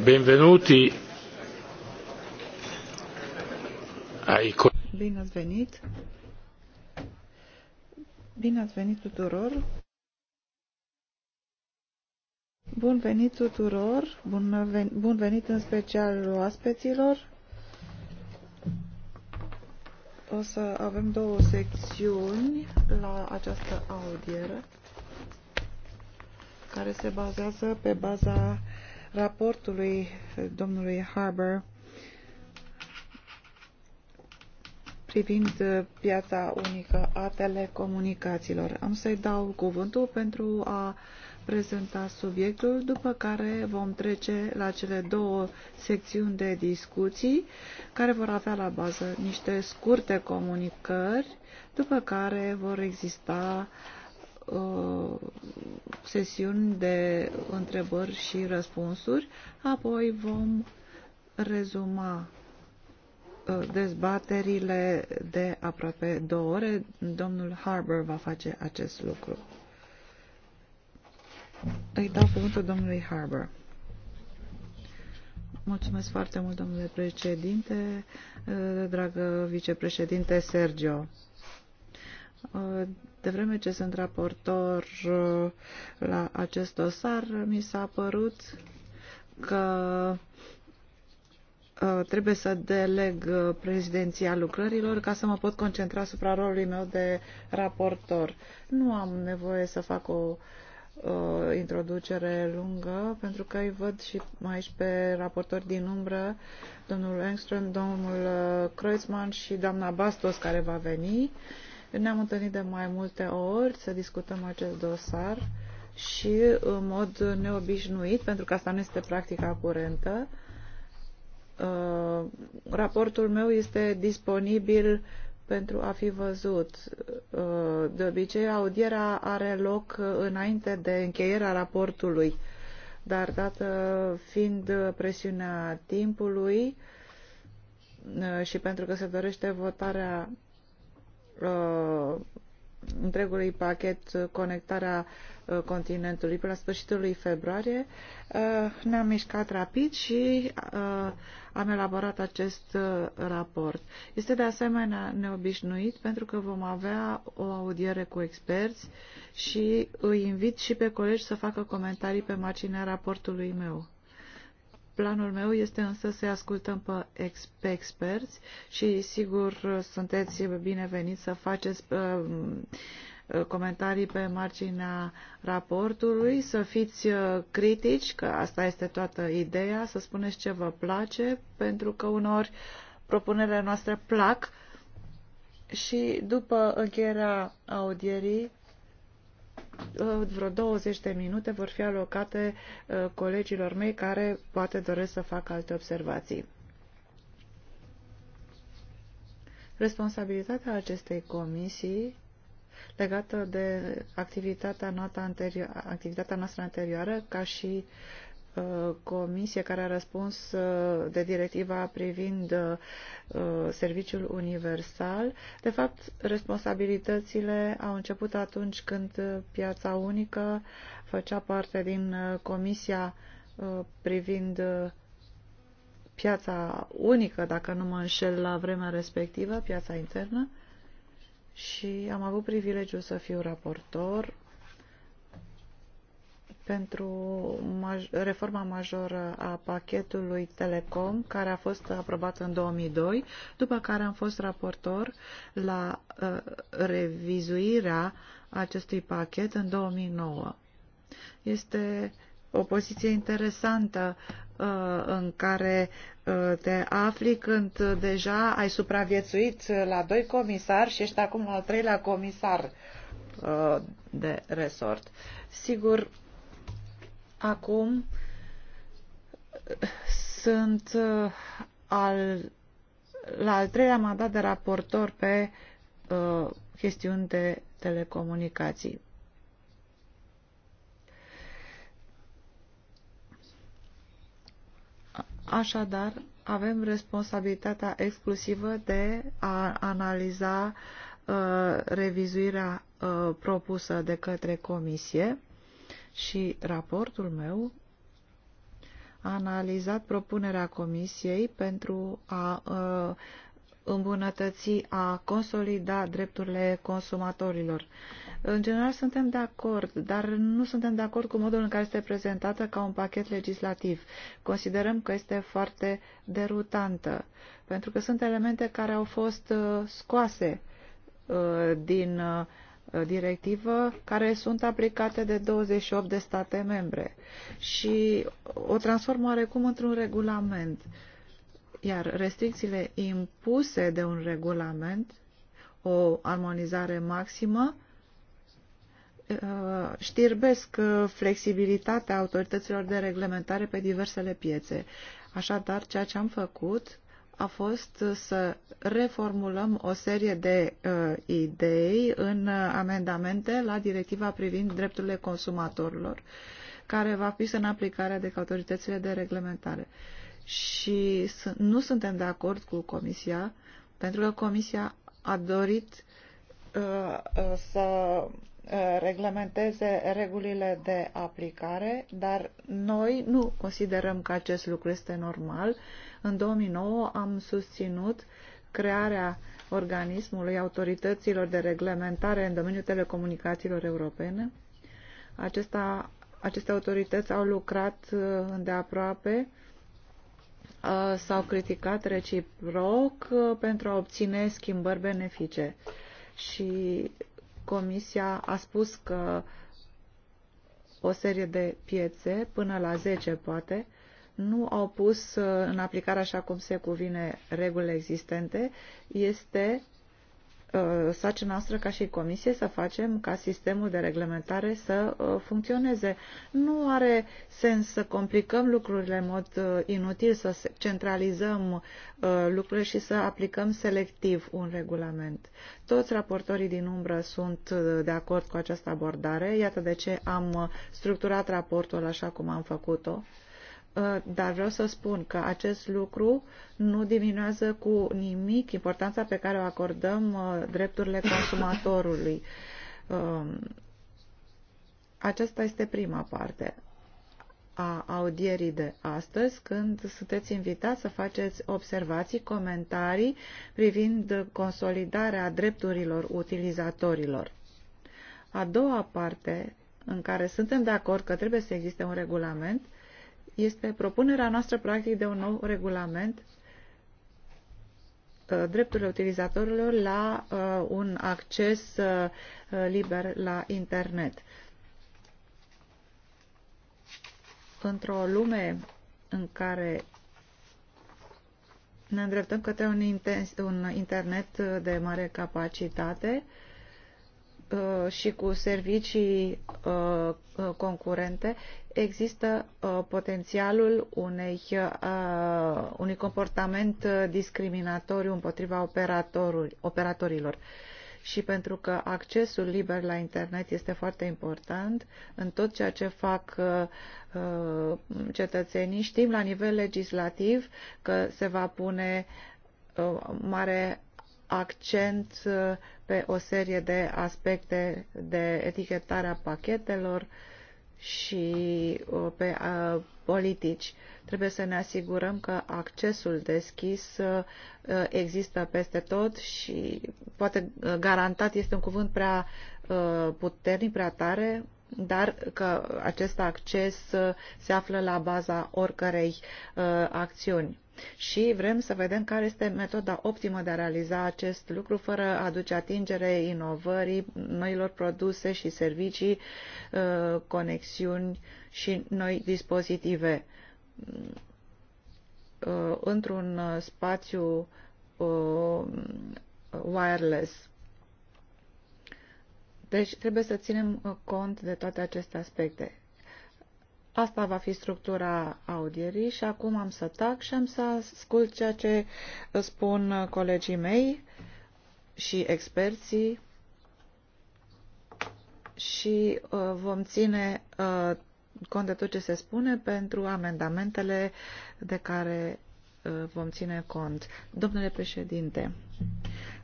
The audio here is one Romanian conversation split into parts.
Benvenuti Bine ați venit. Bine ați venit tuturor. Bun venit tuturor, bun venit, bun venit în special oaspeților. O să avem două secțiuni la această audiere care se bazează pe baza raportului domnului Harbour privind uh, piața unică a telecomunicațiilor. Am să-i dau cuvântul pentru a prezenta subiectul, după care vom trece la cele două secțiuni de discuții, care vor avea la bază niște scurte comunicări, după care vor exista uh, Uh, sesiuni de întrebări și răspunsuri, apoi vom rezuma uh, dezbaterile de aproape două ore. Domnul Harbour va face acest lucru. Îi dau cuvântul domnului Harbour. Mulțumesc foarte mult, domnule președinte, uh, dragă vicepreședinte Sergio. De vreme ce sunt raportor uh, la acest dosar, mi s-a părut că uh, trebuie să deleg uh, prezidenția lucrărilor ca să mă pot concentra asupra rolului meu de raportor. Nu am nevoie să fac o uh, introducere lungă, pentru că îi văd și aici pe raportori din umbră, domnul Engström, domnul Kreuzmann și doamna Bastos care va veni. Uh, ne-am întâlnit de mai multe ori să discutăm acest dosar și în mod neobișnuit, pentru că asta nu este practica curentă, uh, raportul meu este disponibil pentru a fi văzut. Uh, de obicei, audierea are loc înainte de încheierea raportului, dar dată fiind presiunea timpului uh, și pentru că se dorește votarea uh, întregului pachet uh, conectarea uh, continentului. Pe la sfârșitul lui februarie uh, ne-am mișcat rapid și am elaborat acest raport. Este de asemenea neobișnuit pentru că vom avea o audiere cu experți și îi invit și pe colegi să facă comentarii pe marginea raportului meu. Planul meu este însă să ascultăm pe, ex pe experți și sigur sunteți bineveniți să faceți uh, uh comentarii pe marginea raportului, să fiți uh, critici, că asta este toată ideea, să spuneți ce vă place, pentru că unor propunerile noastre plac și după încheierea audierii Uh, vreo 20 de minute vor fi alocate uh, colegilor mei care poate doresc să facă alte observații. Responsabilitatea acestei comisii legată de activitatea, anterior, activitatea noastră anterioară ca și uh, comisie care a răspuns uh, de directiva privind uh, serviciul universal. De fapt, responsabilitățile au început atunci când piața unică făcea parte din uh, comisia privind piața unică, dacă nu mă înșel la vremea respectivă, piața internă. Și am avut privilegiul să fiu raportor pentru maj reforma majoră a pachetului Telecom, care a fost aprobat în 2002, după care am fost raportor la uh, revizuirea acestui pachet în 2009. Este o poziție interesantă uh, în care uh, te afli când deja ai supraviețuit la doi comisari și ești acum la al treilea comisar uh, de resort. Sigur, Acum sunt uh, al, la al treilea mandat de raportor pe uh, chestiuni de telecomunicații. Așadar, avem responsabilitatea exclusivă de a analiza uh, revizuirea uh, propusă de către Comisie și raportul meu a analizat propunerea Comisiei pentru a uh, îmbunătăți, a consolida drepturile consumatorilor. În general suntem de acord, dar nu suntem de acord cu modul în care este prezentată ca un pachet legislativ. Considerăm că este foarte derutantă, pentru că sunt elemente care au fost uh, scoase uh, din directivă care sunt aplicate de 28 de state membre și o transformă oarecum într-un regulament. Iar restricțiile impuse de un regulament, o armonizare maximă, uh, știrbesc uh, flexibilitatea autorităților de reglementare pe diversele piețe. Așadar, ceea ce am făcut a fost să reformulăm o serie de uh, idei în amendamente la directiva privind drepturile consumatorilor, care va fi în aplicare de autoritățile de reglementare. Și nu suntem de acord cu Comisia, pentru că Comisia a dorit uh, uh să uh, reglementeze regulile de aplicare, dar noi nu considerăm că acest lucru este normal uh, în 2009 am susținut crearea organismului autorităților de reglementare în domeniul telecomunicațiilor europene. Acesta, aceste autorități au lucrat uh, îndeaproape, uh, s-au criticat reciproc uh, pentru a obține schimbări benefice și Comisia a spus că o serie de piețe, până la 10 poate, nu au pus uh, în aplicare așa cum se cuvine regulile existente, este uh, sacea noastră ca și comisie să facem ca sistemul de reglementare să uh, funcționeze. Nu are sens să complicăm lucrurile în mod inutil, să centralizăm lucrurile și să aplicăm selectiv un regulament. Toți raportorii din umbră sunt de acord cu această abordare, iată de ce am structurat raportul așa cum am făcut-o Uh, dar vreau să spun că acest lucru nu diminuează cu nimic importanța pe care o acordăm uh, drepturile consumatorului. Um, aceasta este prima parte a audierii de astăzi, când sunteți invitați să faceți observații, comentarii privind consolidarea drepturilor utilizatorilor. A doua parte, în care suntem de acord că trebuie să existe un regulament, este propunerea noastră practic de un nou regulament uh, drepturile utilizatorilor la uh, un acces uh, liber la internet. Într-o lume în care ne îndreptăm către un, internet de mare capacitate, uh, Uh, și cu servicii uh, uh, concurente, există potențialul unei, unui comportament discriminatoriu împotriva operatorilor. Și pentru că accesul liber la internet este foarte important, în tot ceea ce fac cetățenii, știm la nivel legislativ că se va pune mare accent uh, pe o serie de aspecte de etichetare a pachetelor și uh, pe uh, politici. Trebuie să ne asigurăm că accesul deschis există peste tot și poate garantat este un cuvânt prea puternic, prea tare, dar că acest acces uh, se află la baza oricărei uh, acțiuni. Și vrem să vedem care este metoda optimă de a realiza acest lucru fără a aduce atingere inovării, noilor produse și servicii, uh, conexiuni și noi dispozitive într-un spațiu wireless deci trebuie să ținem uh, cont de toate aceste aspecte. Asta va fi structura audierii și acum am să tac și am să ascult ceea ce uh, spun uh, colegii mei și experții și uh, vom ține uh, cont de tot ce se spune pentru amendamentele de care uh, vom ține cont. Domnule președinte,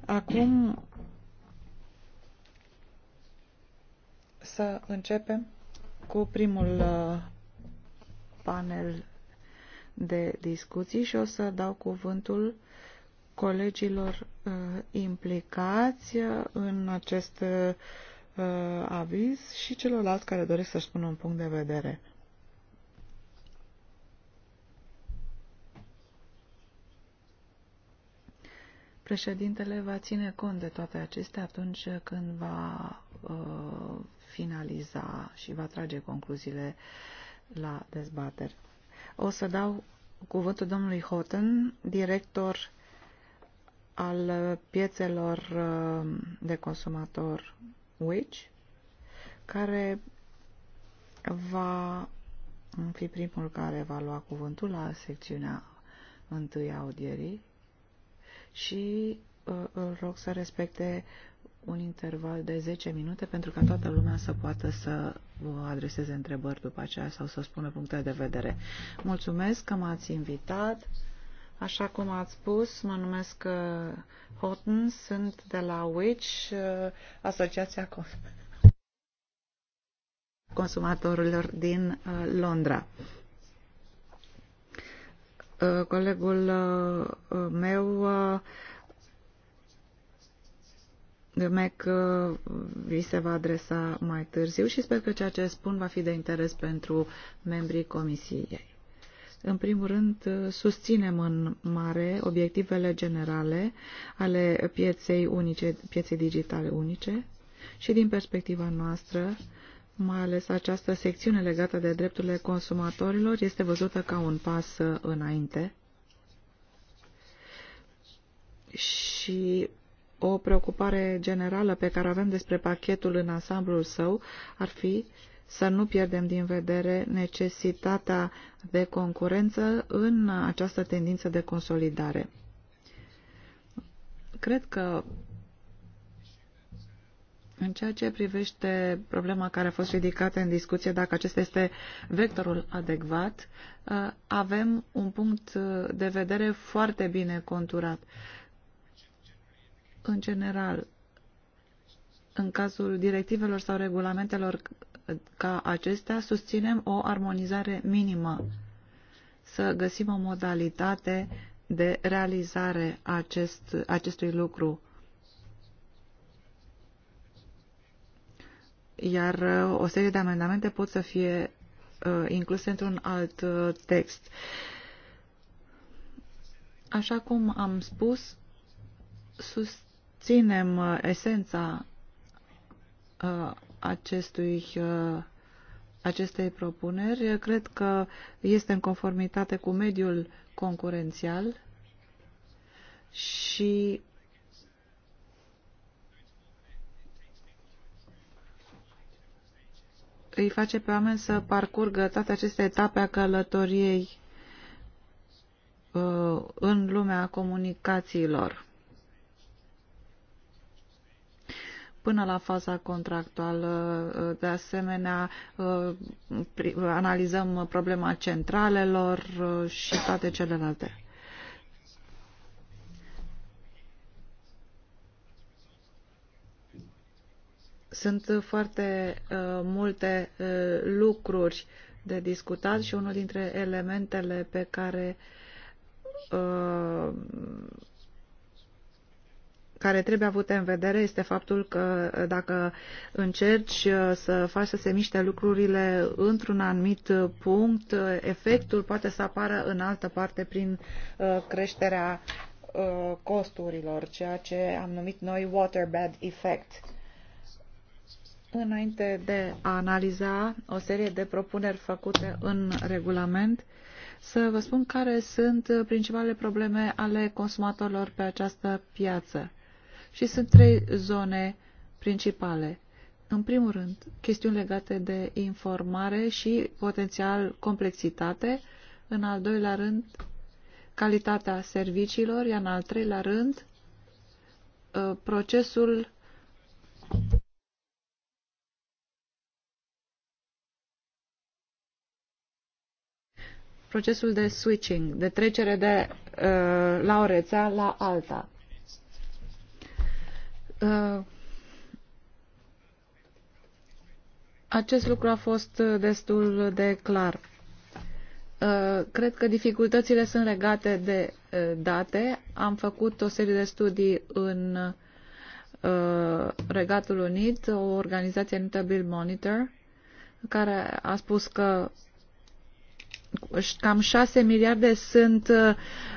acum să începem cu primul uh, panel de discuții și o să dau cuvântul colegilor uh, implicați uh, în acest aviz și celorlalți care doresc să-și spună un punct de vedere. Președintele va ține cont de toate acestea atunci când va uh, finaliza și va trage concluziile la dezbateri. O să dau cuvântul domnului Houghton, director al piețelor uh, de consumator Witch, care va fi primul care va lua cuvântul la secțiunea întâi audierii și uh, îl rog să respecte un interval de 10 minute pentru ca toată lumea să poată să vă adreseze întrebări după aceea sau să spună puncte de vedere. Mulțumesc că m-ați invitat. Așa cum ați spus, mă numesc uh, Houghton, sunt de la WICH, uh, Asociația Consumatorilor din uh, Londra. Colegul meu Mec uh, vi se va adresa mai târziu și sper că ceea ce spun va fi de interes pentru membrii comisiei. În primul rând, uh, susținem în mare obiectivele generale ale pieței, unice, pieței digitale unice și din perspectiva noastră, mai ales această secțiune legată de drepturile consumatorilor este văzută ca un pas uh, înainte și o preocupare generală pe care o avem despre pachetul în ansamblul său ar fi să nu pierdem din vedere necesitatea de concurență în această tendință de consolidare. Cred că în ceea ce privește problema care a fost ridicată în discuție, dacă acesta este vectorul adecvat, uh, avem un punct de vedere foarte bine conturat în general, în cazul directivelor sau regulamentelor ca acestea, susținem o armonizare minimă, să găsim o modalitate de realizare acest, acestui lucru. Iar uh, o serie de amendamente pot să fie uh, incluse într-un alt uh, text. Așa cum am spus, susținem susținem uh, esența uh, acestui, uh, acestei propuneri. Cred că este în conformitate cu mediul concurențial și îi face pe oameni să parcurgă toate aceste etape a călătoriei în lumea comunicațiilor. până la faza contractuală. De asemenea, analizăm problema centralelor uh, și toate celelalte. Sunt foarte uh, multe uh, lucruri de discutat și unul dintre elementele pe care care trebuie avute în vedere este faptul că dacă încerci uh, să faci să se miște lucrurile într-un anumit punct, uh, efectul poate să apară în altă parte prin uh, creșterea costurilor, ceea ce am numit noi waterbed effect. Înainte de a analiza o serie de propuneri făcute în regulament, să vă spun care sunt principalele probleme ale consumatorilor pe această piață. Și sunt trei zone principale. În primul rând, chestiuni legate de informare și potențial complexitate. În al doilea rând, calitatea serviciilor, iar în al treilea rând, ă, procesul procesul de switching, de trecere de ă, la o rețea la alta. Uh, acest lucru a fost destul de clar. Uh, cred că dificultățile sunt legate de uh, date. Am făcut o serie de studii în Regatul Unit, o organizație numită Bill Monitor, care a spus că cam 6 miliarde sunt uh,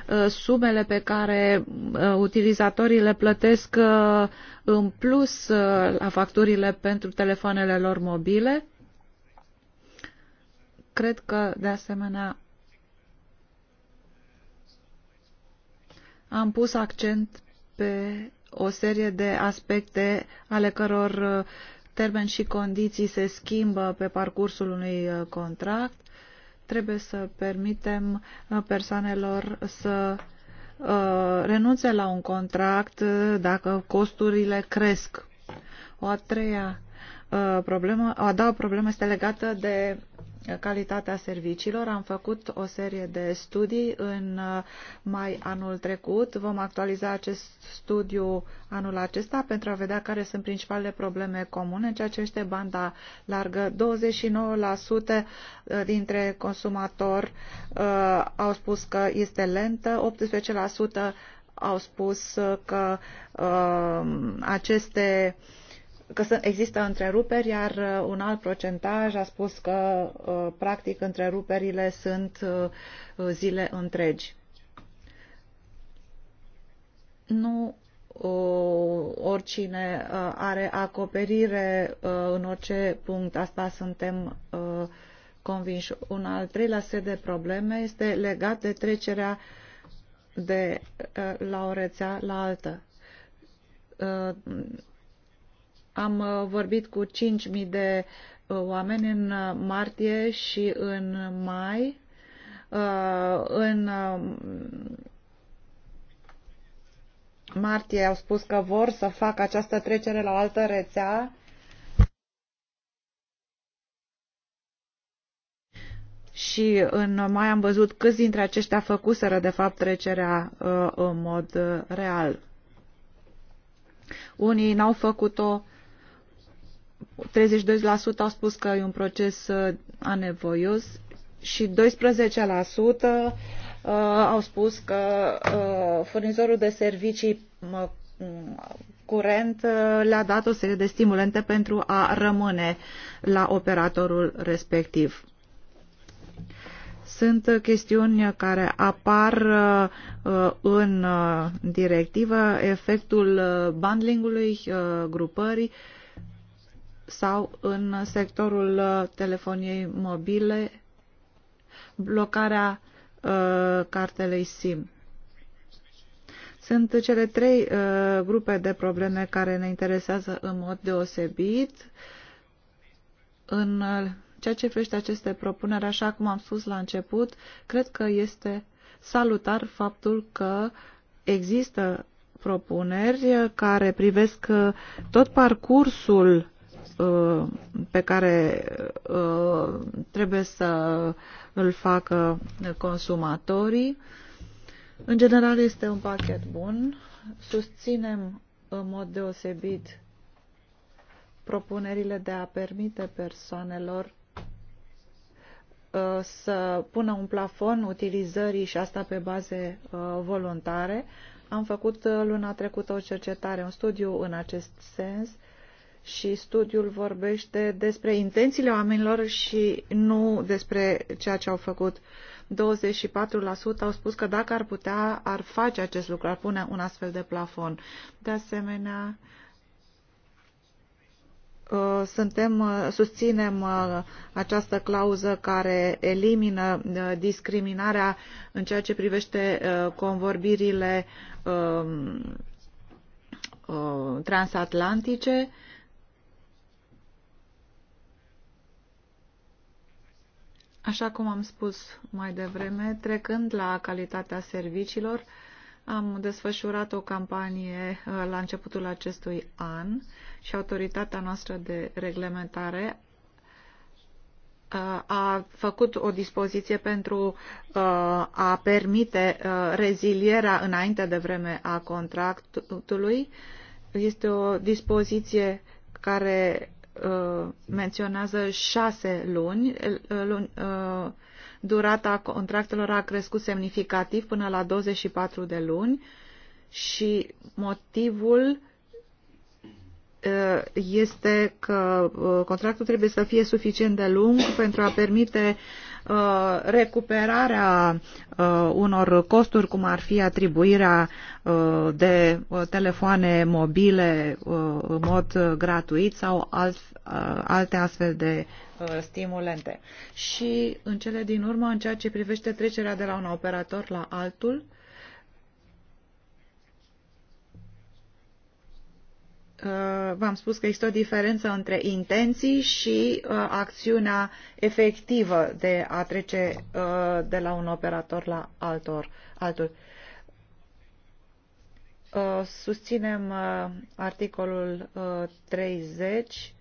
uh, sumele pe care uh, utilizatorii le plătesc în plus la facturile pentru telefoanele lor mobile. Cred că, de asemenea, am pus accent pe o serie de aspecte ale căror termeni și condiții se schimbă pe parcursul unui contract Trebuie să permitem uh, persoanelor să uh, renunțe la un contract uh, dacă costurile cresc. O a treia problemă, o a doua problemă este legată de calitatea serviciilor. Am făcut o serie de studii în uh, mai anul trecut. Vom actualiza acest studiu anul acesta pentru a vedea care sunt principalele probleme comune, ceea ce este banda largă. 29% uh, dintre consumatori uh, au spus că este lentă, 18% au spus că uh, aceste uh, că există întreruperi, iar uh, un alt procentaj a spus că, uh, practic, întreruperile sunt uh, zile întregi. Nu oricine are acoperire în orice punct, asta suntem convinși. Un al treilea set de probleme este legat de trecerea de la o rețea la altă am uh, vorbit cu 5.000 de uh, oameni în uh, martie și în mai. În martie au spus că vor să facă această trecere la o altă rețea. Și în mai am văzut câți dintre aceștia făcuseră de fapt trecerea în mod real. Unii n-au făcut-o, 32% au spus că e un proces uh, anevoios și 12% uh, au spus că uh, furnizorul de servicii curent le-a dat o serie de stimulente pentru a rămâne la operatorul respectiv. Sunt chestiuni care apar în directivă, efectul bundlingului, grupării, sau în sectorul uh, telefoniei mobile, blocarea uh, cartelei SIM. Sunt cele trei uh, grupe de probleme care ne interesează în mod deosebit. În uh, ceea ce privește aceste propuneri, așa cum am spus la început, cred că este salutar faptul că există propuneri care privesc uh, tot parcursul Uh, pe care uh, trebuie să îl facă consumatorii. În general este un pachet bun. Susținem în mod deosebit propunerile de a permite persoanelor uh, să pună un plafon utilizării și asta pe baze voluntare. Am făcut luna trecută o cercetare, un studiu în acest sens și studiul vorbește despre intențiile oamenilor și nu despre ceea ce au făcut. 24% au spus că dacă ar putea, ar face acest lucru, ar pune un astfel de plafon. De asemenea, uh, suntem, uh, susținem uh, această clauză care elimină discriminarea în ceea ce privește convorbirile um, transatlantice Așa cum am spus mai devreme, trecând la calitatea serviciilor, am desfășurat o campanie uh, la începutul acestui an și autoritatea noastră de reglementare uh, a făcut o dispoziție pentru uh, a permite rezilierea înainte de vreme a contractului. Este o dispoziție care Uh, menționează șase luni. Uh, luni uh, durata contractelor a crescut semnificativ până la 24 de luni și motivul este că contractul trebuie să fie suficient de lung pentru a permite Uh, recuperarea uh, unor costuri, cum ar fi atribuirea uh, de telefoane mobile în mod gratuit sau alte astfel de stimulente. Și în cele din urmă, în ceea ce privește trecerea de la un operator la altul, Uh, v-am spus că există o diferență între intenții și uh, acțiunea efectivă de a trece uh, de la un operator la altor, altul. Susținem articolul 30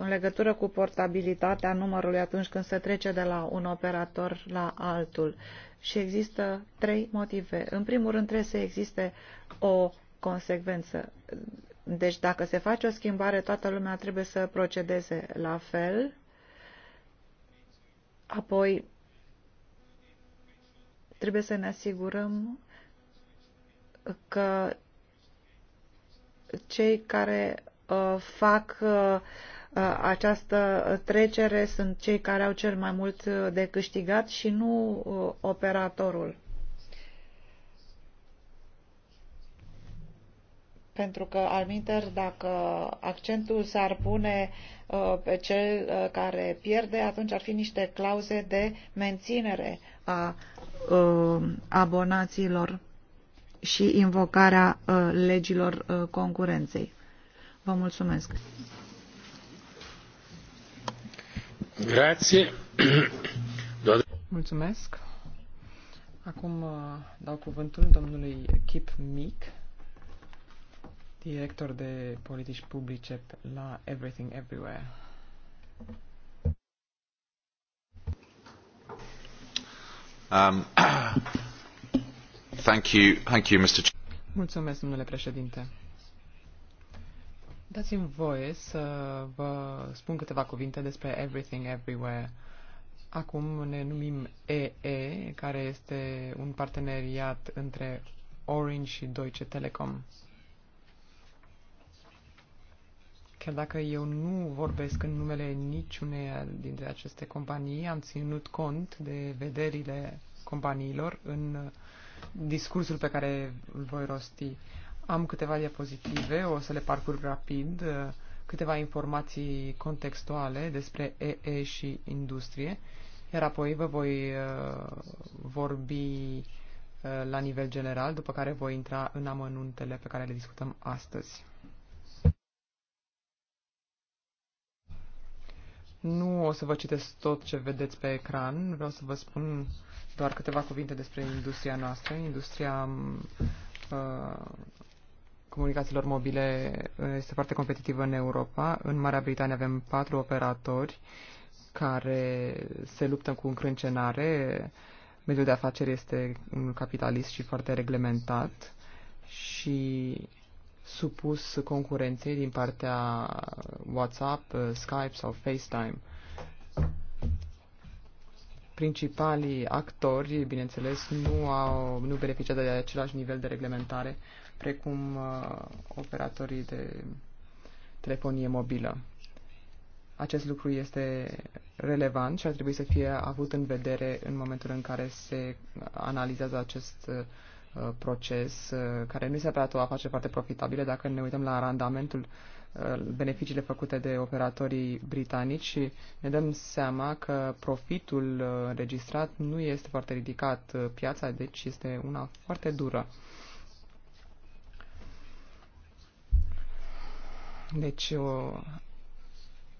în legătură cu portabilitatea numărului atunci când se trece de la un operator la altul. Și există trei motive. În primul rând trebuie să existe o consecvență. Deci dacă se face o schimbare, toată lumea trebuie să procedeze la fel. Apoi trebuie să ne asigurăm că cei care uh, fac uh, uh această trecere sunt cei care au cel mai mult de câștigat și nu uh, operatorul. Pentru că, alminter, dacă accentul s-ar pune uh, pe cel uh, care pierde, atunci ar fi niște clauze de menținere a uh, abonațiilor și invocarea legilor concurenței. Vă mulțumesc. Grație! Mulțumesc. Acum dau cuvântul domnului Kip Mic director de politici publice la Everything Everywhere. Um, thank you, thank you, Mr. Mulțumesc, domnule președinte. Dați-mi voie să vă spun câteva cuvinte despre Everything Everywhere. Acum ne numim EE, care este un parteneriat între Orange și Deutsche Telekom. Chiar dacă eu nu vorbesc în numele niciunei dintre aceste companii, am ținut cont de vederile companiilor în discursul pe care îl voi rosti. Am câteva diapozitive, o să le parcurg rapid, câteva informații contextuale despre EE și industrie, iar apoi vă voi uh, vorbi uh, la nivel general, după care voi intra în amănuntele pe care le discutăm astăzi. Nu o să vă citesc tot ce vedeți pe ecran, vreau să vă spun doar câteva cuvinte despre industria noastră, industria uh, comunicațiilor mobile este foarte competitivă în Europa. În Marea Britanie avem patru operatori care se luptă cu încrâncenare. Mediul de afaceri este un capitalist și foarte reglementat și supus concurenței din partea WhatsApp, Skype sau FaceTime. Principalii actori, bineînțeles, nu, au, nu beneficiază de același nivel de reglementare precum uh, operatorii de telefonie mobilă. Acest lucru este relevant și ar trebui să fie avut în vedere în momentul în care se analizează acest uh, Uh, proces uh, care nu se prea o afacere foarte profitabilă dacă ne uităm la randamentul uh, beneficiile făcute de operatorii britanici și ne dăm seama că profitul registrat nu este foarte ridicat. Piața, deci, este una foarte dură. Deci, o,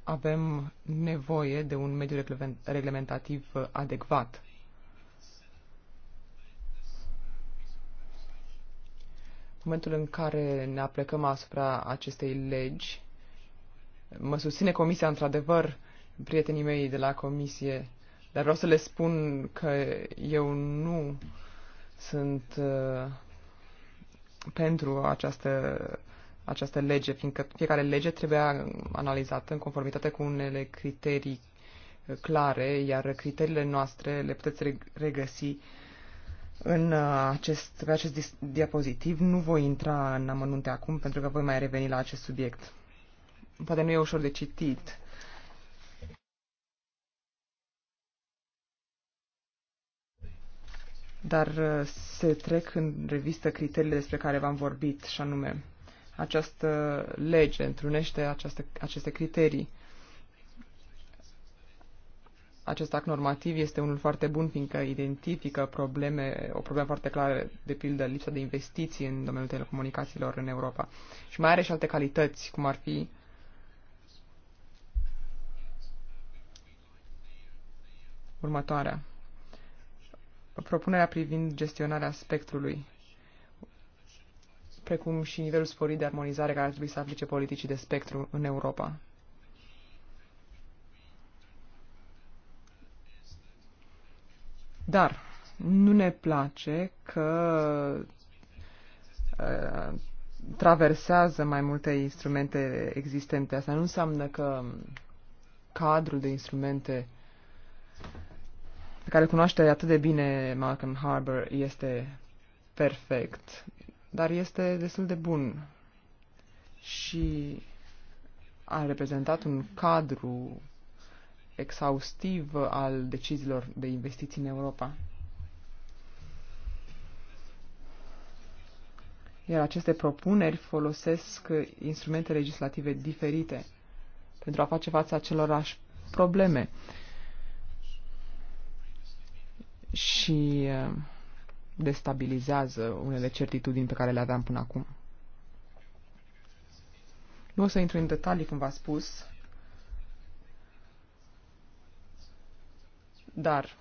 avem nevoie de un mediu reglementativ adecvat. momentul în care ne aplecăm asupra acestei legi, mă susține comisia, într-adevăr, prietenii mei de la comisie, dar vreau să le spun că eu nu sunt uh, pentru această, această lege, fiindcă fiecare lege trebuie analizată în conformitate cu unele criterii uh, clare, iar criteriile noastre le puteți regăsi în uh, acest, pe acest diapozitiv. Nu voi intra în amănunte acum, pentru că voi mai reveni la acest subiect. Poate nu e ușor de citit. Dar uh, se trec în revistă criteriile despre care v-am vorbit, și anume această lege întrunește această, aceste criterii acest act normativ este unul foarte bun, fiindcă identifică probleme, o problemă foarte clară, de pildă lipsa de investiții în domeniul telecomunicațiilor în Europa. Și mai are și alte calități, cum ar fi următoarea. Propunerea privind gestionarea spectrului, precum și nivelul sporit de armonizare care ar trebui să aplice politicii de spectru în Europa. Dar nu ne place că uh, traversează mai multe instrumente existente. Asta nu înseamnă că cadrul de instrumente pe care cunoaște atât de bine Malcolm Harbour este perfect, dar este destul de bun și a reprezentat un cadru exhaustiv al deciziilor de investiții în Europa. Iar aceste propuneri folosesc instrumente legislative diferite pentru a face față acelorași probleme. Și uh, destabilizează unele certitudini pe care le aveam până acum. Nu o să intru în detalii, cum v a spus, Dar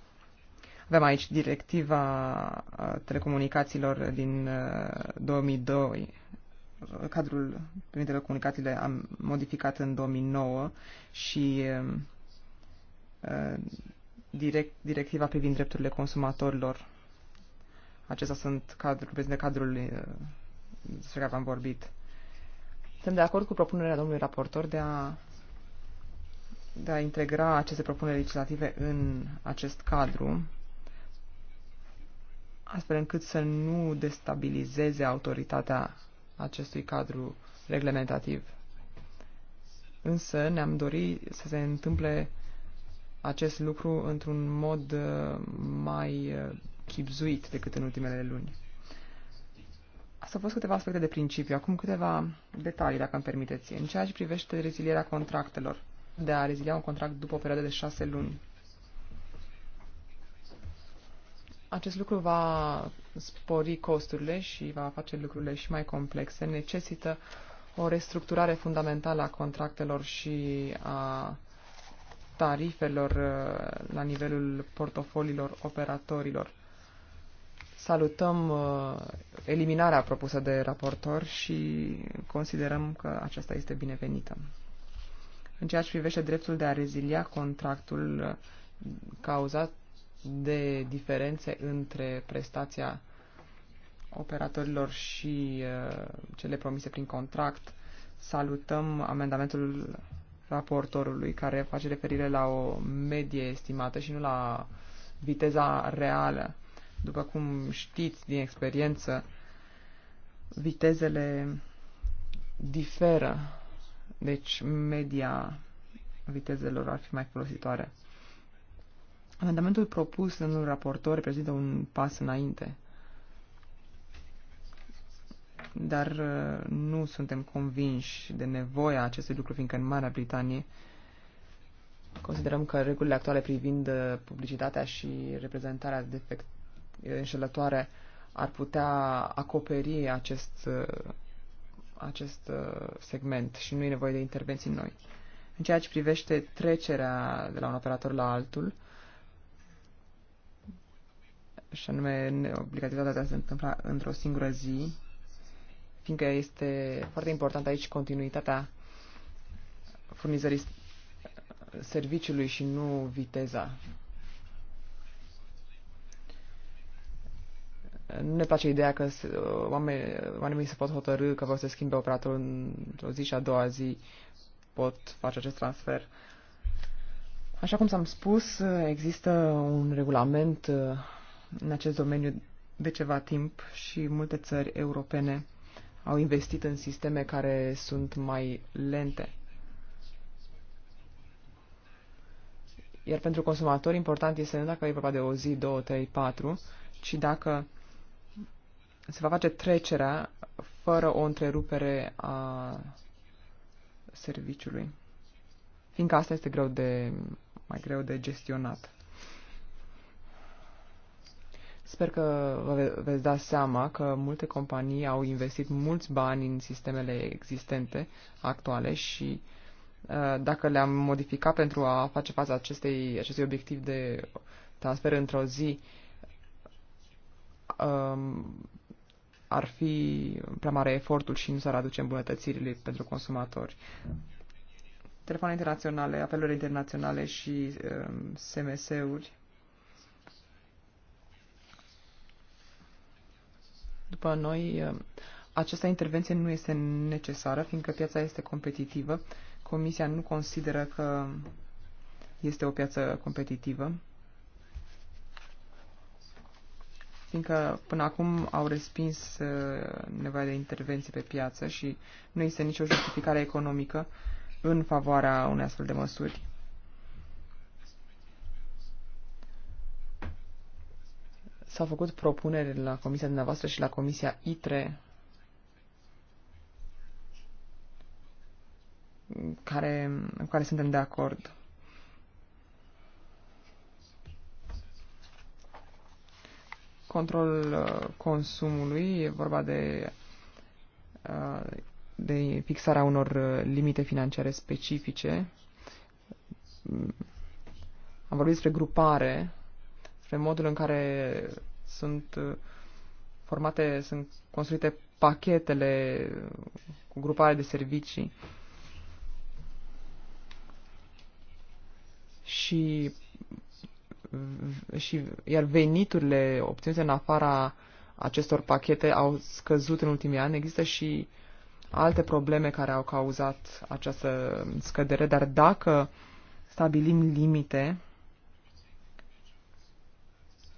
avem aici directiva uh, telecomunicațiilor din 2002, uh, uh, cadrul privind telecomunicațiile am modificat în 2009 și um, direct, directiva privind drepturile consumatorilor. Acestea sunt cadrul, de cadrul despre care v-am vorbit. Sunt de acord cu propunerea domnului raportor de a de a integra aceste propuneri legislative în acest cadru, astfel încât să nu destabilizeze autoritatea acestui cadru reglementativ. Însă ne-am dorit să se întâmple acest lucru într-un mod uh, mai uh, chipzuit decât în ultimele luni. Asta au fost câteva aspecte de principiu. Acum câteva detalii, dacă îmi permiteți, în ceea ce privește rezilierea contractelor de a rezilia un contract după o perioadă de șase luni. Acest lucru va spori costurile și va face lucrurile și mai complexe. Necesită o restructurare fundamentală a contractelor și a tarifelor uh, la nivelul portofoliilor operatorilor. Salutăm uh, eliminarea propusă de raportor și considerăm că aceasta este binevenită în ceea ce privește dreptul de a rezilia contractul uh, cauzat de diferențe între prestația operatorilor și uh, cele promise prin contract. Salutăm amendamentul raportorului care face referire la o medie estimată și nu la viteza reală. După cum știți din experiență, vitezele diferă deci media vitezelor ar fi mai folositoare. Amendamentul propus în un raportor reprezintă un pas înainte, dar uh, nu suntem convinși de nevoia acestui lucru, fiindcă în Marea Britanie considerăm că regulile actuale privind uh, publicitatea și reprezentarea defect, înșelătoare ar putea acoperi acest uh, acest uh, segment și nu e nevoie de intervenții noi. În ceea ce privește trecerea de la un operator la altul, și anume obligativitatea de a se întâmpla într-o singură zi, fiindcă este foarte important aici continuitatea furnizării serviciului și nu viteza nu ne place ideea că uh, oamenii se pot hotărâ că vor să schimbe operatorul într-o zi și a doua zi pot face acest transfer. Așa cum s-am spus, uh, există un regulament uh, în acest domeniu de ceva timp și multe țări europene au investit în sisteme care sunt mai lente. Iar pentru consumatori important este nu dacă e vorba de o zi, două, trei, patru, ci dacă se va face trecerea fără o întrerupere a serviciului. Fiindcă asta este greu de, mai greu de gestionat. Sper că vă veți da seama că multe companii au investit mulți bani în sistemele existente, actuale și uh, dacă le-am modificat pentru a face față acestei, acestui obiectiv de transfer într-o zi, um, ar fi prea mare efortul și nu s-ar aduce îmbunătățirile pentru consumatori. Telefoane internaționale, apeluri internaționale și uh, um, SMS-uri. După noi, um, această intervenție nu este necesară, fiindcă piața este competitivă. Comisia nu consideră că este o piață competitivă. fiindcă până acum au respins uh, nevoia de intervenții pe piață și nu este nicio justificare economică în favoarea unei astfel de măsuri. S-au făcut propuneri la Comisia dumneavoastră și la Comisia ITRE care, cu care suntem de acord. controlul uh, consumului, e vorba de, uh, de fixarea unor uh, limite financiare specifice. Mm. Am vorbit despre grupare, despre modul în care sunt formate, sunt construite pachetele cu grupare de servicii. Și și iar veniturile obținute în afara acestor pachete au scăzut în ultimii ani. Există și alte probleme care au cauzat această scădere, dar dacă stabilim limite,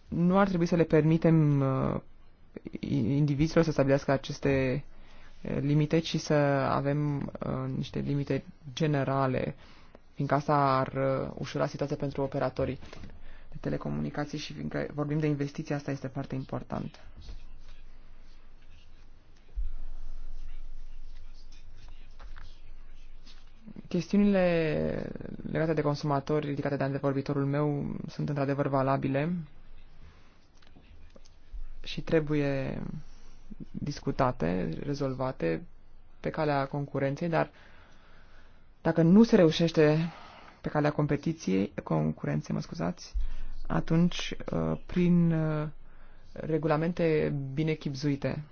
nu ar trebui să le permitem uh, indivizilor să stabilească aceste uh, limite, ci să avem uh, niște limite generale, fiindcă asta ar ușura situația pentru operatorii telecomunicații și fiindcă vorbim de investiții, asta este foarte important. Chestiunile legate de consumatori, ridicate de antevorbitorul meu, sunt într-adevăr valabile și trebuie discutate, rezolvate pe calea concurenței, dar dacă nu se reușește pe calea competiției, concurenței, mă scuzați, atunci uh, prin uh, regulamente bine echipzuite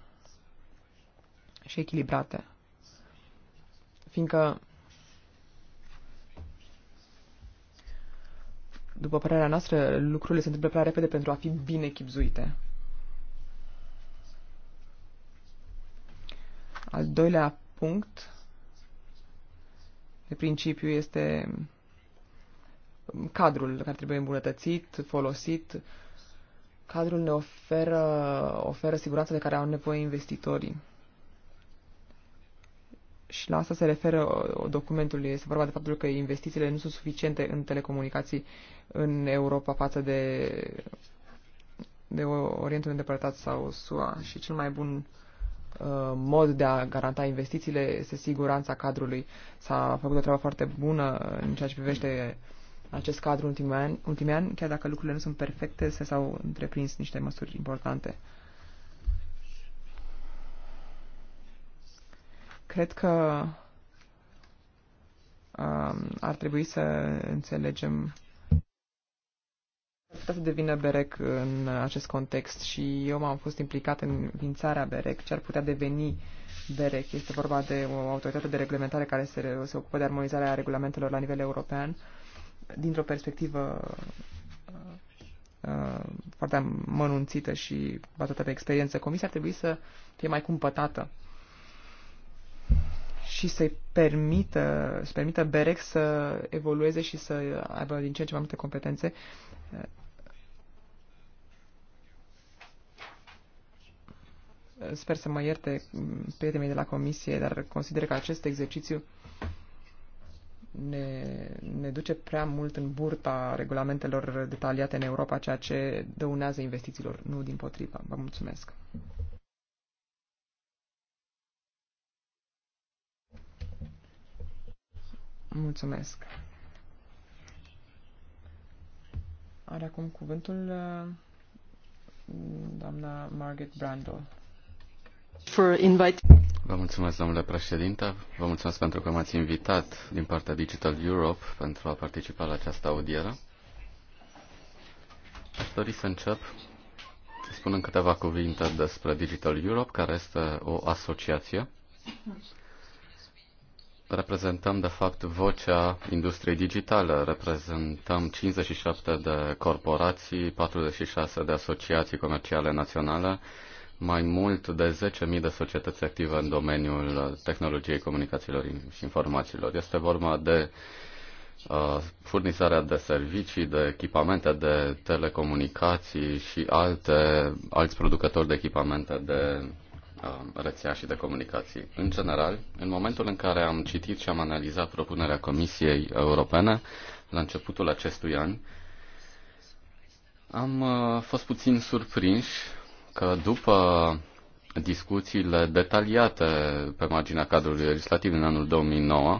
și echilibrate. Fiindcă, după părerea noastră, lucrurile se întâmplă prea repede pentru a fi bine echipzuite. Al doilea punct de principiu este cadrul care trebuie îmbunătățit, folosit. Cadrul ne oferă, oferă siguranța de care au nevoie investitorii. Și la asta se referă documentul. Este vorba de faptul că investițiile nu sunt suficiente în telecomunicații în Europa față de, de Orientul Îndepărtat sau SUA. Și cel mai bun uh, mod de a garanta investițiile este siguranța cadrului. S-a făcut o treabă foarte bună în ceea ce privește uh, acest cadru ultimii ani, ultimii ani, chiar dacă lucrurile nu sunt perfecte, se s-au întreprins niște măsuri importante. Cred că um, ar trebui să înțelegem putea să devină BEREC în acest context și eu m-am fost implicat în vințarea BEREC, ce ar putea deveni BEREC. Este vorba de o autoritate de reglementare care se, se ocupă de armonizarea regulamentelor la nivel european dintr-o perspectivă uh, uh, foarte mănunțită și bazată pe experiență, comisia ar trebui să fie mai cumpătată și să-i permită, să permită BEREC să evolueze și să aibă din ce în ce mai multe competențe. Sper să mă ierte prietenii de la comisie, dar consider că acest exercițiu uh, ne, ne duce prea mult în burta regulamentelor detaliate în Europa, ceea ce dăunează investițiilor, nu din potriva. Vă mulțumesc. Mulțumesc. Are acum cuvântul uh, doamna Margaret Brandl. For inviting. Vă mulțumesc, domnule președinte. Vă mulțumesc pentru că m-ați invitat din partea Digital Europe pentru a participa la această audieră. Aș dori să încep spunând câteva cuvinte despre Digital Europe, care este o asociație. Reprezentăm, de fapt, vocea industriei digitale. Reprezentăm 57 de corporații, 46 de asociații comerciale naționale, mai mult de 10.000 de societăți active în domeniul tehnologiei comunicațiilor și informațiilor. Este vorba de uh, furnizarea de servicii, de echipamente de telecomunicații și alte, alți producători de echipamente de uh, rețea și de comunicații. În general, în momentul în care am citit și am analizat propunerea Comisiei Europene, la începutul acestui an, am uh, fost puțin surprinși că după discuțiile detaliate pe marginea cadrului legislativ în anul 2009,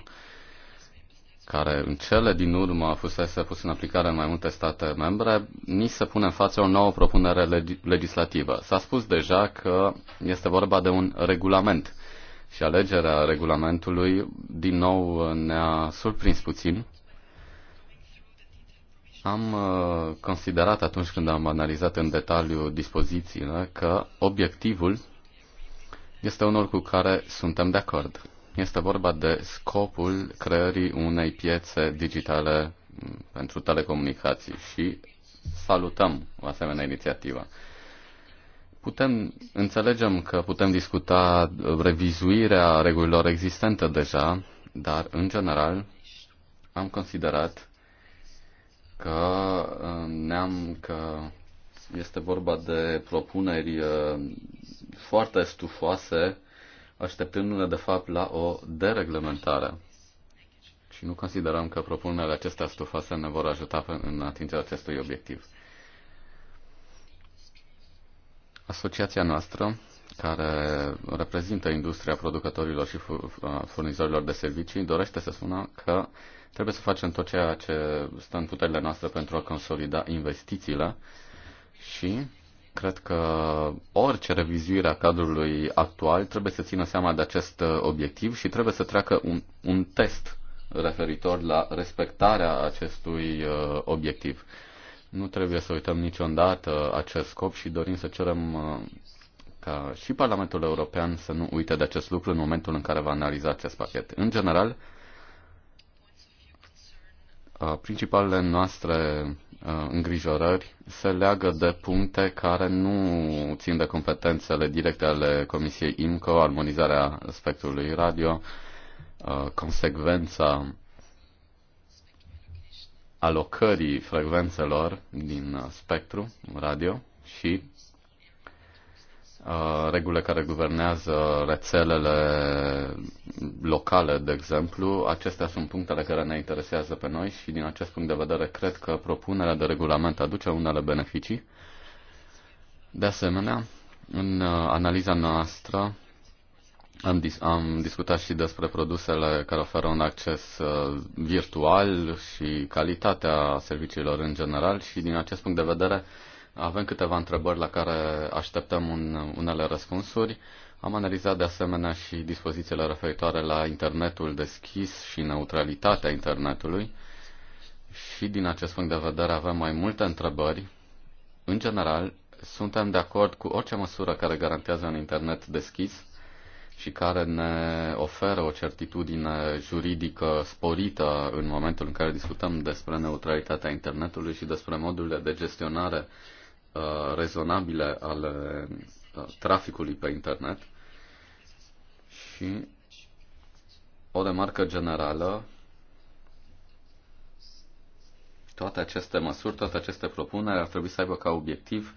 care în cele din urmă fusese pus în aplicare în mai multe state membre, ni se pune în față o nouă propunere leg- legislativă. S-a spus deja că este vorba de un regulament și alegerea regulamentului din nou ne-a surprins puțin am uh, considerat atunci când am analizat în detaliu dispozițiile că obiectivul este unul cu care suntem de acord. Este vorba de scopul creării unei piețe digitale mm, pentru telecomunicații și salutăm o asemenea inițiativă. Putem, înțelegem că putem discuta revizuirea regulilor existente deja, dar în general am considerat că uh, ne-am că este vorba de propuneri uh, foarte stufoase, așteptându-ne de fapt la o dereglementare. Și nu considerăm că propunerile acestea stufoase ne vor ajuta în atingerea acestui obiectiv. Asociația noastră care reprezintă industria producătorilor și furnizorilor de servicii, dorește să spună că trebuie să facem tot ceea ce stă în puterile noastre pentru a consolida investițiile și cred că orice revizuire a cadrului actual trebuie să țină seama de acest obiectiv și trebuie să treacă un, un test referitor la respectarea acestui uh, obiectiv. Nu trebuie să uităm niciodată acest scop și dorim să cerem uh, ca și Parlamentul European să nu uite de acest lucru în momentul în care va analiza acest pachet. În general, uh, principalele noastre uh, îngrijorări se leagă de puncte care nu țin de competențele directe ale Comisiei IMCO, armonizarea spectrului radio, uh, consecvența alocării frecvențelor din spectru radio și Uh, regulile care guvernează rețelele locale, de exemplu, acestea sunt punctele care ne interesează pe noi și din acest punct de vedere cred că propunerea de regulament aduce unele beneficii. De asemenea, în uh, analiza noastră am, dis- am discutat și despre produsele care oferă un acces uh, virtual și calitatea serviciilor în general și din acest punct de vedere avem câteva întrebări la care așteptăm un, unele răspunsuri. Am analizat de asemenea și dispozițiile referitoare la internetul deschis și neutralitatea internetului. Și din acest punct de vedere avem mai multe întrebări. În general, suntem de acord cu orice măsură care garantează un internet deschis și care ne oferă o certitudine juridică sporită în momentul în care discutăm despre neutralitatea internetului și despre modurile de gestionare Uh, rezonabile ale uh, traficului pe internet și o remarcă generală toate aceste măsuri, toate aceste propuneri ar trebui să aibă ca obiectiv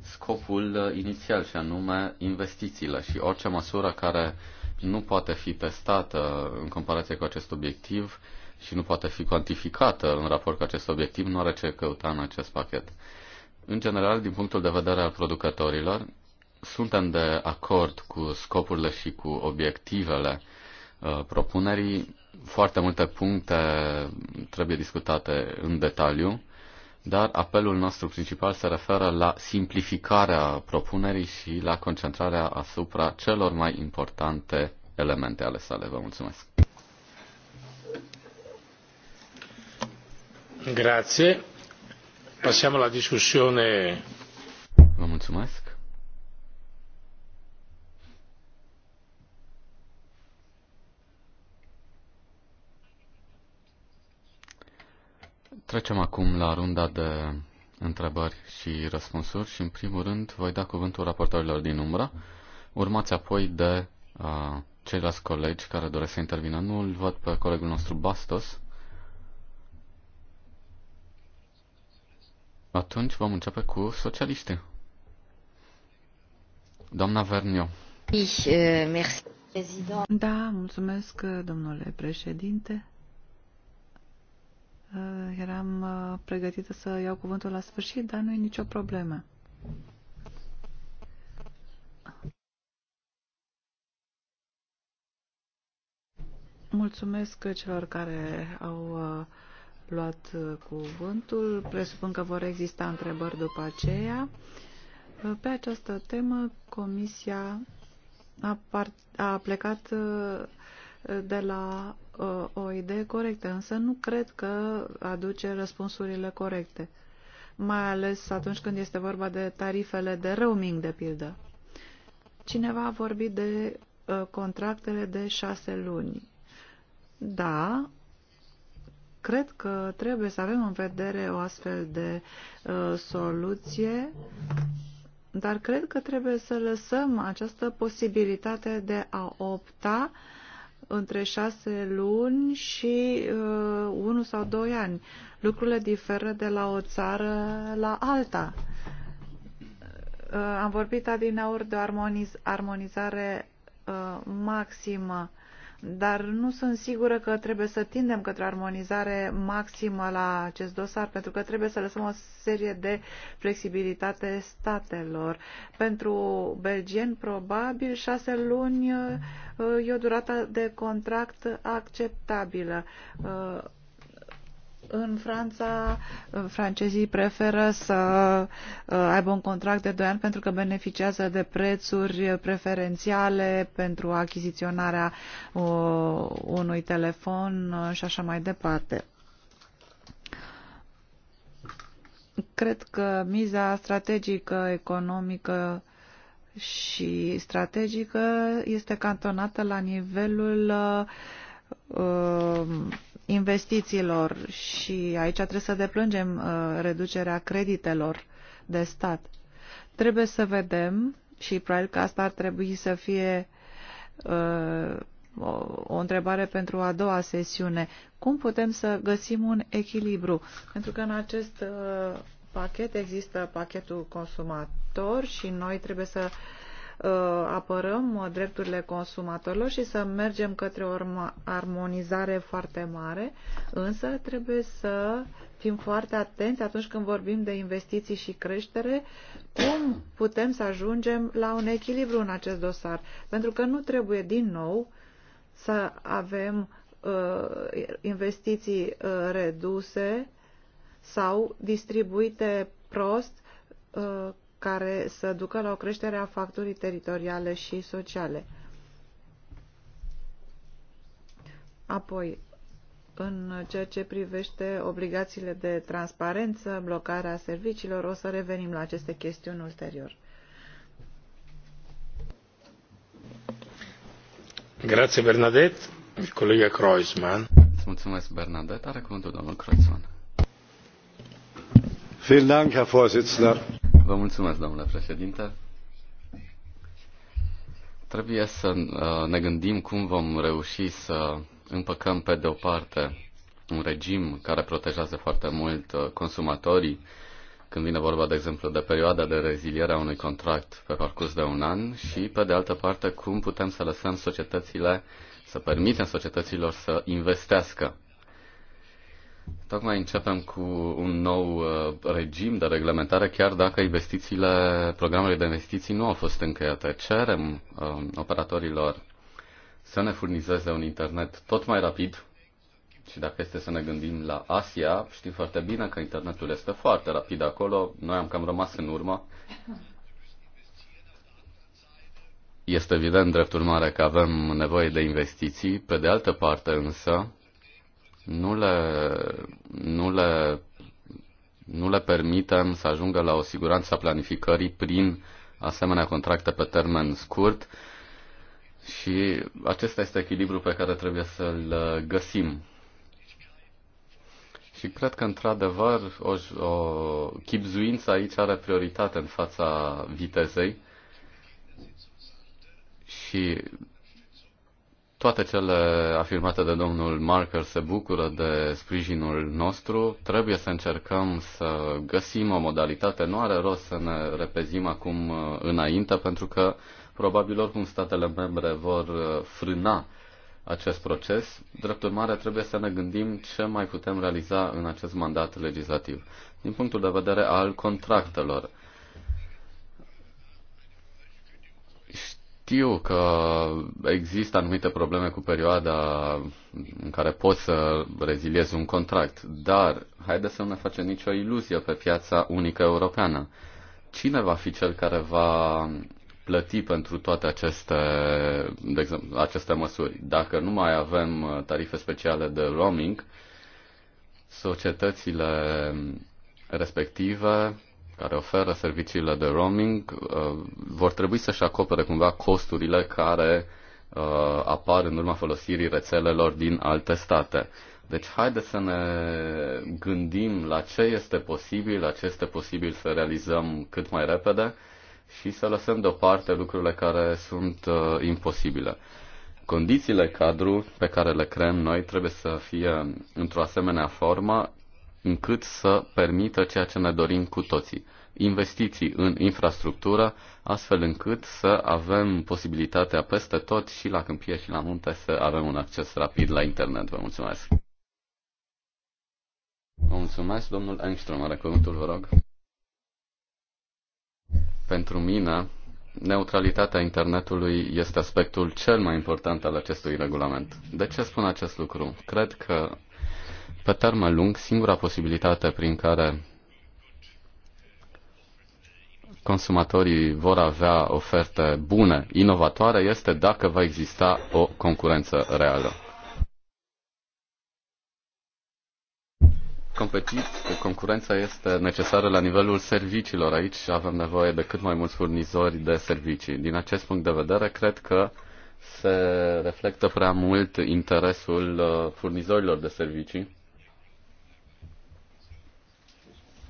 scopul uh, inițial și anume investițiile și orice măsură care nu poate fi testată în comparație cu acest obiectiv și nu poate fi cuantificată în raport cu acest obiectiv nu are ce căuta în acest pachet. În general, din punctul de vedere al producătorilor, suntem de acord cu scopurile și cu obiectivele uh, propunerii. Foarte multe puncte trebuie discutate în detaliu, dar apelul nostru principal se referă la simplificarea propunerii și la concentrarea asupra celor mai importante elemente ale sale. Vă mulțumesc! Grazie. Passiamo alla discussione. Vă mulțumesc. Trecem acum la runda de întrebări și răspunsuri și în primul rând voi da cuvântul raportorilor din umbră, urmați apoi de uh, ceilalți colegi care doresc să intervină. Nu îl văd pe colegul nostru Bastos, Atunci vom începe cu socialiste. Doamna Vernio. Eh, da, mulțumesc, eh, domnule președinte. Eh, eram pregătită să iau cuvântul la sfârșit, dar nu e nicio problemă. Mulțumesc celor care au luat uh, cuvântul. Presupun că vor exista întrebări după aceea. Uh, pe această temă, Comisia a, a plecat uh, de la o idee corectă, însă nu cred că aduce răspunsurile corecte, mai ales atunci când este vorba de tarifele de roaming, de pildă. Cineva a vorbit de contractele de șase luni. Da, Cred că trebuie să avem în vedere o astfel de uh, soluție, dar cred că trebuie să lăsăm această posibilitate de a opta între șase luni și uh, unu sau doi ani. Lucrurile diferă de la o țară la alta. Uh, am vorbit adineori de o armoniz armonizare uh, maximă. Uh, dar nu sunt sigură că trebuie să tindem către armonizare maximă la acest dosar, pentru că trebuie să lăsăm o serie de flexibilitate statelor. Pentru belgieni, probabil, șase luni uh, e o durată de contract acceptabilă. Uh, în Franța, francezii preferă să uh, aibă un contract de 2 ani pentru că beneficiază de prețuri preferențiale pentru achiziționarea uh, unui telefon uh, și așa mai departe. Cred că miza strategică, economică și strategică este cantonată la nivelul uh, investițiilor și aici trebuie să deplângem uh, reducerea creditelor de stat. Trebuie să vedem și probabil că asta ar trebui să fie uh, o întrebare pentru a doua sesiune. Cum putem să găsim un echilibru? Pentru că în acest uh, pachet există pachetul consumator și noi trebuie să Uh, apărăm drepturile consumatorilor și să mergem către o armonizare foarte mare, însă trebuie să fim foarte atenți atunci când vorbim de investiții și creștere, cum putem să ajungem la un echilibru în acest dosar. Pentru că nu trebuie din nou să avem uh, investiții uh, reduse sau distribuite prost care să ducă la o creștere a facturii teritoriale și sociale. Apoi, în ceea ce privește obligațiile de transparență, blocarea serviciilor, o să revenim la aceste chestiuni ulterior. Grazie Bernadette, colega Kreuzmann. mulțumesc Bernadette, are cuvântul domnul Kreuzmann. Vă mulțumesc, domnule președinte. Trebuie să uh, ne gândim cum vom reuși să împăcăm pe de o parte un regim care protejează foarte mult uh, consumatorii când vine vorba, de exemplu, de perioada de reziliere a unui contract pe parcurs de un an și, pe de altă parte, cum putem să lăsăm societățile, să permitem societăților să investească Tocmai începem cu un nou uh, regim de reglementare, chiar dacă investițiile, programele de investiții nu au fost încheiate. Cerem um, operatorilor să ne furnizeze un internet tot mai rapid și dacă este să ne gândim la Asia, știm foarte bine că internetul este foarte rapid acolo, noi am cam rămas în urmă. Este evident, drept urmare, că avem nevoie de investiții. Pe de altă parte, însă, nu le, nu le, nu le permitem să ajungă la o siguranță a planificării prin asemenea contracte pe termen scurt și acesta este echilibru pe care trebuie să-l uh, găsim. Și cred că, într-adevăr, o, o chipzuință aici are prioritate în fața vitezei și toate cele afirmate de domnul Marker se bucură de sprijinul nostru. Trebuie să încercăm să găsim o modalitate. Nu are rost să ne repezim acum uh, înainte, pentru că probabil oricum statele membre vor uh, frâna acest proces. Drept urmare, trebuie să ne gândim ce mai putem realiza în acest mandat legislativ. Din punctul de vedere al contractelor, Știu că există anumite probleme cu perioada în care poți să reziliezi un contract, dar haide să nu ne facem nicio iluzie pe piața unică europeană. Cine va fi cel care va plăti pentru toate aceste, de exemplu, aceste măsuri? Dacă nu mai avem tarife speciale de roaming, societățile respective care oferă serviciile de roaming uh, vor trebui să-și acopere cumva costurile care uh, apar în urma folosirii rețelelor din alte state. Deci haideți să ne gândim la ce este posibil, la ce este posibil să realizăm cât mai repede și să lăsăm deoparte lucrurile care sunt uh, imposibile. Condițiile cadru pe care le creăm noi trebuie să fie într-o asemenea formă încât să permită ceea ce ne dorim cu toții. Investiții în infrastructură, astfel încât să avem posibilitatea peste tot și la câmpie și la munte să avem un acces rapid la internet. Vă mulțumesc! Vă mulțumesc, domnul Engström, are cuvântul, vă rog. Pentru mine, neutralitatea internetului este aspectul cel mai important al acestui regulament. De ce spun acest lucru? Cred că pe termen lung, singura posibilitate prin care consumatorii vor avea oferte bune, inovatoare, este dacă va exista o concurență reală. Competit, concurența este necesară la nivelul serviciilor. Aici avem nevoie de cât mai mulți furnizori de servicii. Din acest punct de vedere, cred că se reflectă prea mult interesul uh, furnizorilor de servicii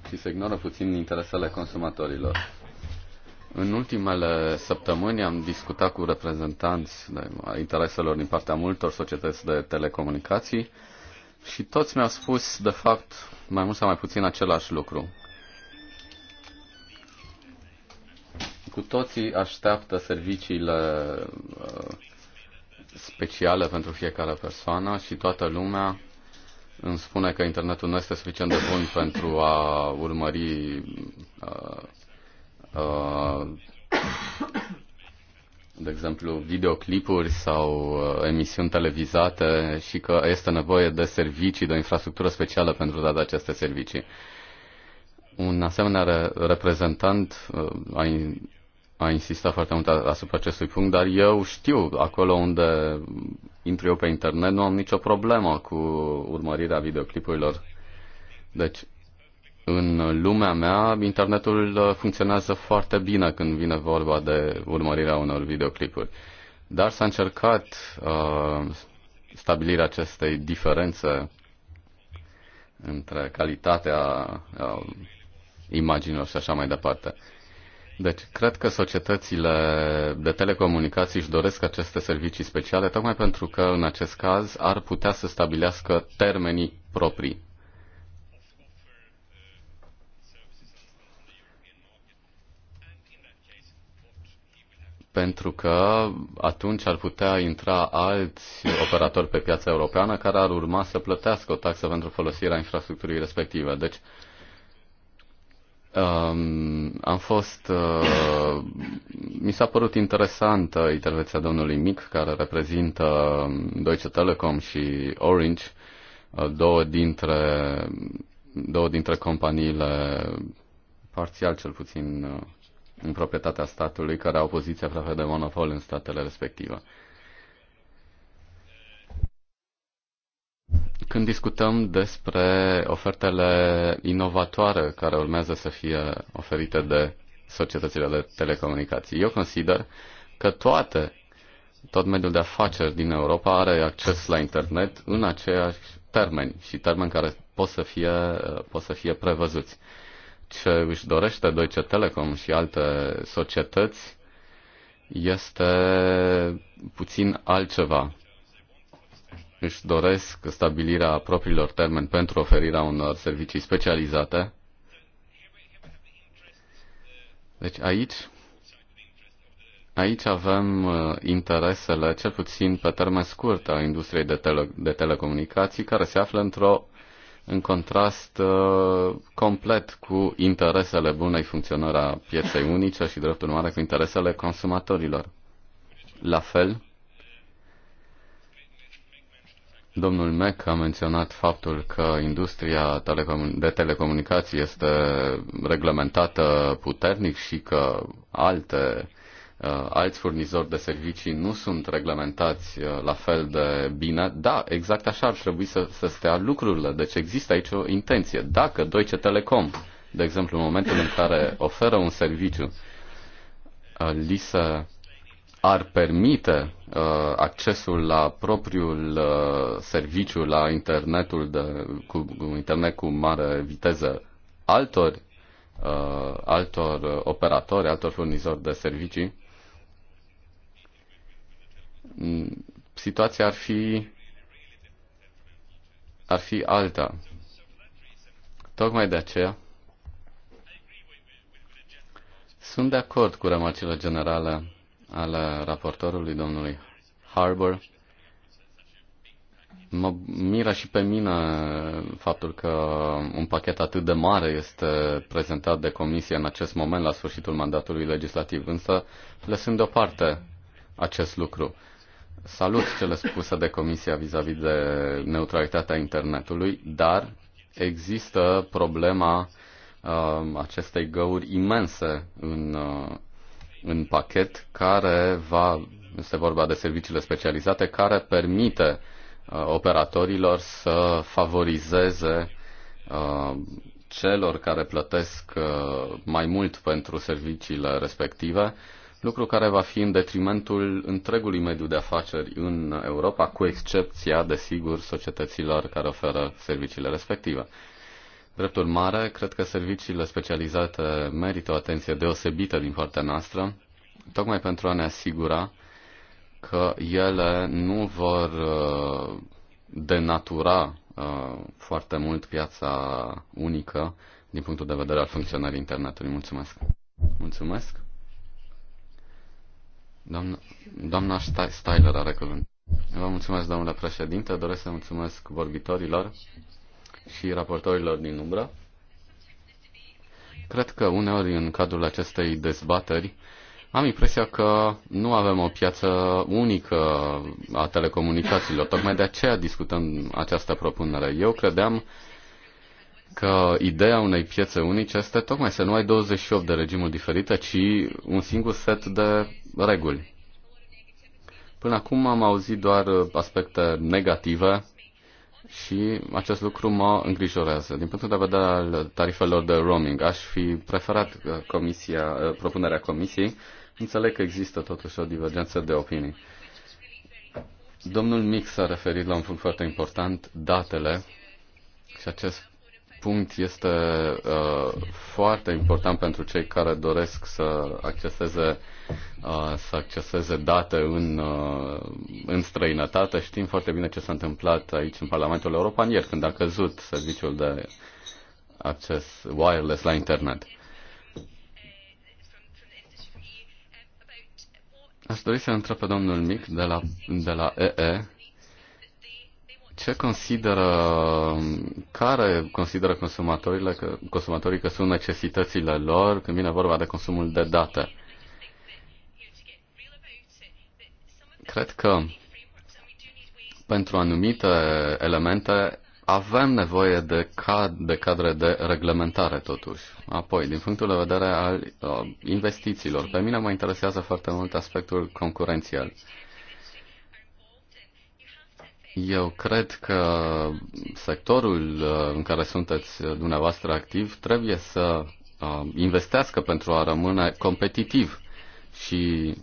și se ignoră puțin interesele consumatorilor. În ultimele săptămâni am discutat cu reprezentanți de intereselor din partea multor societăți de telecomunicații și toți mi-au spus, de fapt, mai mult sau mai puțin același lucru. Cu toții așteaptă serviciile uh, speciale pentru fiecare persoană și toată lumea îmi spune că internetul nu este suficient de bun pentru a urmări uh, uh, de exemplu, videoclipuri sau emisiuni televizate și că este nevoie de servicii, de o infrastructură specială pentru a da aceste servicii. Un asemenea re- reprezentant a, a insistat foarte mult asupra acestui punct, dar eu știu acolo unde intru eu pe internet, nu am nicio problemă cu urmărirea videoclipurilor. Deci, în lumea mea, internetul uh, funcționează foarte bine când vine vorba de urmărirea unor videoclipuri. Dar s-a încercat uh, stabilirea acestei diferențe între calitatea uh, imaginilor și așa mai departe. Deci, cred că societățile de telecomunicații își doresc aceste servicii speciale, tocmai pentru că, în acest caz, ar putea să stabilească termenii proprii. Pentru că atunci ar putea intra alți operatori pe piața europeană care ar urma să plătească o taxă pentru folosirea infrastructurii respective. Deci, uh, Um, am fost. Uh, mi s-a părut interesantă intervenția domnului Mic, care reprezintă Deutsche Telekom și Orange, uh, două dintre, două dintre companiile, parțial cel puțin, uh, în proprietatea statului, care au poziție aproape de monopol în statele respective. Când discutăm despre ofertele inovatoare care urmează să fie oferite de societățile de telecomunicații, eu consider că toate, tot mediul de afaceri din Europa are acces la internet în aceiași termeni și termeni care pot să fie, pot să fie prevăzuți. Ce își dorește Deutsche Telekom și alte societăți este puțin altceva își doresc stabilirea propriilor termeni pentru oferirea unor servicii specializate. Deci aici, aici avem uh, interesele, cel puțin pe termen scurt, a industriei de, tele, de telecomunicații, care se află într-o în contrast uh, complet cu interesele bunei funcționări a pieței unice și, drept urmare, cu interesele consumatorilor. La fel, Domnul Mac a menționat faptul că industria de telecomunicații este reglementată puternic și că alte, uh, alți furnizori de servicii nu sunt reglementați uh, la fel de bine. Da, exact așa ar trebui să, să stea lucrurile. Deci există aici o intenție. Dacă Deutsche Telecom, de exemplu, în momentul în care oferă un serviciu, uh, li se ar permite uh, accesul la propriul uh, serviciu, la internetul de, cu internet cu mare viteză altor, uh, altor operatori, altor furnizori de servicii, mm, situația ar fi ar fi alta. Tocmai de aceea sunt de acord cu remarcile generale al raportorului, domnului Harbour. Mă miră și pe mine faptul că un pachet atât de mare este prezentat de comisie în acest moment, la sfârșitul mandatului legislativ, însă lăsând deoparte acest lucru. Salut cele spuse de comisia vis-a-vis -vis de neutralitatea internetului, dar există problema uh, acestei găuri imense în, uh, în pachet care va, este vorba de serviciile specializate, care permite uh, operatorilor să favorizeze uh, celor care plătesc uh, mai mult pentru serviciile respective, lucru care va fi în detrimentul întregului mediu de afaceri în Europa, cu excepția, desigur, societăților care oferă serviciile respective. Drept urmare, cred că serviciile specializate merită o atenție deosebită din partea noastră, tocmai pentru a ne asigura că ele nu vor uh, denatura uh, foarte mult piața unică din punctul de vedere al funcționării internetului. Mulțumesc! Mulțumesc! Doamna, doamna Styler are cuvânt. Vă mulțumesc, domnule președinte. Doresc să mulțumesc vorbitorilor și raportorilor din umbră. Cred că uneori în cadrul acestei dezbateri am impresia că nu avem o piață unică a telecomunicațiilor. Tocmai de aceea discutăm această propunere. Eu credeam că ideea unei piețe unice este tocmai să nu ai 28 de regimuri diferite, ci un singur set de reguli. Până acum am auzit doar aspecte negative și acest lucru mă îngrijorează. Din punctul de vedere al tarifelor de roaming, aș fi preferat uh, comisia, uh, propunerea comisiei. Înțeleg că există totuși o divergență de opinii. Domnul Mix s-a referit la un punct foarte important, datele, și acest punct este uh, foarte important pentru cei care doresc să acceseze Uh, să acceseze date în, uh, în străinătate. Știm foarte bine ce s-a întâmplat aici în Parlamentul European ieri când a căzut serviciul de acces wireless la internet. Aș dori să întreb pe domnul Mic de la, de la EE ce consideră, care consideră consumatorile că, consumatorii că sunt necesitățile lor când vine vorba de consumul de date. Cred că pentru anumite elemente avem nevoie de, cad- de cadre de reglementare, totuși. Apoi, din punctul de vedere al uh, investițiilor, pe mine mă interesează foarte mult aspectul concurențial. Eu cred că sectorul uh, în care sunteți uh, dumneavoastră activ trebuie să uh, investească pentru a rămâne competitiv și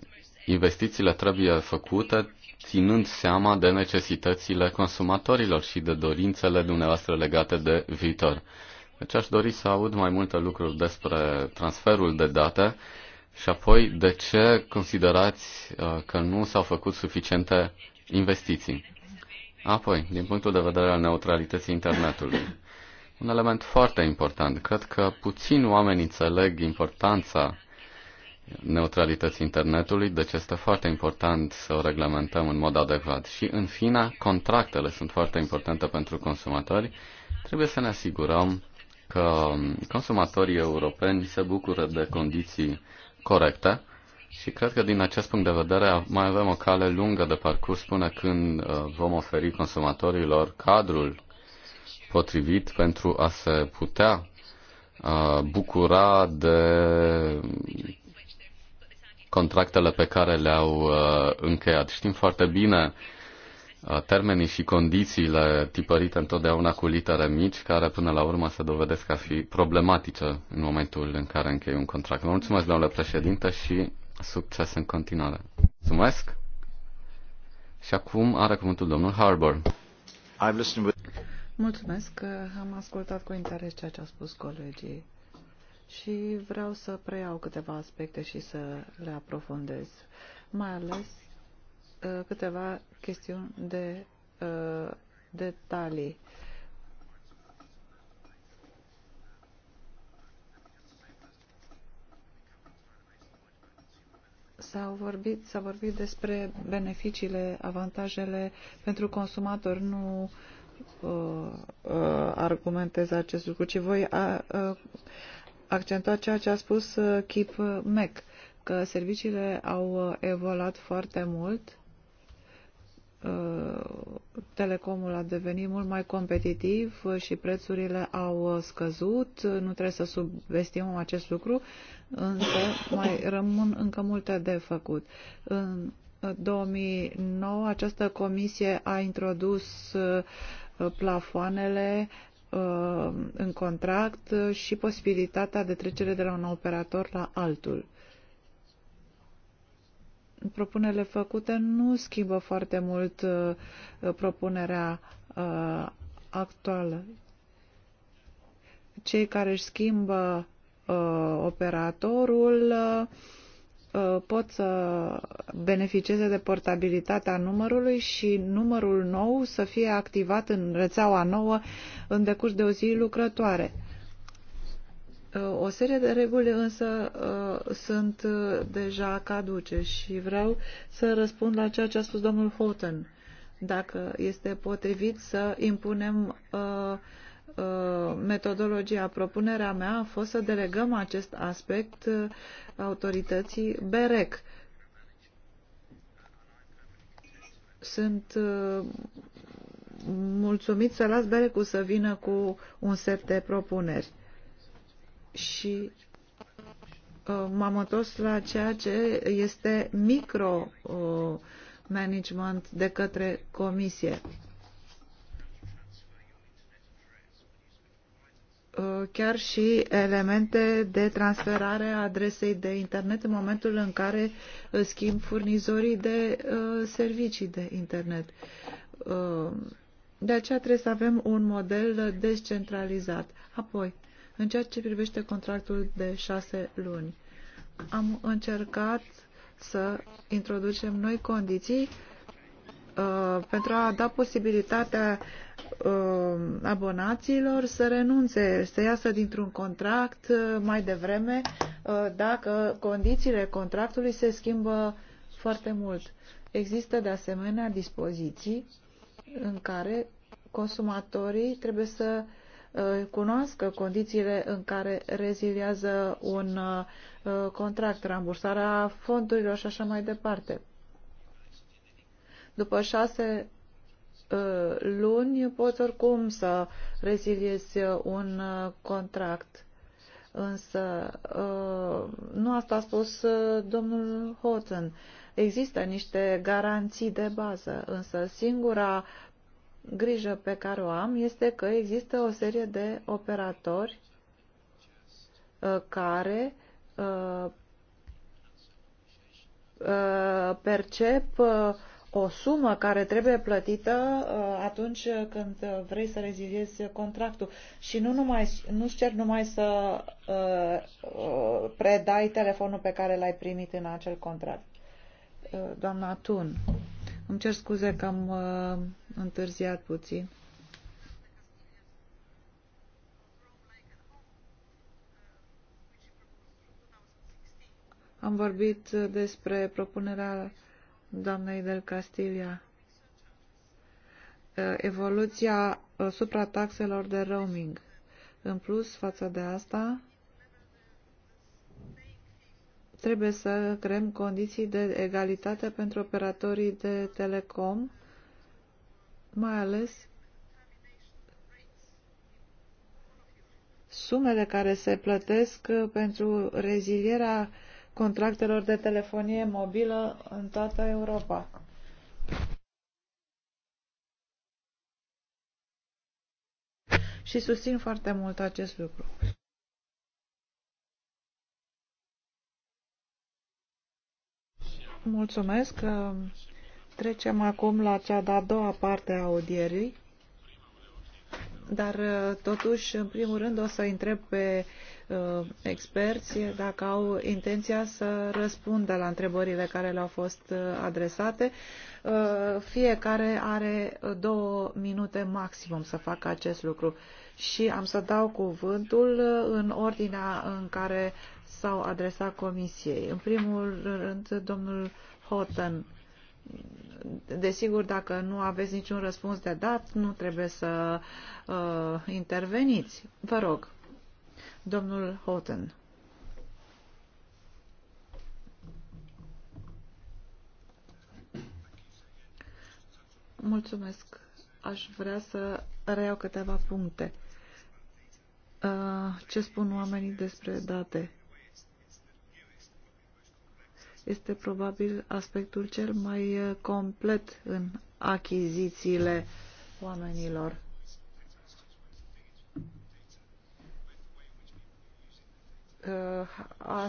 investițiile trebuie făcute ținând seama de necesitățile consumatorilor și de dorințele dumneavoastră legate de viitor. Deci aș dori să aud mai multe lucruri despre transferul de date și apoi de ce considerați uh, că nu s-au făcut suficiente investiții. Apoi, din punctul de vedere al neutralității internetului, un element foarte important. Cred că puțin oameni înțeleg importanța neutralității internetului, deci este foarte important să o reglementăm în mod adecvat. Și, în fine, contractele sunt foarte importante pentru consumatori. Trebuie să ne asigurăm că consumatorii europeni se bucură de condiții corecte și cred că din acest punct de vedere mai avem o cale lungă de parcurs până când uh, vom oferi consumatorilor cadrul potrivit pentru a se putea uh, bucura de contractele pe care le-au uh, încheiat. Știm foarte bine uh, termenii și condițiile tipărite întotdeauna cu litere mici, care până la urmă se dovedesc a fi problematice în momentul în care închei un contract. Vă mulțumesc, domnule președinte, și succes în continuare. Mulțumesc! Și acum are cuvântul domnul Harbour. Mulțumesc că am ascultat cu interes ceea ce au spus colegii și vreau să preiau câteva aspecte și să le aprofundez, mai ales ă, câteva chestiuni de ă, detalii. S-a vorbit, vorbit despre beneficiile, avantajele pentru consumator. Nu uh, uh, argumentez acest lucru, ci voi uh, uh, accentua ceea ce a spus uh, Kip Mac, că serviciile au uh, evoluat foarte mult, uh, telecomul a devenit mult mai competitiv și prețurile au scăzut, nu trebuie să subestimăm acest lucru, însă mai rămân încă multe de făcut. În 2009 această comisie a introdus plafoanele Uh, în contract și posibilitatea de trecere de la un operator la altul. Propunerile făcute nu schimbă foarte mult uh, propunerea uh, actuală. Cei care își schimbă operatorul uh, Uh, pot să beneficieze de portabilitatea numărului și numărul nou să fie activat în rețeaua nouă în decurs de o zi lucrătoare. Uh, o serie de reguli însă uh, sunt deja caduce și vreau să răspund la ceea ce a spus domnul Houghton. Dacă este potrivit să impunem uh, Uh, metodologia, propunerea mea a fost să delegăm acest aspect uh, autorității BEREC. Sunt uh, mulțumit să las BEREC să vină cu un set de propuneri. Și m-am întors la ceea ce este micro management de către comisie. Uh, chiar și elemente de transferare a adresei de internet în momentul în care uh, schimb furnizorii de uh, servicii de internet. De aceea trebuie să avem un model descentralizat. Apoi, în ceea ce privește contractul de șase luni, am încercat să introducem noi condiții Uh, pentru a da posibilitatea uh, abonaților să renunțe, să iasă dintr-un contract uh, mai devreme dacă condițiile contractului se schimbă foarte mult. Există de asemenea dispoziții în care consumatorii trebuie să cunoască condițiile în care reziliază un contract, rambursarea fondurilor și așa mai departe. După șase uh, luni poți oricum să reziliezi un uh, contract. Însă uh, nu asta a spus domnul Houghton. Există niște garanții de bază, însă singura grijă pe care o am este că există o serie de operatori care percep uh, o sumă care trebuie plătită uh, atunci când vrei să reziliezi contractul. Și nu numai, nu-ți cer numai să uh, uh, predai telefonul pe care l-ai primit în acel contract. Doamna Tun, îmi cer scuze că am întârziat puțin. Am vorbit despre propunerea doamnei del Castilia. Eh, evoluția eh, taxelor de roaming. În plus, față de asta, trebuie să creăm condiții de egalitate pentru operatorii de telecom, mai ales sumele care se plătesc eh, pentru rezilierea uh, contractelor de telefonie mobilă în toată Europa. Și susțin foarte mult acest lucru. Mulțumesc. Trecem acum la cea de-a doua parte a audierii. Dar, totuși, în primul rând, o să întreb pe Uh, experți dacă au intenția să răspundă la întrebările care le-au fost uh, adresate. Uh, fiecare are două minute maximum să facă acest lucru și am să dau cuvântul în ordinea în care s-au adresat comisiei. În primul rând, domnul Houghton, desigur, dacă nu aveți niciun răspuns de dat, nu trebuie să uh, interveniți. Vă rog. Domnul Houghton. Mulțumesc. Aș vrea să reiau câteva puncte. Uh, ce spun oamenii despre date? Este probabil aspectul cel mai uh, complet în achizițiile oamenilor.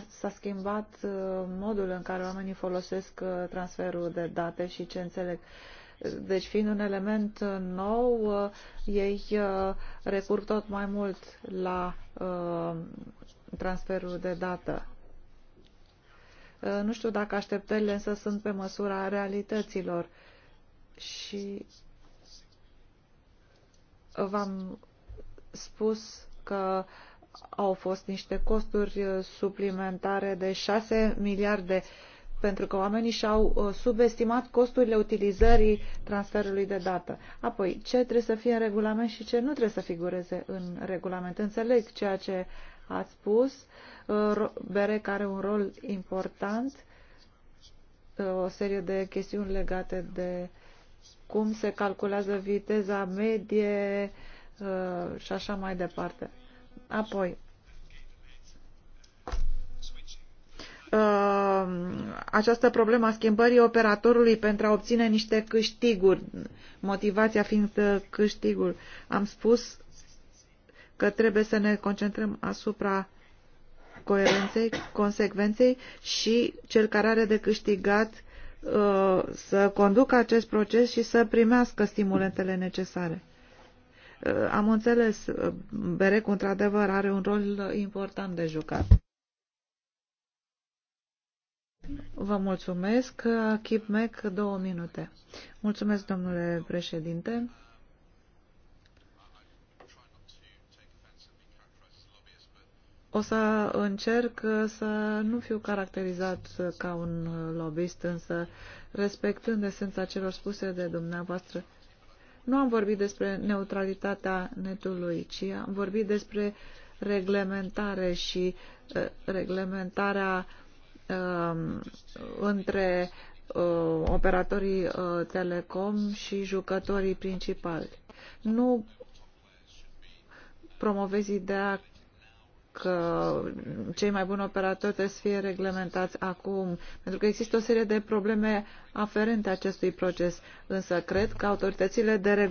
s-a schimbat uh, modul în care oamenii folosesc uh, transferul de date și ce înțeleg. Deci, fiind un element uh, nou, ei recurg tot mai mult la transferul de dată. Nu știu dacă așteptările însă sunt pe măsura realităților și v-am spus că uh, au fost niște costuri uh, suplimentare de 6 miliarde pentru că oamenii și-au uh, subestimat costurile utilizării transferului de dată. Apoi, ce trebuie să fie în regulament și ce nu trebuie să figureze în regulament. Înțeleg ceea ce ați spus. Uh, bere are un rol important, o serie de chestiuni legate de cum se calculează viteza medie și așa mai departe. Apoi, uh, această problemă a schimbării operatorului pentru a obține niște câștiguri, motivația fiind uh, câștigul. Am spus că trebuie să ne concentrăm asupra coerenței, consecvenței și cel care are de câștigat uh, să conducă acest proces și să primească stimulentele necesare. Uh, am înțeles, uh, Berec într-adevăr are un rol important de jucat. Vă mulțumesc. Keep Mac, două minute. Mulțumesc, domnule președinte. O să încerc să nu fiu caracterizat ca un lobbyist, însă respectând esența celor spuse de dumneavoastră, nu am vorbit despre neutralitatea netului, ci am vorbit despre reglementare și uh, reglementarea uh, între uh, operatorii uh, telecom și jucătorii principali. Nu promovezi ideea că cei mai buni operatori trebuie să fie reglementați acum, pentru că există o serie de probleme aferente acestui proces. Însă cred că autoritățile de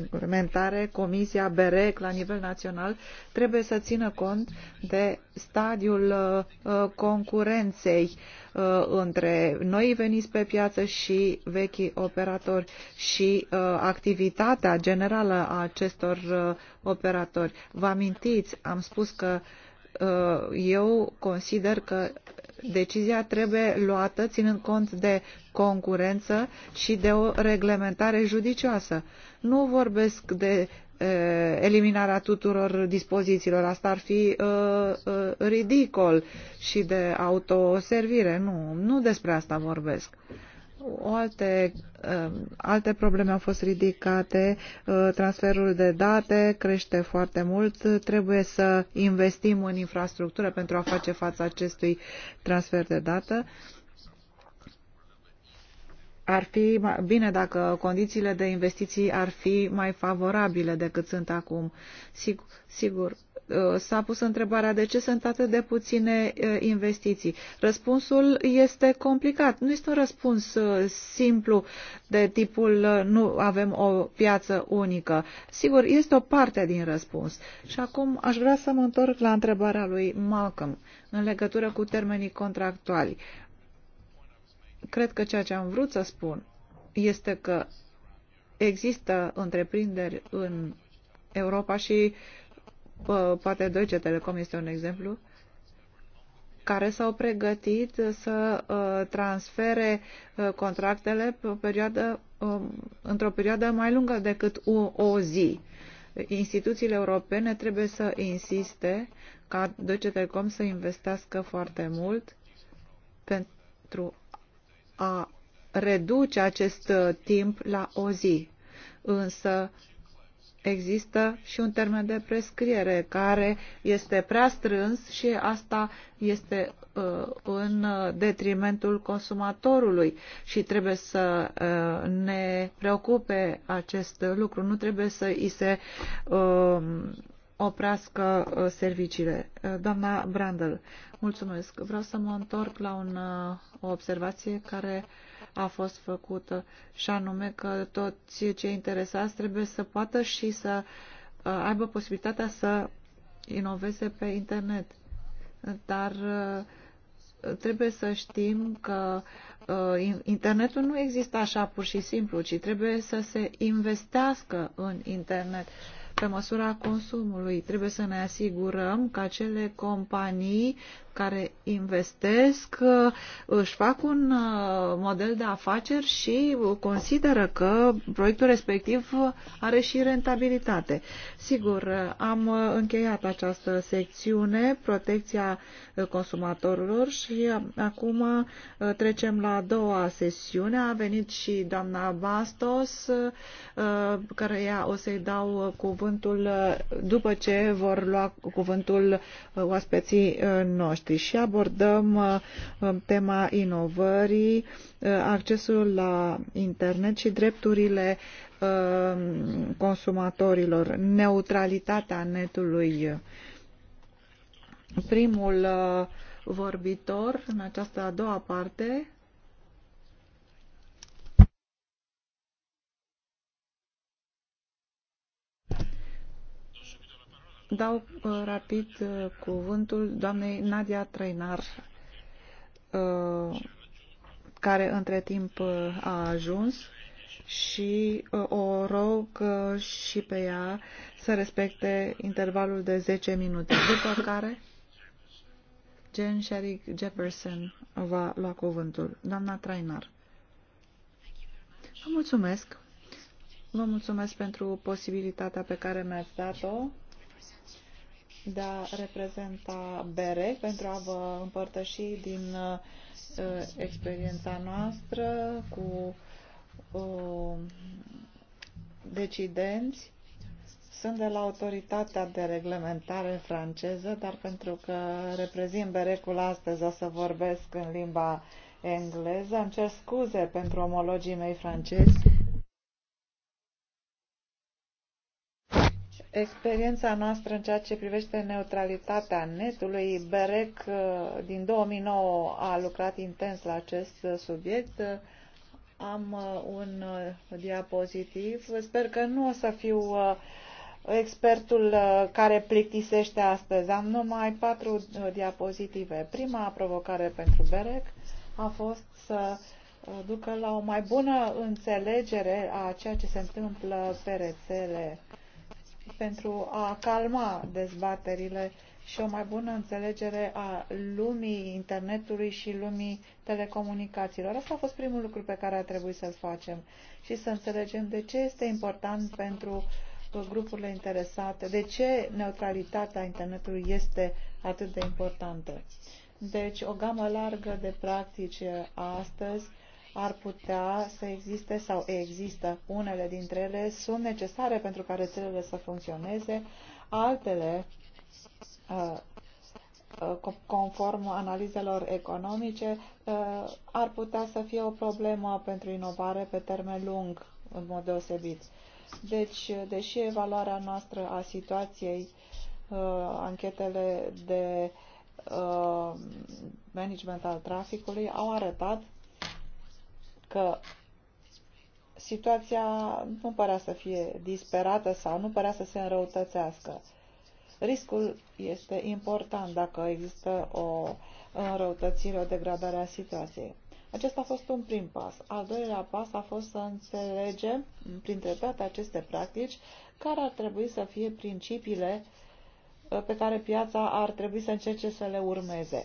reglementare, Comisia, BEREC, la nivel național, trebuie să țină cont de stadiul uh, uh, concurenței uh, între noi veniți pe piață și vechii operatori și activitatea generală a acestor operatori. Vă amintiți, am spus că eu consider că decizia trebuie luată ținând cont de concurență și de o reglementare judicioasă. Nu vorbesc de eliminarea tuturor dispozițiilor. Asta ar fi ridicol și de autoservire. Nu, nu despre asta vorbesc. O alte, alte probleme au fost ridicate, transferul de date crește foarte mult, trebuie să investim în infrastructură pentru a face față acestui transfer de date ar fi bine dacă condițiile de investiții ar fi mai favorabile decât sunt acum. Sigur, sigur uh, s-a pus întrebarea de ce sunt atât de puține uh, investiții. Răspunsul este complicat. Nu este un răspuns uh, simplu de tipul nu avem o piață unică. Sigur, este o parte din răspuns. Și acum aș vrea să mă întorc la întrebarea lui Malcolm în legătură cu termenii contractuali cred că ceea ce am vrut să spun este că există întreprinderi în Europa și poate Deutsche Telecom este un exemplu, care s-au pregătit să ă, transfere ă, contractele pe o perioadă, ă, într-o perioadă mai lungă decât o, o zi. Instituțiile europene trebuie să insiste ca Deutsche Telecom să investească foarte mult pentru a reduce acest uh, timp la o zi. Însă există și un termen de prescriere care este prea strâns și asta este uh, în uh, detrimentul consumatorului și trebuie să ne preocupe acest lucru. Nu trebuie să îi se oprească uh, serviciile. Uh, doamna Brandel, mulțumesc. Vreau să mă întorc la un, uh, o observație care a fost făcută și anume că toți cei interesați trebuie să poată și să aibă posibilitatea să inoveze pe internet. Dar trebuie să știm că internetul nu există așa pur și simplu, ci trebuie să se investească în internet pe măsura consumului. Trebuie să ne asigurăm că acele companii care investesc uh, își fac un uh, model de afaceri și consideră că proiectul respectiv are și rentabilitate. Sigur, uh, am încheiat această secțiune, protecția consumatorilor și acum trecem la a doua sesiune. A venit și doamna Bastos, care ea o să-i dau cuvântul după ce vor lua cuvântul oaspeții noștri noștri și abordăm uh, uh, tema inovării, uh, accesul la internet și drepturile consumatorilor, neutralitatea netului. Primul vorbitor în această a doua parte Dau uh, rapid uh, cuvântul doamnei Nadia Trăinar, uh, care între timp a ajuns și o rog și pe ea să respecte intervalul de 10 minute, după care Jen Sherrick Jefferson va lua cuvântul. Doamna Trainar. Vă mulțumesc. Vă mulțumesc pentru posibilitatea pe care mi-ați dat-o de a reprezenta Bere pentru a vă împărtăși din uh, experiența noastră cu uh, decidenți. Sunt de la autoritatea de reglementare franceză, dar pentru că reprezint berecul astăzi o să vorbesc în limba engleză. Îmi cer scuze pentru omologii mei francezi Experiența noastră în ceea ce privește neutralitatea netului, BEREC uh, din 2009 a lucrat intens la acest uh, subiect. Uh, am un diapozitiv. Sper că nu o să fiu expertul care plictisește astăzi. Am numai patru diapozitive. Prima provocare pentru BEREC a fost să ducă la o mai bună înțelegere a ceea ce se întâmplă pe rețele pentru a calma dezbaterile și o mai bună înțelegere a lumii internetului și lumii telecomunicațiilor. Asta a fost primul lucru pe care a trebuit să-l facem și să înțelegem de ce este important pentru grupurile interesate, de ce neutralitatea internetului este atât de importantă. Deci, o gamă largă de practici eh, astăzi ar putea să existe sau există. Unele dintre ele sunt necesare pentru ca rețelele să funcționeze, altele, uh, uh, conform analizelor economice, uh, ar putea să fie o problemă pentru inovare pe termen lung, în mod deosebit. Deci, deși evaluarea noastră a situației, anchetele de management al traficului au arătat că situația nu părea să fie disperată sau nu părea să se înrăutățească. Riscul este important dacă există o înrăutățire, o degradare a situației. Acesta a fost un prim pas. Al doilea pas a fost să înțelegem, printre toate aceste practici, care ar trebui să fie principiile pe care piața ar trebui să încerce să le urmeze.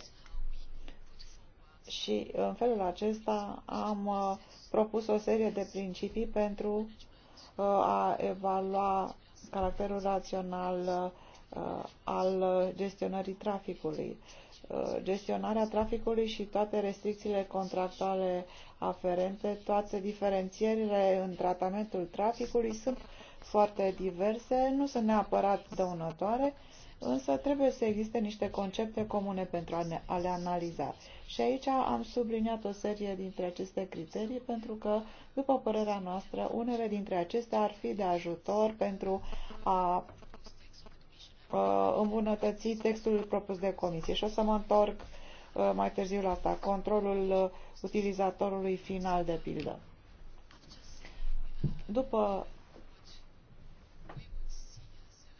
Și în felul acesta am uh, propus o serie de principii pentru uh, a evalua caracterul rațional uh, al gestionării traficului. Gestionarea traficului și toate restricțiile contractuale aferente, toate diferențierile în tratamentul traficului sunt foarte diverse, nu sunt neapărat dăunătoare, însă trebuie să existe niște concepte comune pentru a, ne, a le analiza. Și aici am subliniat o serie dintre aceste criterii pentru că, după părerea noastră, unele dintre acestea ar fi de ajutor pentru a îmbunătăți textul propus de comisie. Și o să mă întorc mai târziu la asta, controlul utilizatorului final, de pildă. După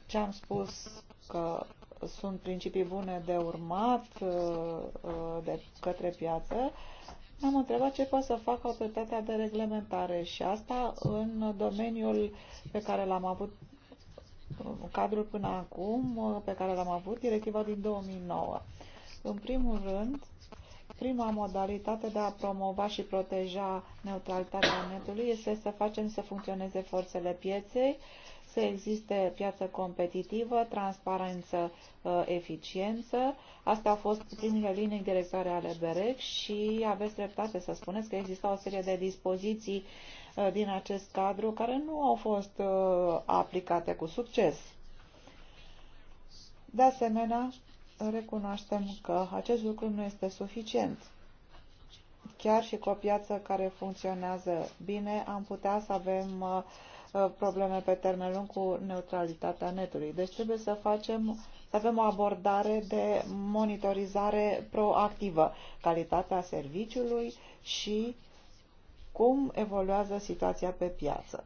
ce am spus că sunt principii bune de urmat uh, uh, de către piață, am întrebat ce poate să facă autoritatea de reglementare și asta în domeniul pe care l-am avut cadrul până acum uh, pe care l-am avut, directiva din 2009. În primul rând, prima modalitate de a promova și proteja neutralitatea netului este să facem să funcționeze forțele pieței, să existe piață competitivă, transparență, uh, eficiență. Astea au fost primele linii directoare ale BEREC și aveți dreptate să spuneți că exista o serie de dispoziții uh, din acest cadru care nu au fost uh, aplicate cu succes. De asemenea, recunoaștem că acest lucru nu este suficient. Chiar și cu o piață care funcționează bine, am putea să avem uh, Uh, probleme pe termen lung cu neutralitatea netului. Deci trebuie să facem să avem o abordare de monitorizare proactivă, calitatea serviciului și cum evoluează situația pe piață.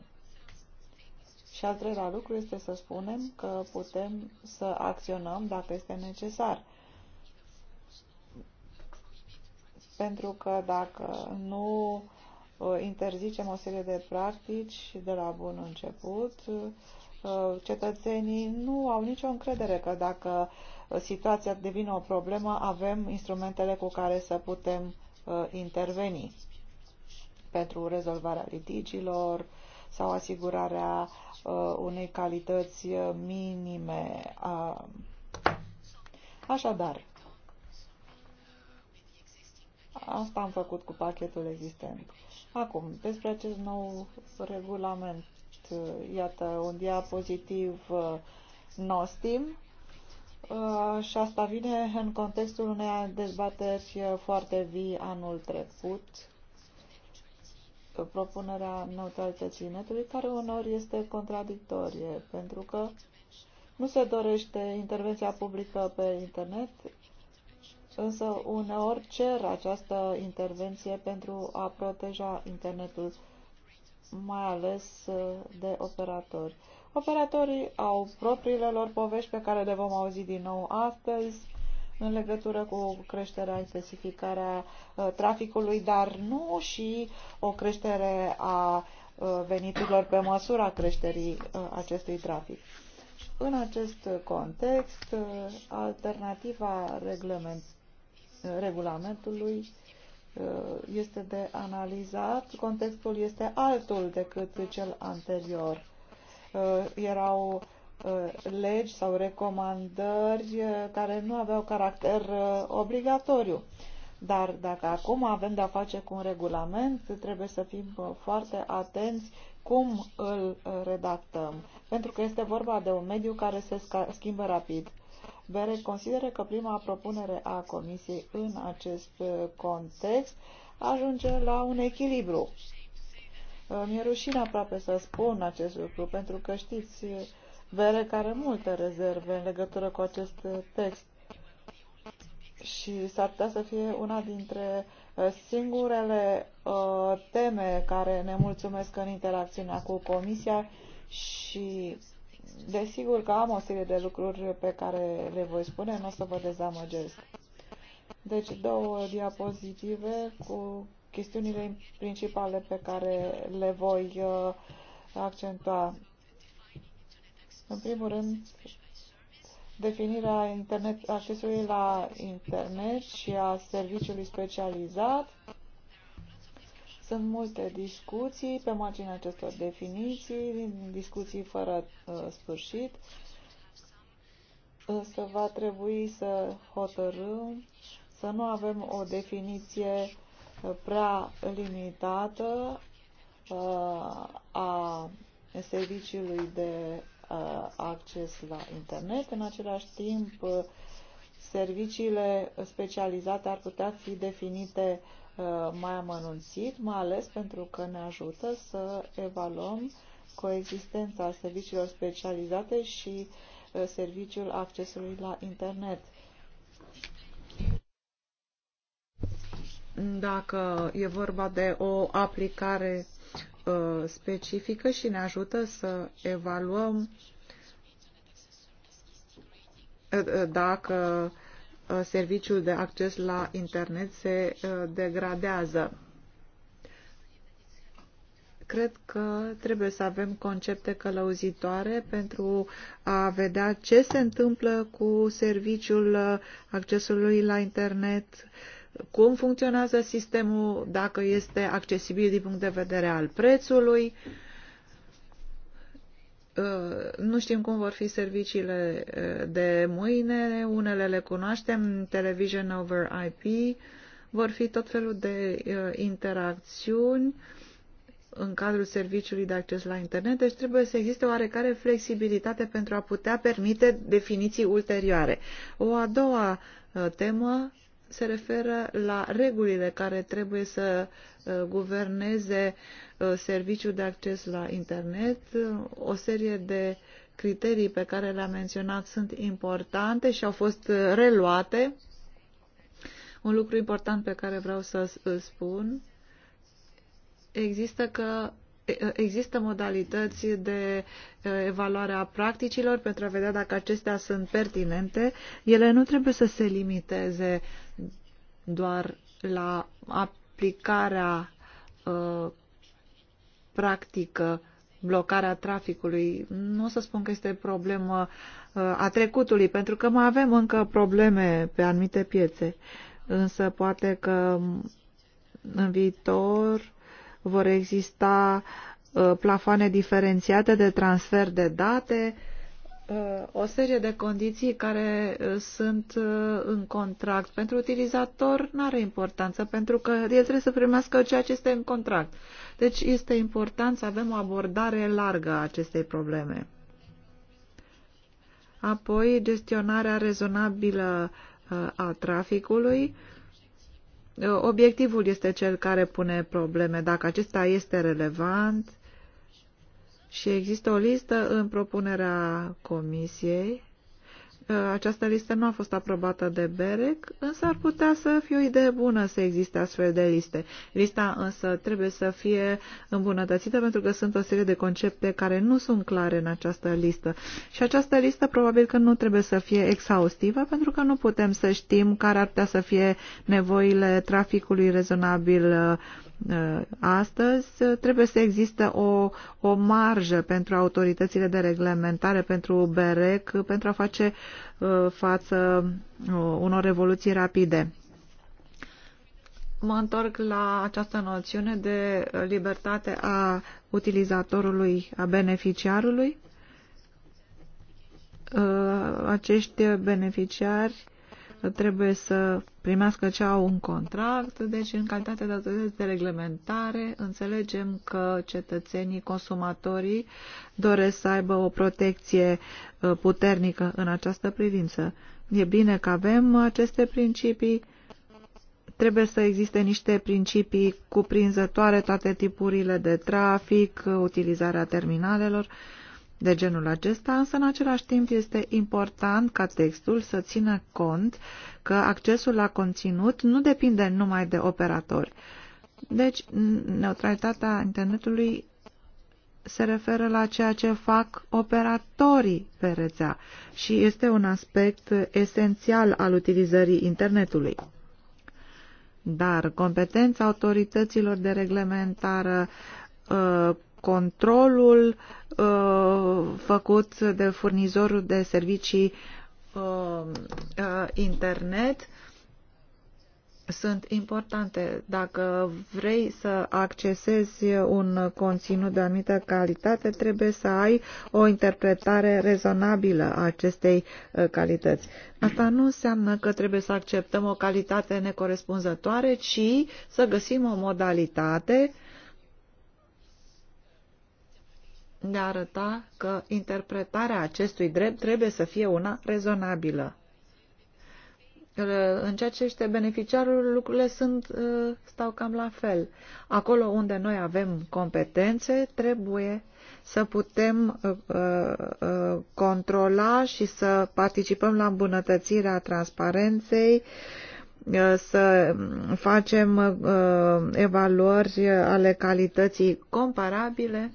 Și al treilea lucru este să spunem că putem să acționăm dacă este necesar. Pentru că dacă nu interzicem o serie de practici de la bun început. Uh, cetățenii nu au nicio încredere că dacă uh, situația devine o problemă, avem instrumentele cu care să putem uh, interveni pentru rezolvarea litigiilor sau asigurarea unei calități minime. Așadar, Asta am făcut cu pachetul existent. Acum, despre acest nou regulament, uh, iată un diapozitiv uh, nostim uh, și asta vine în contextul unei dezbateri foarte vii anul trecut, propunerea neutralității netului, care uneori este contradictorie, pentru că nu se dorește intervenția publică pe internet, însă uneori cer această intervenție pentru a proteja internetul, mai ales uh, de operatori. Operatorii au propriile lor povești pe care le vom auzi din nou astăzi în legătură cu creșterea, intensificarea uh, traficului, dar nu și o creștere a uh, veniturilor pe măsura creșterii acestui trafic. În acest context, alternativa reglement regulamentului uh, este de analizat, contextul este altul decât cel anterior. Uh, erau uh, legi sau recomandări care nu aveau caracter obligatoriu. Dar dacă acum avem de-a face cu un regulament, trebuie să fim foarte atenți cum îl redactăm, pentru că este vorba de un mediu care se schimbă rapid. Bere consideră că prima propunere a Comisiei în acest uh, context ajunge la un echilibru. Uh, mi-e rușine aproape să spun acest lucru, pentru că știți, uh, Bere care multe rezerve în legătură cu acest text și s-ar putea să fie una dintre singurele uh, teme care ne mulțumesc în interacțiunea cu Comisia și Desigur că am o serie de lucruri pe care le voi spune, nu o să vă dezamăgesc. Deci două diapozitive cu chestiunile principale pe care le voi uh, accentua. În primul rând, definirea internet, accesului la internet și a serviciului specializat sunt multe discuții pe marginea acestor definiții, discuții fără uh, sfârșit, însă va trebui să hotărâm să nu avem o definiție uh, prea limitată uh, a serviciului de uh, acces la internet. În același timp, uh, serviciile specializate ar putea fi definite uh, Uh, mai amănunțit, mai ales pentru că ne ajută să evaluăm coexistența serviciilor specializate și uh, serviciul accesului la internet. Dacă e vorba de o aplicare uh, specifică și ne ajută să evaluăm dacă Uh, serviciul de acces la internet se uh, degradează. Cred că trebuie să avem concepte călăuzitoare pentru a vedea ce se întâmplă cu serviciul uh, accesului la internet, cum funcționează sistemul, dacă este accesibil din punct de vedere al prețului, uh, Uh, nu știm cum vor fi serviciile uh, de mâine, unele le cunoaștem, television over IP, vor fi tot felul de uh, interacțiuni în cadrul serviciului de acces la internet, deci trebuie să existe oarecare flexibilitate pentru a putea permite definiții ulterioare. O a doua temă se referă la regulile care trebuie să uh, guverneze uh, serviciul de acces la internet. O serie de criterii pe care le-am menționat sunt importante și au fost uh, reluate. Un lucru important pe care vreau să îl spun există că există modalități de uh, evaluare a practicilor pentru a vedea dacă acestea sunt pertinente. Ele nu trebuie să se limiteze doar la aplicarea uh, practică, blocarea traficului. Nu o să spun că este problemă uh, a trecutului, pentru că mai avem încă probleme pe anumite piețe. Însă poate că în viitor vor exista uh, plafoane diferențiate de transfer de date, uh, o serie de condiții care uh, sunt în contract. Pentru utilizator nu are importanță, pentru că el trebuie să primească ceea ce este în contract. Deci este important să avem o abordare largă a acestei probleme. Apoi, gestionarea rezonabilă a traficului. Obiectivul este cel care pune probleme. Dacă acesta este relevant și există o listă în propunerea comisiei această listă nu a fost aprobată de BEREC, însă ar putea să fie o idee bună să existe astfel de liste. Lista însă trebuie să fie îmbunătățită pentru că sunt o serie de concepte care nu sunt clare în această listă. Și această listă probabil că nu trebuie să fie exhaustivă pentru că nu putem să știm care ar putea să fie nevoile traficului rezonabil uh, Uh, astăzi, uh, trebuie să există o, o marjă pentru autoritățile de reglementare, pentru BEREC, pentru a face uh, față unor revoluții rapide. Mă întorc la această noțiune de libertate a utilizatorului, a beneficiarului. Acești beneficiari trebuie să primească ce au un contract, deci în calitate de autorități de reglementare înțelegem că cetățenii, consumatorii doresc să aibă o protecție uh, puternică în această privință. E bine că avem aceste principii, trebuie să existe niște principii cuprinzătoare toate tipurile de trafic, utilizarea terminalelor, de genul acesta, însă în același timp este important ca textul să țină cont că accesul la conținut nu depinde numai de operatori. Deci, neutralitatea internetului se referă la ceea ce fac operatorii pe rețea și este un aspect esențial al utilizării internetului. Dar competența autorităților de reglementare, uh, controlul uh, făcut de furnizorul de servicii uh, uh, internet sunt importante. Dacă vrei să accesezi un conținut de anumită calitate, trebuie să ai o interpretare rezonabilă a acestei calități. Asta nu înseamnă că trebuie să acceptăm o calitate necorespunzătoare, ci să găsim o modalitate uh, de a arăta că interpretarea acestui drept trebuie să fie una rezonabilă. În ceea ce este beneficiarul, lucrurile sunt, ă, stau cam la fel. Acolo unde noi avem competențe, trebuie să putem ă, ă, controla și să participăm la îmbunătățirea transparenței, să facem evaluări ale calității comparabile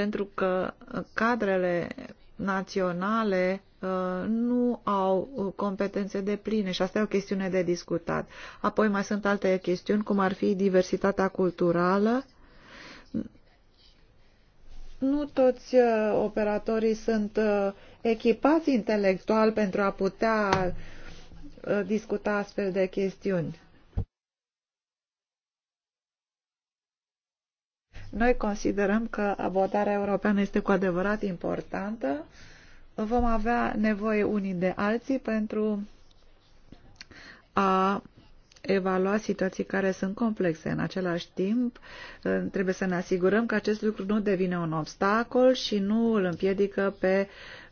pentru că cadrele naționale uh, nu au competențe de pline și asta e o chestiune de discutat. Apoi mai sunt alte chestiuni, cum ar fi diversitatea culturală. Nu toți uh, operatorii sunt uh, echipați intelectual pentru a putea discuta astfel de chestiuni. Noi considerăm că abordarea europeană este cu adevărat importantă. Vom avea nevoie unii de alții pentru a evalua situații care sunt complexe. În același timp, trebuie să ne asigurăm că acest lucru nu devine un obstacol și nu îl împiedică pe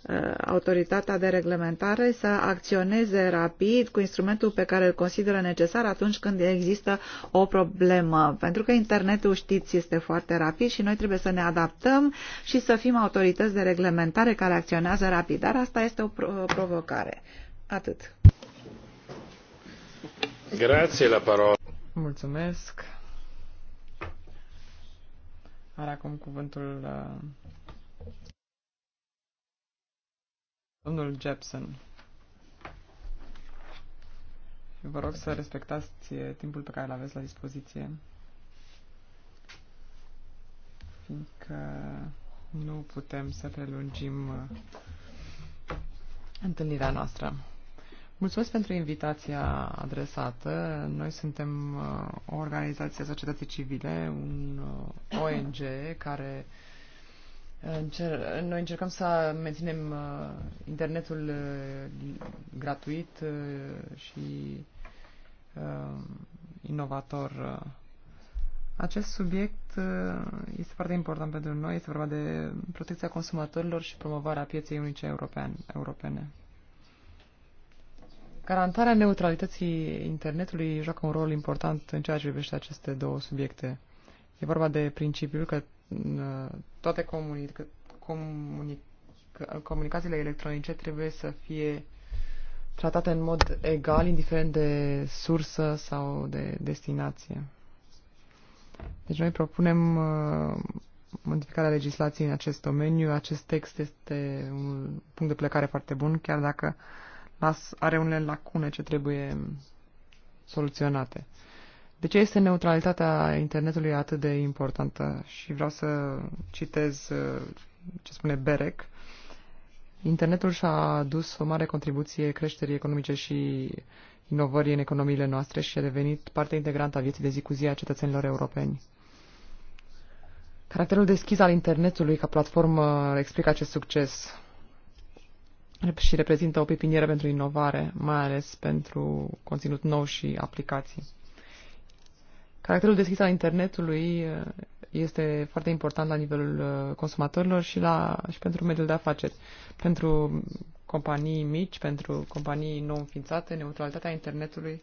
Uh, autoritatea de reglementare să acționeze rapid cu instrumentul pe care îl consideră necesar atunci când există o problemă. Pentru că internetul, știți, este foarte rapid și noi trebuie să ne adaptăm și să fim autorități de reglementare care acționează rapid. Dar asta este o provocare. Atât. Grație la parola. Mulțumesc. Are acum cuvântul uh, Domnul Jepson, vă rog să respectați timpul pe care îl aveți la dispoziție, fiindcă nu putem să prelungim uh, întâlnirea noastră. Mulțumesc pentru invitația adresată. Noi suntem uh, o organizație a societății civile, un uh, ONG care Încer- noi încercăm să menținem uh, internetul uh, gratuit uh, și uh, inovator. Acest subiect uh, este foarte important pentru noi. Este vorba de protecția consumatorilor și promovarea pieței unice european, europene. Garantarea neutralității internetului joacă un rol important în ceea ce privește aceste două subiecte. E vorba de principiul că toate comunica- comunicațiile electronice trebuie să fie tratate în mod egal, indiferent de sursă sau de destinație. Deci noi propunem uh, modificarea legislației în acest domeniu. Acest text este un punct de plecare foarte bun, chiar dacă las, are unele lacune ce trebuie soluționate. De ce este neutralitatea internetului atât de importantă? Și vreau să citez uh, ce spune Berec. Internetul și-a adus o mare contribuție creșterii economice și inovării în economiile noastre și a devenit parte integrantă a vieții de zi cu zi a cetățenilor europeni. Caracterul deschis al internetului ca platformă explică acest succes și reprezintă o pepinieră pentru inovare, mai ales pentru conținut nou și aplicații. Caracterul deschis al internetului uh, este foarte important la nivelul uh, consumatorilor și, la, și pentru mediul de afaceri. Pentru companii mici, pentru companii nou înființate, neutralitatea internetului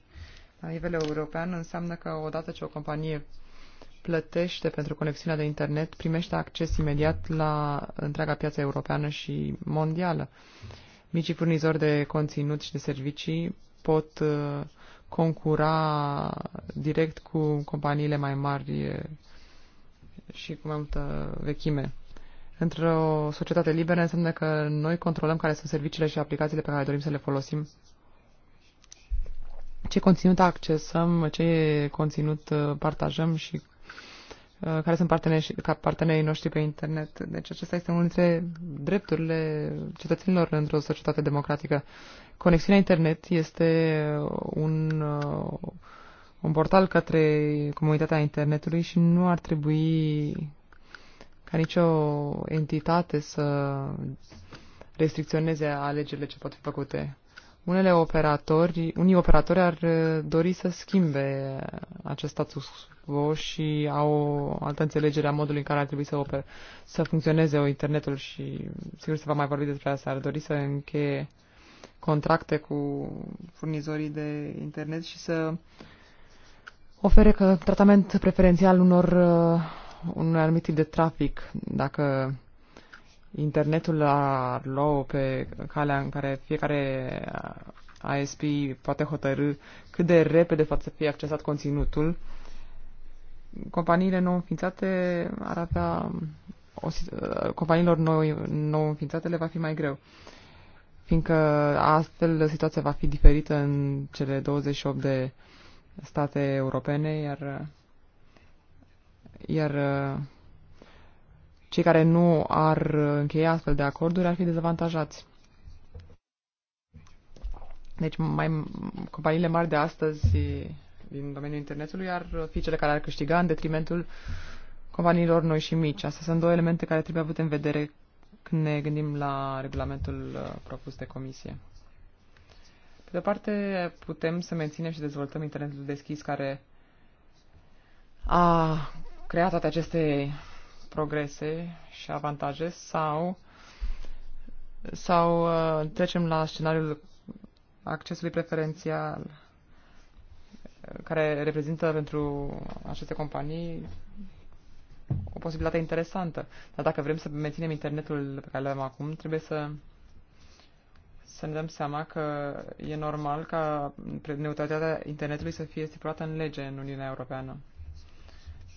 la nivel european înseamnă că odată ce o companie plătește pentru conexiunea de internet, primește acces imediat la întreaga piață europeană și mondială. Micii furnizori de conținut și de servicii pot uh, concura direct cu companiile mai mari și cu mai multă vechime. Într-o societate liberă înseamnă că noi controlăm care sunt serviciile și aplicațiile pe care dorim să le folosim, ce conținut accesăm, ce conținut uh, partajăm și uh, care sunt partenerii noștri pe internet. Deci acesta este unul dintre drepturile cetățenilor într-o societate democratică. Conexiunea internet este un, un portal către comunitatea internetului și nu ar trebui ca nicio entitate să restricționeze alegerile ce pot fi făcute. Unele operatori, unii operatori ar dori să schimbe acest status quo și au altă înțelegere a modului în care ar trebui să, oper, să funcționeze internetul și sigur se va mai vorbi despre asta. Ar dori să încheie contracte cu furnizorii de internet și să ofere că tratament preferențial unor uh, unui anumit tip de trafic. Dacă internetul ar lua pe calea în care fiecare ISP uh, poate hotărâ cât de repede poate să fie accesat conținutul, companiile nou înființate ar avea o, uh, companiilor nou, nou înființate le va fi mai greu fiindcă astfel situația va fi diferită în cele 28 de state europene, iar, iar cei care nu ar încheia astfel de acorduri ar fi dezavantajați. Deci mai, companiile mari de astăzi din domeniul internetului ar fi cele care ar câștiga în detrimentul companiilor noi și mici. Astea sunt două elemente care trebuie avute în vedere când ne gândim la regulamentul uh, propus de comisie. Pe de parte, putem să menținem și dezvoltăm internetul deschis care a creat toate aceste progrese și avantaje sau, sau uh, trecem la scenariul accesului preferențial uh, care reprezintă pentru aceste companii o posibilitate interesantă. Dar dacă vrem să menținem internetul pe care l-avem acum, trebuie să să ne dăm seama că e normal ca neutralitatea internetului să fie stipulată în lege în Uniunea Europeană.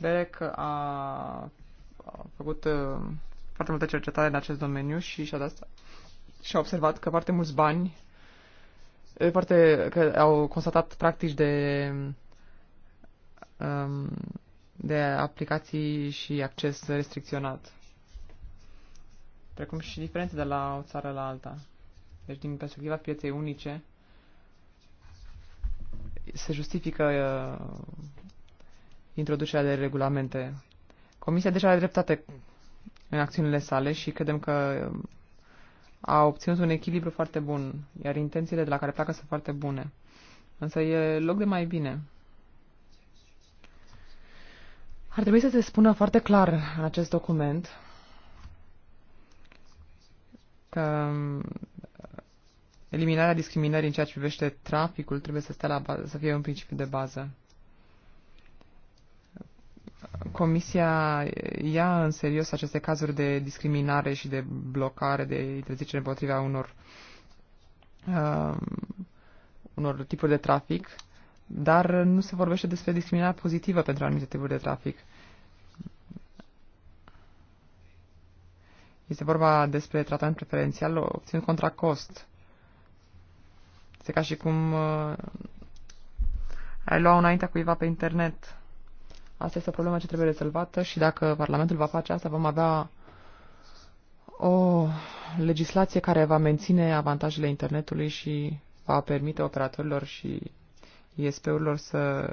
BEREC a, a făcut uh, foarte multă cercetare în acest domeniu și și-a dat și a observat că foarte mulți bani foarte, că au constatat practici de um, de aplicații și acces restricționat, precum și diferențe de la o țară la alta. Deci, din perspectiva pieței unice, se justifică uh, introducerea de regulamente. Comisia deja are dreptate în acțiunile sale și credem că uh, a obținut un echilibru foarte bun, iar intențiile de la care pleacă sunt foarte bune. Însă e loc de mai bine. Ar trebui să se spună foarte clar în acest document că um, eliminarea discriminării în ceea ce privește traficul trebuie să, stea la bază, să fie un principiu de bază. Comisia ia în serios aceste cazuri de discriminare și de blocare, de interzicere împotriva unor, uh, unor tipuri de trafic dar nu se vorbește despre discriminarea pozitivă pentru anumite tipuri de trafic. Este vorba despre tratament preferențial obținut contra cost. Este ca și cum uh, ai lua înaintea cuiva pe internet. Asta este o problemă ce trebuie rezolvată și dacă Parlamentul va face asta, vom avea o legislație care va menține avantajele internetului și va permite operatorilor și ISP-urilor să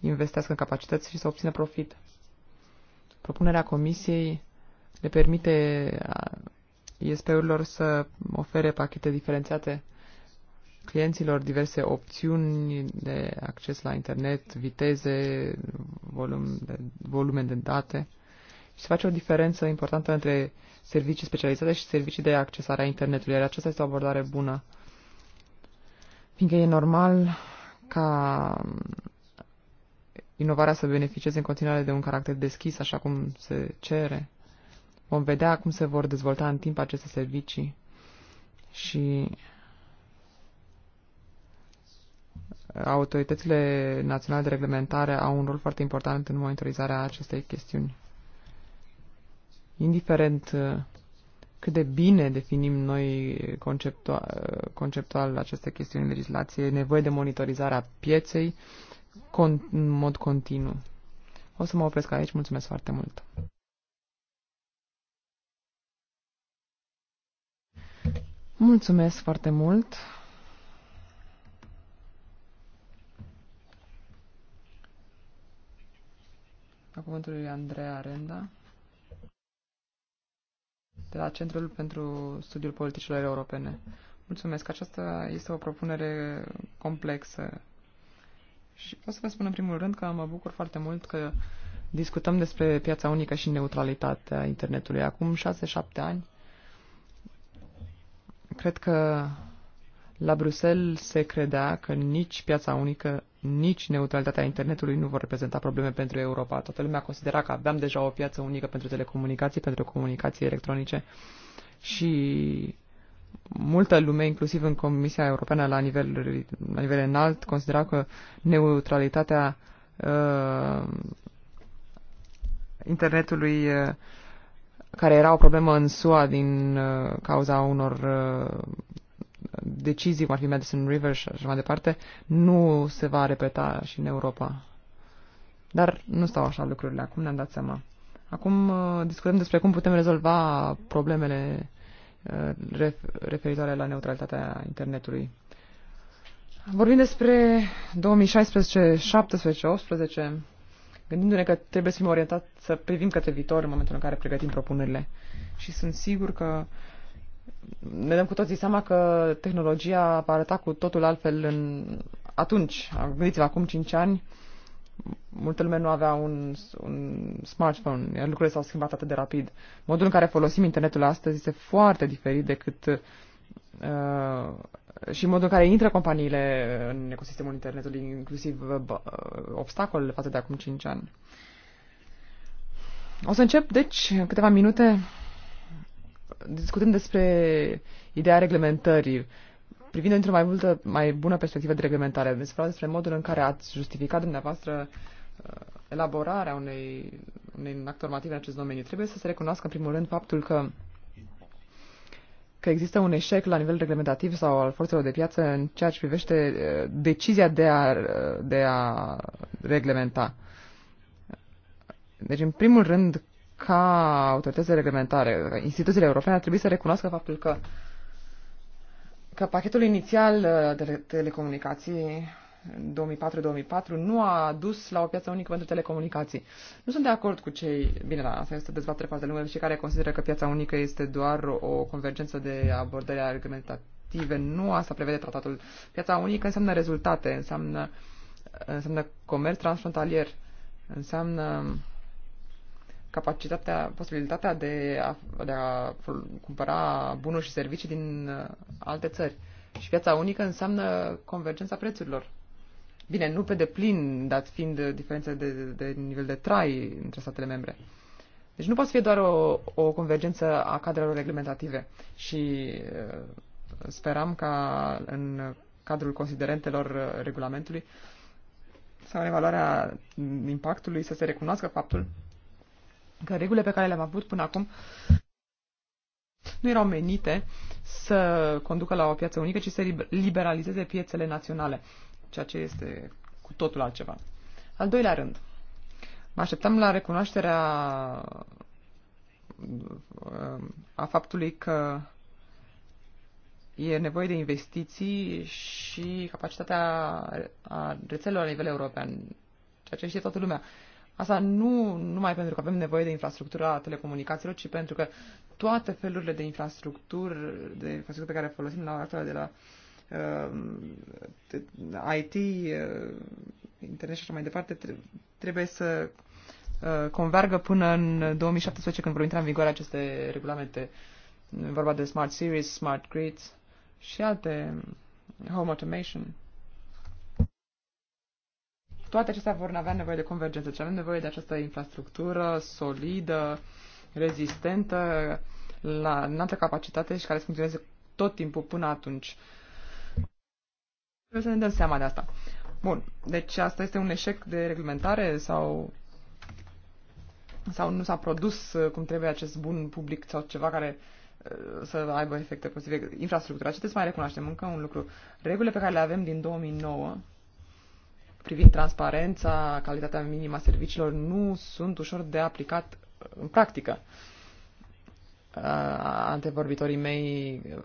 investească în capacități și să obțină profit. Propunerea comisiei le permite ISP-urilor să ofere pachete diferențiate clienților diverse opțiuni de acces la internet, viteze, volum de, volume de date și se face o diferență importantă între servicii specializate și servicii de accesare a internetului, iar aceasta este o abordare bună. Fiindcă e normal ca inovarea să beneficieze în continuare de un caracter deschis, așa cum se cere. Vom vedea cum se vor dezvolta în timp aceste servicii și autoritățile naționale de reglementare au un rol foarte important în monitorizarea acestei chestiuni. Indiferent cât de bine definim noi conceptual, conceptual aceste chestiuni în legislație, nevoie de monitorizarea pieței con, în mod continuu. O să mă opresc aici, mulțumesc foarte mult! Mulțumesc foarte mult! Acum cuvântului Andreea Renda de la Centrul pentru Studiul Politicilor Europene. Mulțumesc. Aceasta este o propunere complexă. Și o să vă spun în primul rând că mă bucur foarte mult că discutăm despre piața unică și neutralitatea internetului. Acum 6-7 ani, cred că la Bruxelles se credea că nici piața unică nici neutralitatea internetului nu vor reprezenta probleme pentru Europa. Toată lumea considera că aveam deja o piață unică pentru telecomunicații, pentru comunicații electronice și multă lume, inclusiv în Comisia Europeană la nivel, la nivel înalt, considera că neutralitatea uh, internetului uh, care era o problemă în SUA din uh, cauza unor uh, decizii, cum ar fi Madison River și așa mai departe, nu se va repeta și în Europa. Dar nu stau așa lucrurile acum, ne-am dat seama. Acum uh, discutăm despre cum putem rezolva problemele uh, referitoare la neutralitatea internetului. Vorbim despre 2016, 17, 18, gândindu-ne că trebuie să fim orientați, să privim către viitor în momentul în care pregătim propunerile. Și sunt sigur că ne dăm cu toții seama că tehnologia va arăta cu totul altfel în atunci. Gândiți-vă, acum 5 ani, multă lume nu avea un, un smartphone, iar lucrurile s-au schimbat atât de rapid. Modul în care folosim internetul astăzi este foarte diferit decât uh, și modul în care intră companiile în ecosistemul internetului, inclusiv uh, uh obstacolele față de acum 5 ani. O să încep, deci, câteva minute discutăm despre ideea reglementării, privind într-o mai, multă, mai bună perspectivă de reglementare, veți vorba despre modul în care ați justificat dumneavoastră uh, elaborarea unei, unei act normativ în acest domeniu. Trebuie să se recunoască, în primul rând, faptul că că există un eșec la nivel reglementativ sau al forțelor de piață în ceea ce privește uh, decizia de a, uh, de a reglementa. Deci, în primul rând, ca autoritățile reglementare, instituțiile europene ar trebui să recunoască faptul că, că pachetul inițial uh, de telecomunicații 2004-2004 nu a dus la o piață unică pentru telecomunicații. Nu sunt de acord cu cei, bine, la da, asta este o dezbatere foarte lungă, și care consideră că piața unică este doar o convergență de abordări argumentative. Nu asta prevede tratatul. Piața unică înseamnă rezultate, înseamnă, înseamnă comerț transfrontalier, înseamnă capacitatea, posibilitatea de a, de a cumpăra bunuri și servicii din uh, alte țări. Și piața unică înseamnă convergența prețurilor. Bine, nu pe deplin, dat fiind diferențe de, de, nivel de trai între statele membre. Deci nu poate fi doar o, o convergență a cadrelor reglementative. Și uh, speram ca în cadrul considerentelor uh, regulamentului sau în evaluarea impactului să se recunoască faptul că regulile pe care le-am avut până acum nu erau menite să conducă la o piață unică, ci să liberalizeze piețele naționale, ceea ce este cu totul altceva. Al doilea rând, mă așteptam la recunoașterea uh, a faptului că e nevoie de investiții și capacitatea a rețelelor la nivel european, ceea ce știe toată lumea. Asta nu numai pentru că avem nevoie de infrastructura telecomunicațiilor, ci pentru că toate felurile de infrastructuri, de infrastructură pe care folosim la ora de la uh, IT, uh, internet și așa mai departe, trebuie să uh, convergă până în 2017 când vor intra în vigoare aceste regulamente. Vorba de Smart Series, Smart Grids și alte Home Automation. Toate acestea vor avea nevoie de convergență. Deci avem nevoie de această infrastructură solidă, rezistentă, la înaltă capacitate și care să funcționeze tot timpul până atunci. Trebuie să ne dăm seama de asta. Bun, deci asta este un eșec de reglementare sau sau nu s-a produs uh, cum trebuie acest bun public sau ceva care uh, să aibă efecte pozitive. Infrastructura, ce trebuie să mai recunoaștem încă un lucru. Regulile pe care le avem din 2009 privind transparența, calitatea minimă a serviciilor, nu sunt ușor de aplicat în practică. Uh, antevorbitorii mei uh,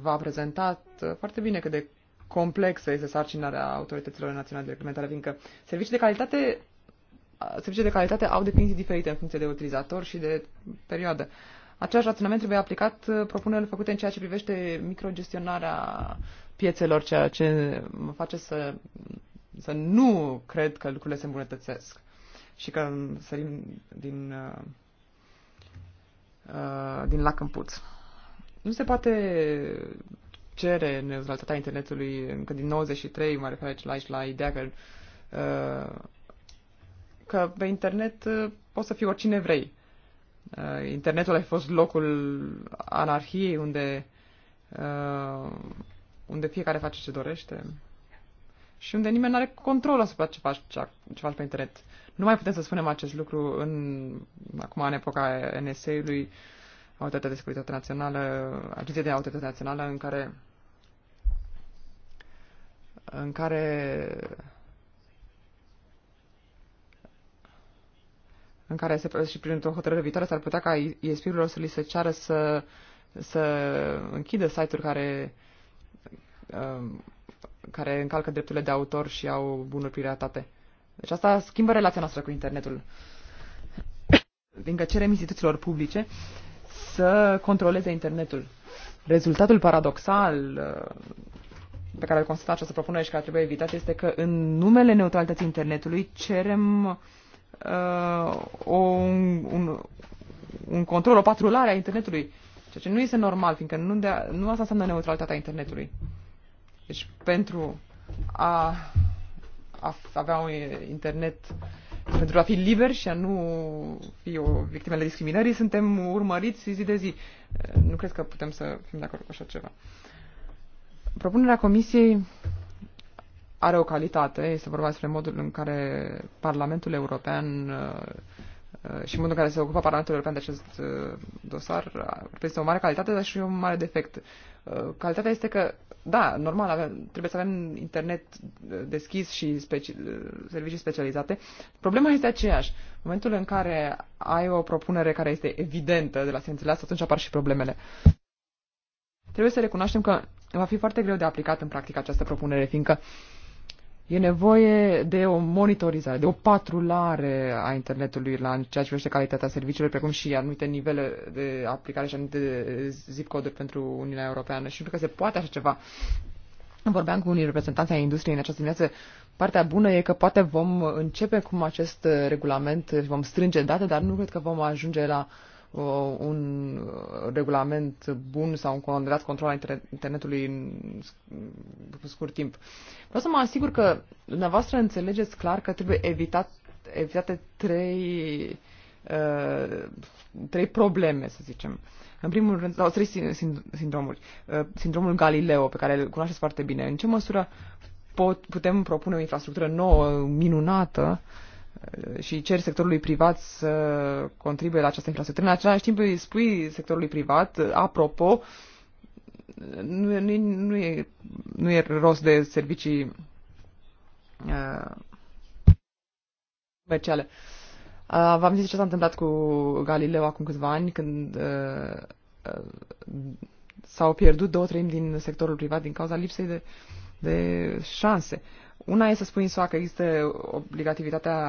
v-a prezentat uh, foarte bine cât de complexă este sarcinarea autorităților naționale de reglementare, fiindcă servicii de calitate servicii de calitate au definiții diferite în funcție de utilizator și de perioadă. Același raționament trebuie aplicat propunerile făcute în ceea ce privește microgestionarea piețelor, ceea ce mă face să să nu cred că lucrurile se îmbunătățesc și că sărim din, uh, uh, din lac în puț. Nu se poate cere neutralitatea internetului încă din 93, mă refer aici la, aici la ideea că, uh, că pe internet poți să fii oricine vrei. internetul a fost locul anarhiei unde, unde fiecare face ce dorește și unde nimeni nu are control asupra ce faci, ce, ce faci pe internet. Nu mai putem să spunem acest lucru în, acum în epoca NSA-ului, Autoritatea de Securitate Națională, Agenția de Autoritate Națională, în care în care în care se, și printr-o hotărâre viitoare s-ar putea ca isp să li se ceară să, să închidă site-uri care um, care încalcă drepturile de autor și au bunuri piratate. Deci asta schimbă relația noastră cu internetul. Fiindcă cerem instituțiilor publice să controleze internetul. Rezultatul paradoxal uh, pe care îl constată această propunere și care trebuie evitat este că în numele neutralității internetului cerem uh, o, un, un control, o patrulare a internetului, ceea ce nu este normal, fiindcă nu, de, nu asta înseamnă neutralitatea internetului. Deci pentru a, a avea un internet pentru a fi liber și a nu fi o victimele discriminării, suntem urmăriți zi de zi. Nu cred că putem să fim de acord cu așa ceva. Propunerea Comisiei are o calitate, este vorba despre modul în care Parlamentul European uh, uh, și modul în care se ocupa Parlamentul European de acest uh, dosar este o mare calitate, dar și un mare defect. Calitatea este că da, normal, avem, trebuie să avem internet uh, deschis și speci, uh, servicii specializate. Problema este aceeași. În momentul în care ai o propunere care este evidentă de la sine înțeleasă, atunci apar și problemele. Trebuie să recunoaștem că va fi foarte greu de aplicat în practică această propunere, fiindcă uh, E nevoie de o monitorizare, de o patrulare a internetului la ceea ce privește calitatea serviciilor, precum și anumite nivele de aplicare și anumite zip coduri pentru Uniunea Europeană. Și pentru că se poate așa ceva. Vorbeam cu unii reprezentanți ai industriei în această dimineață. Partea bună e că poate vom începe cu acest regulament, vom strânge date, dar nu cred că vom ajunge la uh, uh, un regulament bun sau un controlat control al internetului în scurt timp. Vreau să mă asigur că dumneavoastră înțelegeți clar că trebuie evitat, evitate trei, uh, trei probleme, să zicem. În primul rând, sau trei sindromuri. Uh, sindromul Galileo, pe care îl cunoașteți foarte bine. În ce măsură pot, putem propune o infrastructură nouă, minunată, uh, și ceri sectorului privat să contribuie la această infrastructură. În același timp îi spui sectorului privat, apropo, nu, nu, nu, e, nu e rost de servicii uh, comerciale. Uh, V-am zis ce s-a întâmplat cu Galileu acum câțiva ani, când uh, uh, s-au pierdut două treimi din sectorul privat din cauza lipsei de, de șanse. Una e să spui în SUA că există obligativitatea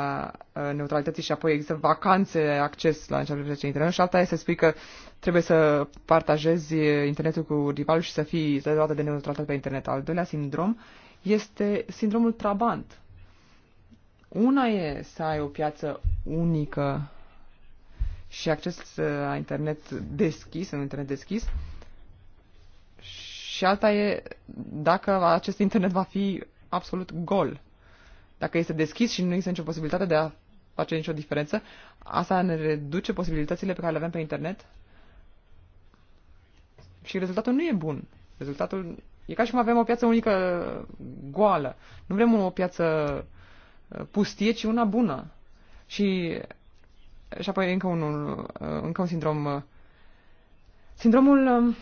uh, neutralității și apoi există vacanțe acces la de internet și alta e să spui că trebuie să partajezi uh, internetul cu rivalul și să fii să de neutralitate pe internet. Al doilea sindrom este sindromul trabant. Una e să ai o piață unică și acces uh, la internet deschis, un internet deschis, și alta e dacă acest internet va fi absolut gol. Dacă este deschis și nu există nicio posibilitate de a face nicio diferență, asta ne reduce posibilitățile pe care le avem pe internet și rezultatul nu e bun. Rezultatul e ca și cum avem o piață unică goală. Nu vrem o piață uh, pustie, ci una bună. Și, și apoi încă un uh, încă un sindrom. Uh, sindromul um,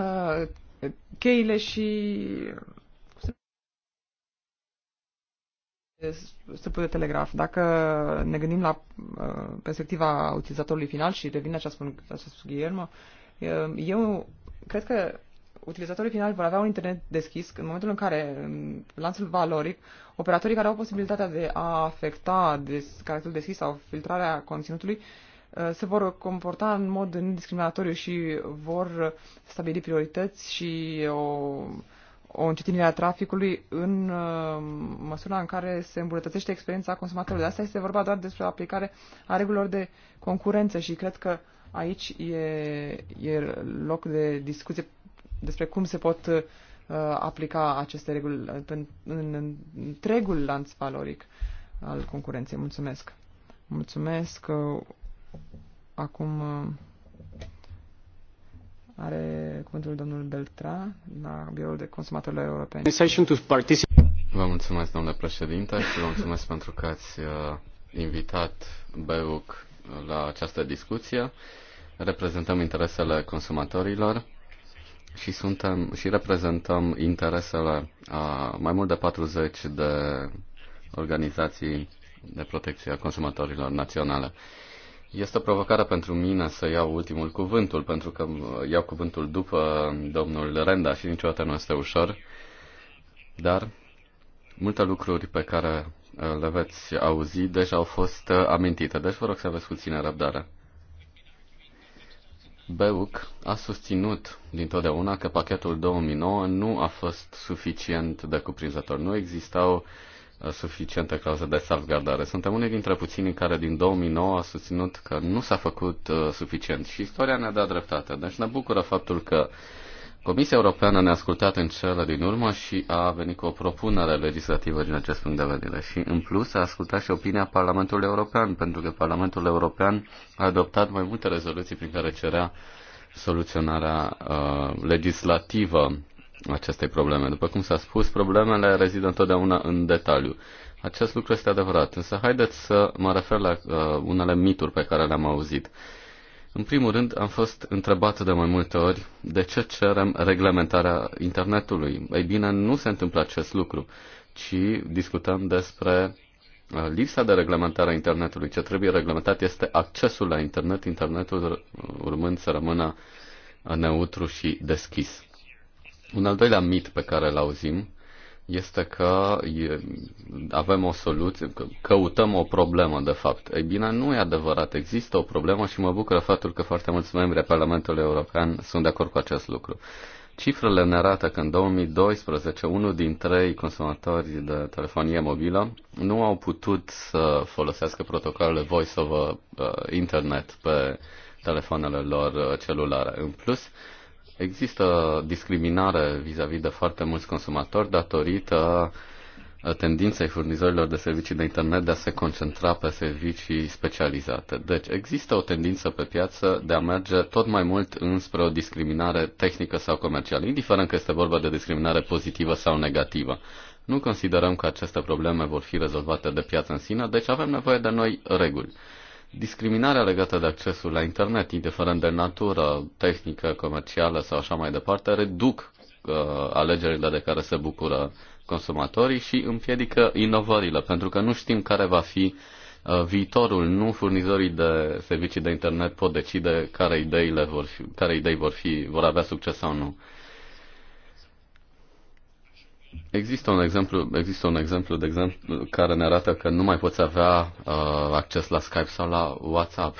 uh, cheile și să de telegraf. Dacă ne gândim la uh, perspectiva utilizatorului final și la ce a spus Guillermo, uh, eu cred că utilizatorii finali vor avea un internet deschis în momentul în care, în lanțul valoric, operatorii care au posibilitatea de a afecta des, caracterul deschis sau filtrarea conținutului uh, se vor comporta în mod nediscriminatoriu și vor stabili priorități și o o încetinire a traficului în uh, măsura în care se îmbunătățește experiența consumatorului. De asta este vorba doar despre aplicare a regulilor de concurență și cred că aici e, e loc de discuție despre cum se pot uh, aplica aceste reguli în, în întregul lanț valoric al concurenței. Mulțumesc! Mulțumesc! Uh, acum... Uh, are cuvântul domnul Beltra la Biroul de Consumatorilor Europeni. Vă mulțumesc, domnule președinte, și vă mulțumesc pentru că ați uh, invitat BEUC la această discuție. Reprezentăm interesele consumatorilor și, suntem, și reprezentăm interesele a mai mult de 40 de organizații de protecție a consumatorilor naționale. Este o provocare pentru mine să iau ultimul cuvântul, pentru că uh, iau cuvântul după domnul Renda și niciodată nu este ușor. Dar multe lucruri pe care uh, le veți auzi deja au fost uh, amintite, deci vă rog să aveți puțină răbdare. Beuc a susținut dintotdeauna că pachetul 2009 nu a fost suficient de cuprinzător. Nu existau uh, suficientă clauze de salvgardare. Suntem unii dintre puținii care din 2009 a susținut că nu s-a făcut uh, suficient și istoria ne-a dat dreptate. Deci ne bucură faptul că Comisia Europeană ne-a ascultat în cele din urmă și a venit cu o propunere legislativă din acest punct de vedere. Și în plus a ascultat și opinia Parlamentului European, pentru că Parlamentul European a adoptat mai multe rezoluții prin care cerea soluționarea uh, legislativă acestei probleme. După cum s-a spus, problemele rezidă întotdeauna în detaliu. Acest lucru este adevărat, însă haideți să mă refer la uh, unele mituri pe care le-am auzit. În primul rând, am fost întrebat de mai multe ori de ce cerem reglementarea internetului. Ei bine, nu se întâmplă acest lucru, ci discutăm despre uh, lipsa de reglementare a internetului. Ce trebuie reglementat este accesul la internet, internetul urmând să rămână uh, neutru și deschis. Un al doilea mit pe care îl auzim este că avem o soluție, că căutăm o problemă, de fapt. Ei bine, nu e adevărat. Există o problemă și mă bucură faptul că foarte mulți membri ai Parlamentului European sunt de acord cu acest lucru. Cifrele ne arată că în 2012 unul din trei consumatori de telefonie mobilă nu au putut să folosească protocolele voice over uh, internet pe telefoanele lor uh, celulare. În plus, Există discriminare vis-a-vis -vis de foarte mulți consumatori datorită tendinței furnizorilor de servicii de internet de a se concentra pe servicii specializate. Deci există o tendință pe piață de a merge tot mai mult înspre o discriminare tehnică sau comercială, indiferent că este vorba de discriminare pozitivă sau negativă. Nu considerăm că aceste probleme vor fi rezolvate de piață în sine, deci avem nevoie de noi reguli discriminarea legată de accesul la internet, indiferent de natură, tehnică, comercială sau așa mai departe, reduc uh, alegerile de care se bucură consumatorii și împiedică inovările, pentru că nu știm care va fi uh, viitorul, nu furnizorii de servicii de internet pot decide care ideile vor fi, care idei vor fi, vor avea succes sau nu. Există un exemplu, există un exemplu de exemplu care ne arată că nu mai poți avea uh, acces la Skype sau la WhatsApp.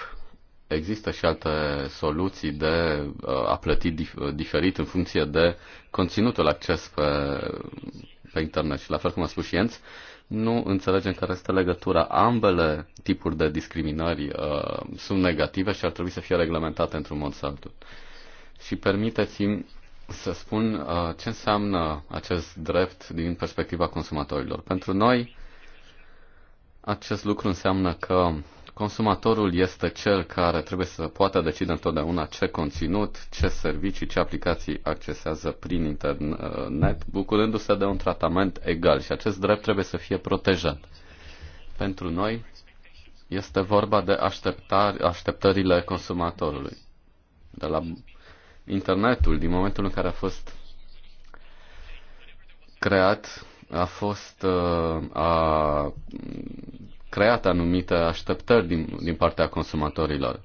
Există și alte soluții de uh, a plăti dif- diferit în funcție de conținutul acces pe, pe internet. Și la fel cum a spus și Enț, nu înțelegem care este legătura. Ambele tipuri de discriminări uh, sunt negative și ar trebui să fie reglementate într-un mod sau altul. Și permiteți-mi să spun uh, ce înseamnă acest drept din perspectiva consumatorilor. Pentru noi, acest lucru înseamnă că consumatorul este cel care trebuie să poată decide întotdeauna ce conținut, ce servicii, ce aplicații accesează prin internet, bucurându-se de un tratament egal și acest drept trebuie să fie protejat. Pentru noi este vorba de așteptările consumatorului, de la internetul, din momentul în care a fost creat, a fost uh, a creat anumite așteptări din, din partea consumatorilor.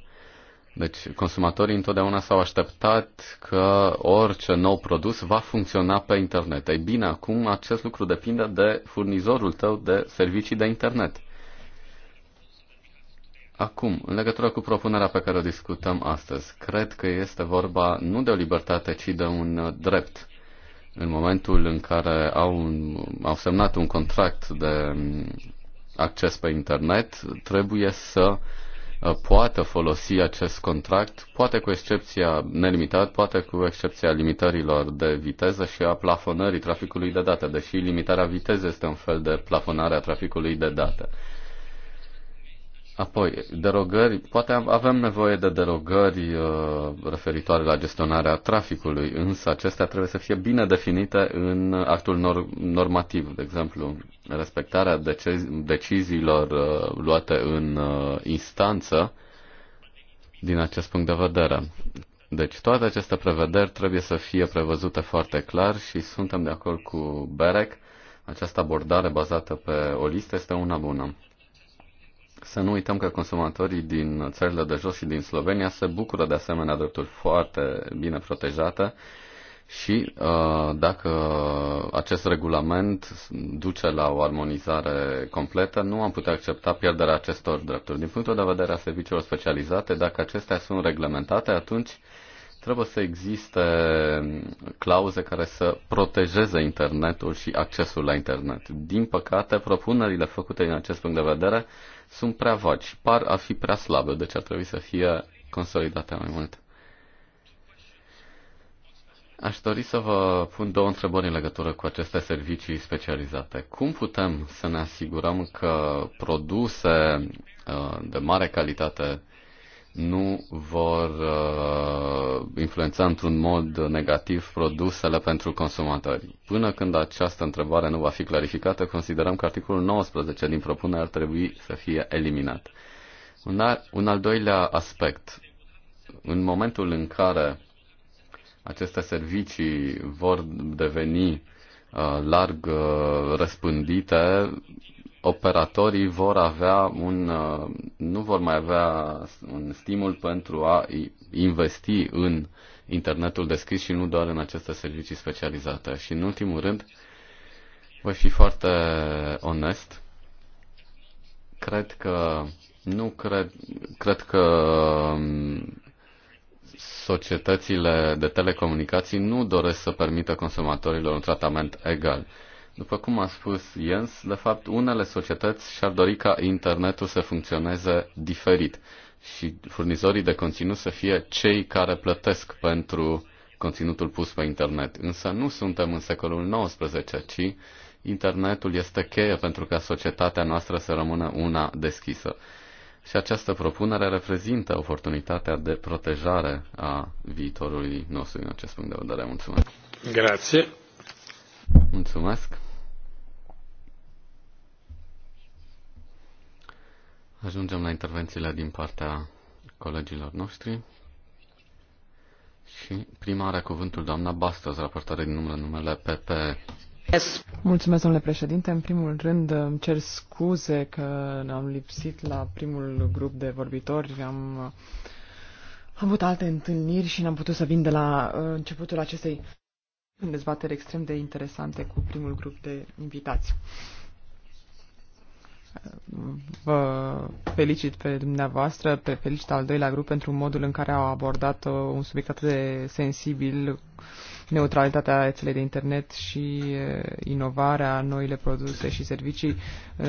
Deci consumatorii întotdeauna s-au așteptat că orice nou produs va funcționa pe internet. Ei bine, acum acest lucru depinde de furnizorul tău de servicii de internet. Acum, în legătură cu propunerea pe care o discutăm astăzi, cred că este vorba nu de o libertate, ci de un drept. În momentul în care au, un, au semnat un contract de acces pe internet, trebuie să uh, poată folosi acest contract, poate cu excepția nelimitat, poate cu excepția limitărilor de viteză și a plafonării traficului de date, deși limitarea vitezei este un fel de plafonare a traficului de date. Apoi, derogări, poate avem nevoie de derogări uh, referitoare la gestionarea traficului, însă acestea trebuie să fie bine definite în actul normativ, de exemplu, respectarea deci- deciziilor uh, luate în uh, instanță din acest punct de vedere. Deci toate aceste prevederi trebuie să fie prevăzute foarte clar și suntem de acord cu Berec. Această abordare bazată pe o listă este una bună. Să nu uităm că consumatorii din țările de jos și din Slovenia se bucură de asemenea drepturi foarte bine protejate și uh, dacă acest regulament duce la o armonizare completă, nu am putea accepta pierderea acestor drepturi. Din punctul de vedere a serviciilor specializate, dacă acestea sunt reglementate, atunci trebuie să existe clauze care să protejeze internetul și accesul la internet. Din păcate, propunerile făcute din acest punct de vedere sunt prea vagi, par a fi prea slabe, deci ar trebui să fie consolidate mai mult. Aș dori să vă pun două întrebări în legătură cu aceste servicii specializate. Cum putem să ne asigurăm că produse uh, de mare calitate nu vor uh, influența într-un mod negativ produsele pentru consumatori. Până când această întrebare nu va fi clarificată, considerăm că articolul 19 din propunere ar trebui să fie eliminat. Un, ar, un al doilea aspect. În momentul în care aceste servicii vor deveni uh, larg uh, răspândite, operatorii vor avea un, uh, nu vor mai avea un stimul pentru a investi în internetul deschis și nu doar în aceste servicii specializate. Și în ultimul rând, voi fi foarte onest, cred că nu cred, cred că um, societățile de telecomunicații nu doresc să permită consumatorilor un tratament egal. După cum a spus Jens, de fapt, unele societăți și-ar dori ca internetul să funcționeze diferit și furnizorii de conținut să fie cei care plătesc pentru conținutul pus pe internet. Însă nu suntem în secolul XIX, ci internetul este cheie pentru ca societatea noastră să rămână una deschisă. Și această propunere reprezintă oportunitatea de protejare a viitorului nostru din acest punct de vedere. Mulțumesc! Grazie! Mulțumesc! Ajungem la intervențiile din partea colegilor noștri. Și prima are cuvântul doamna Bastos, raportare din numele, numele PP. Mulțumesc, domnule președinte. În primul rând, îmi cer scuze că am lipsit la primul grup de vorbitori. Am, am avut alte întâlniri și n-am putut să vin de la uh, începutul acestei dezbateri extrem de interesante cu primul grup de invitați vă felicit pe dumneavoastră, pe felicit al doilea grup pentru modul în care au abordat uh, un subiect atât de sensibil, neutralitatea rețelei de internet și uh, inovarea, noile produse și servicii, uh,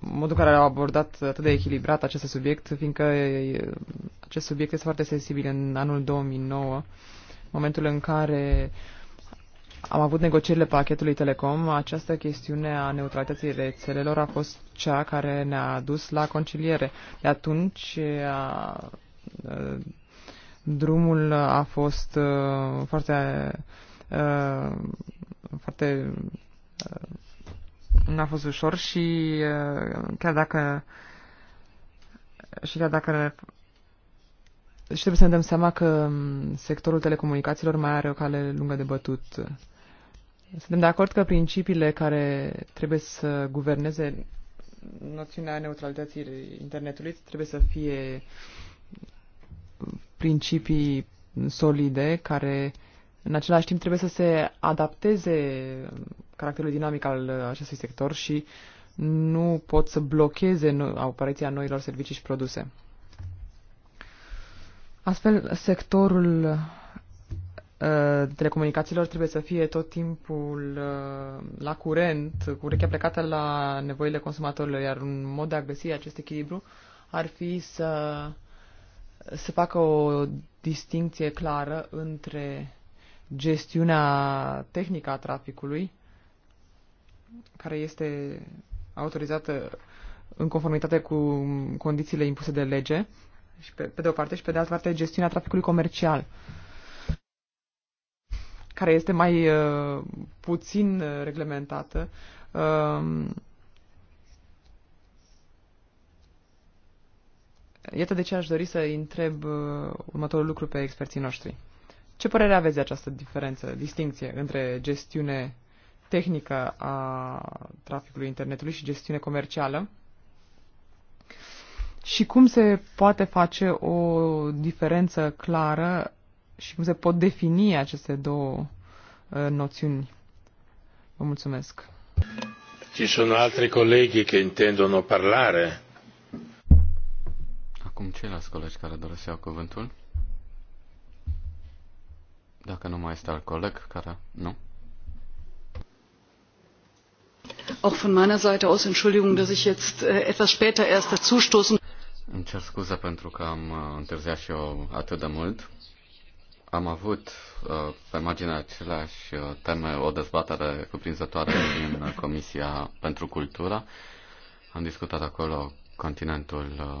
modul în care au abordat atât de echilibrat acest subiect, fiindcă acest subiect este foarte sensibil în anul 2009, momentul în care uh, am avut negocierile pachetului Telecom. Această chestiune a neutralității rețelelor a fost cea care ne-a dus la conciliere. De atunci, a, a, drumul a fost a, foarte, a, foarte a, nu a fost ușor și a, chiar dacă și chiar dacă și deci trebuie să ne dăm seama că sectorul telecomunicațiilor mai are o cale lungă de bătut. Suntem de acord că principiile care trebuie să guverneze noțiunea neutralității internetului trebuie să fie principii solide care în același timp trebuie să se adapteze caracterul dinamic al acestui sector și nu pot să blocheze apariția noilor servicii și produse. Astfel, sectorul uh, telecomunicațiilor trebuie să fie tot timpul uh, la curent, cu urechea plecată la nevoile consumatorilor, iar un mod de a găsi acest echilibru ar fi să se facă o distinție clară între gestiunea tehnică a traficului, care este autorizată în conformitate cu condițiile impuse de lege, și pe, pe de o parte și pe de altă parte gestiunea traficului comercial, care este mai uh, puțin uh, reglementată. Uh, Iată de ce aș dori să întreb uh, următorul lucru pe experții noștri. Ce părere aveți de această diferență, distinție între gestiune tehnică a traficului internetului și gestiune comercială? Și cum se poate face o diferență clară și cum se pot defini aceste două uh, noțiuni? Vă mulțumesc. Ci sono altri colleghi che intendono parlare? Acum ceilalți colegi care doresc să cuvântul? Dacă nu mai este alt coleg care... Nu? Auch von meiner Seite aus Entschuldigung, dass ich jetzt äh, etwas später erst dazustoßen. Îmi cer scuze pentru că am uh, întârziat și eu atât de mult. Am avut uh, pe marginea aceleași uh, teme o dezbatere cuprinzătoare din Comisia pentru Cultura. Am discutat acolo continentul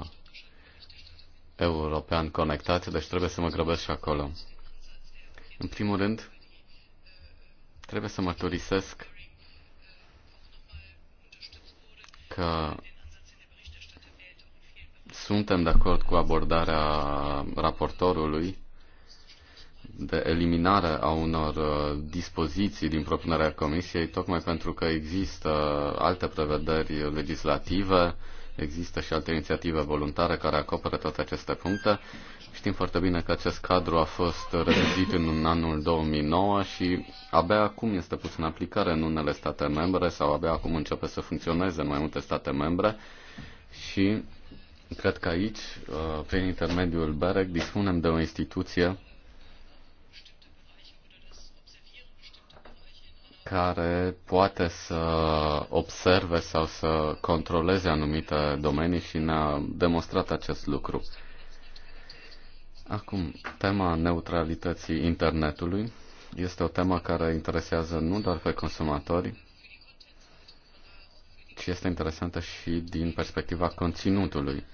european conectat, deci trebuie să mă grăbesc și acolo. În primul rând, trebuie să mărturisesc că suntem de acord cu abordarea raportorului de eliminare a unor uh, dispoziții din propunerea Comisiei, tocmai pentru că există alte prevederi legislative, există și alte inițiative voluntare care acoperă toate aceste puncte. Știm foarte bine că acest cadru a fost revizuit în anul 2009 și abia acum este pus în aplicare în unele state membre sau abia acum începe să funcționeze în mai multe state membre și Cred că aici, uh, prin intermediul BEREC, dispunem de o instituție care poate să observe sau să controleze anumite domenii și ne-a demonstrat acest lucru. Acum, tema neutralității internetului este o temă care interesează nu doar pe consumatori, ci este interesantă și din perspectiva conținutului.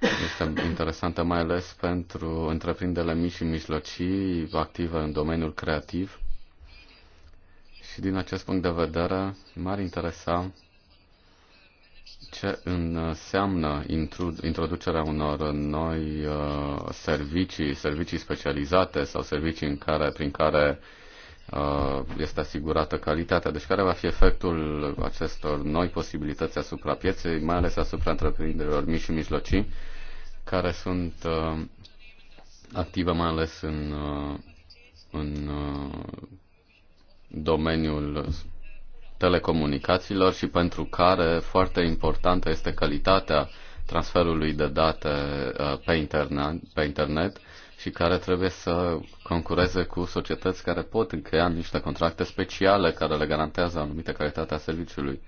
Este interesantă mai ales pentru întreprinderile mici și mijlocii active în domeniul creativ. Și din acest punct de vedere, m-ar interesa ce înseamnă introducerea unor noi uh, servicii, servicii specializate sau servicii în care, prin care uh, Uh, este asigurată calitatea. Deci care va fi efectul acestor noi posibilități asupra pieței, mai ales asupra întreprinderilor mici și mijlocii, care sunt uh, active mai ales în, uh, în uh, domeniul telecomunicațiilor și pentru care foarte importantă este calitatea transferului de date uh, pe internet, pe internet și care trebuie să concureze cu societăți care pot încheia niște contracte speciale care le garantează anumită calitatea serviciului.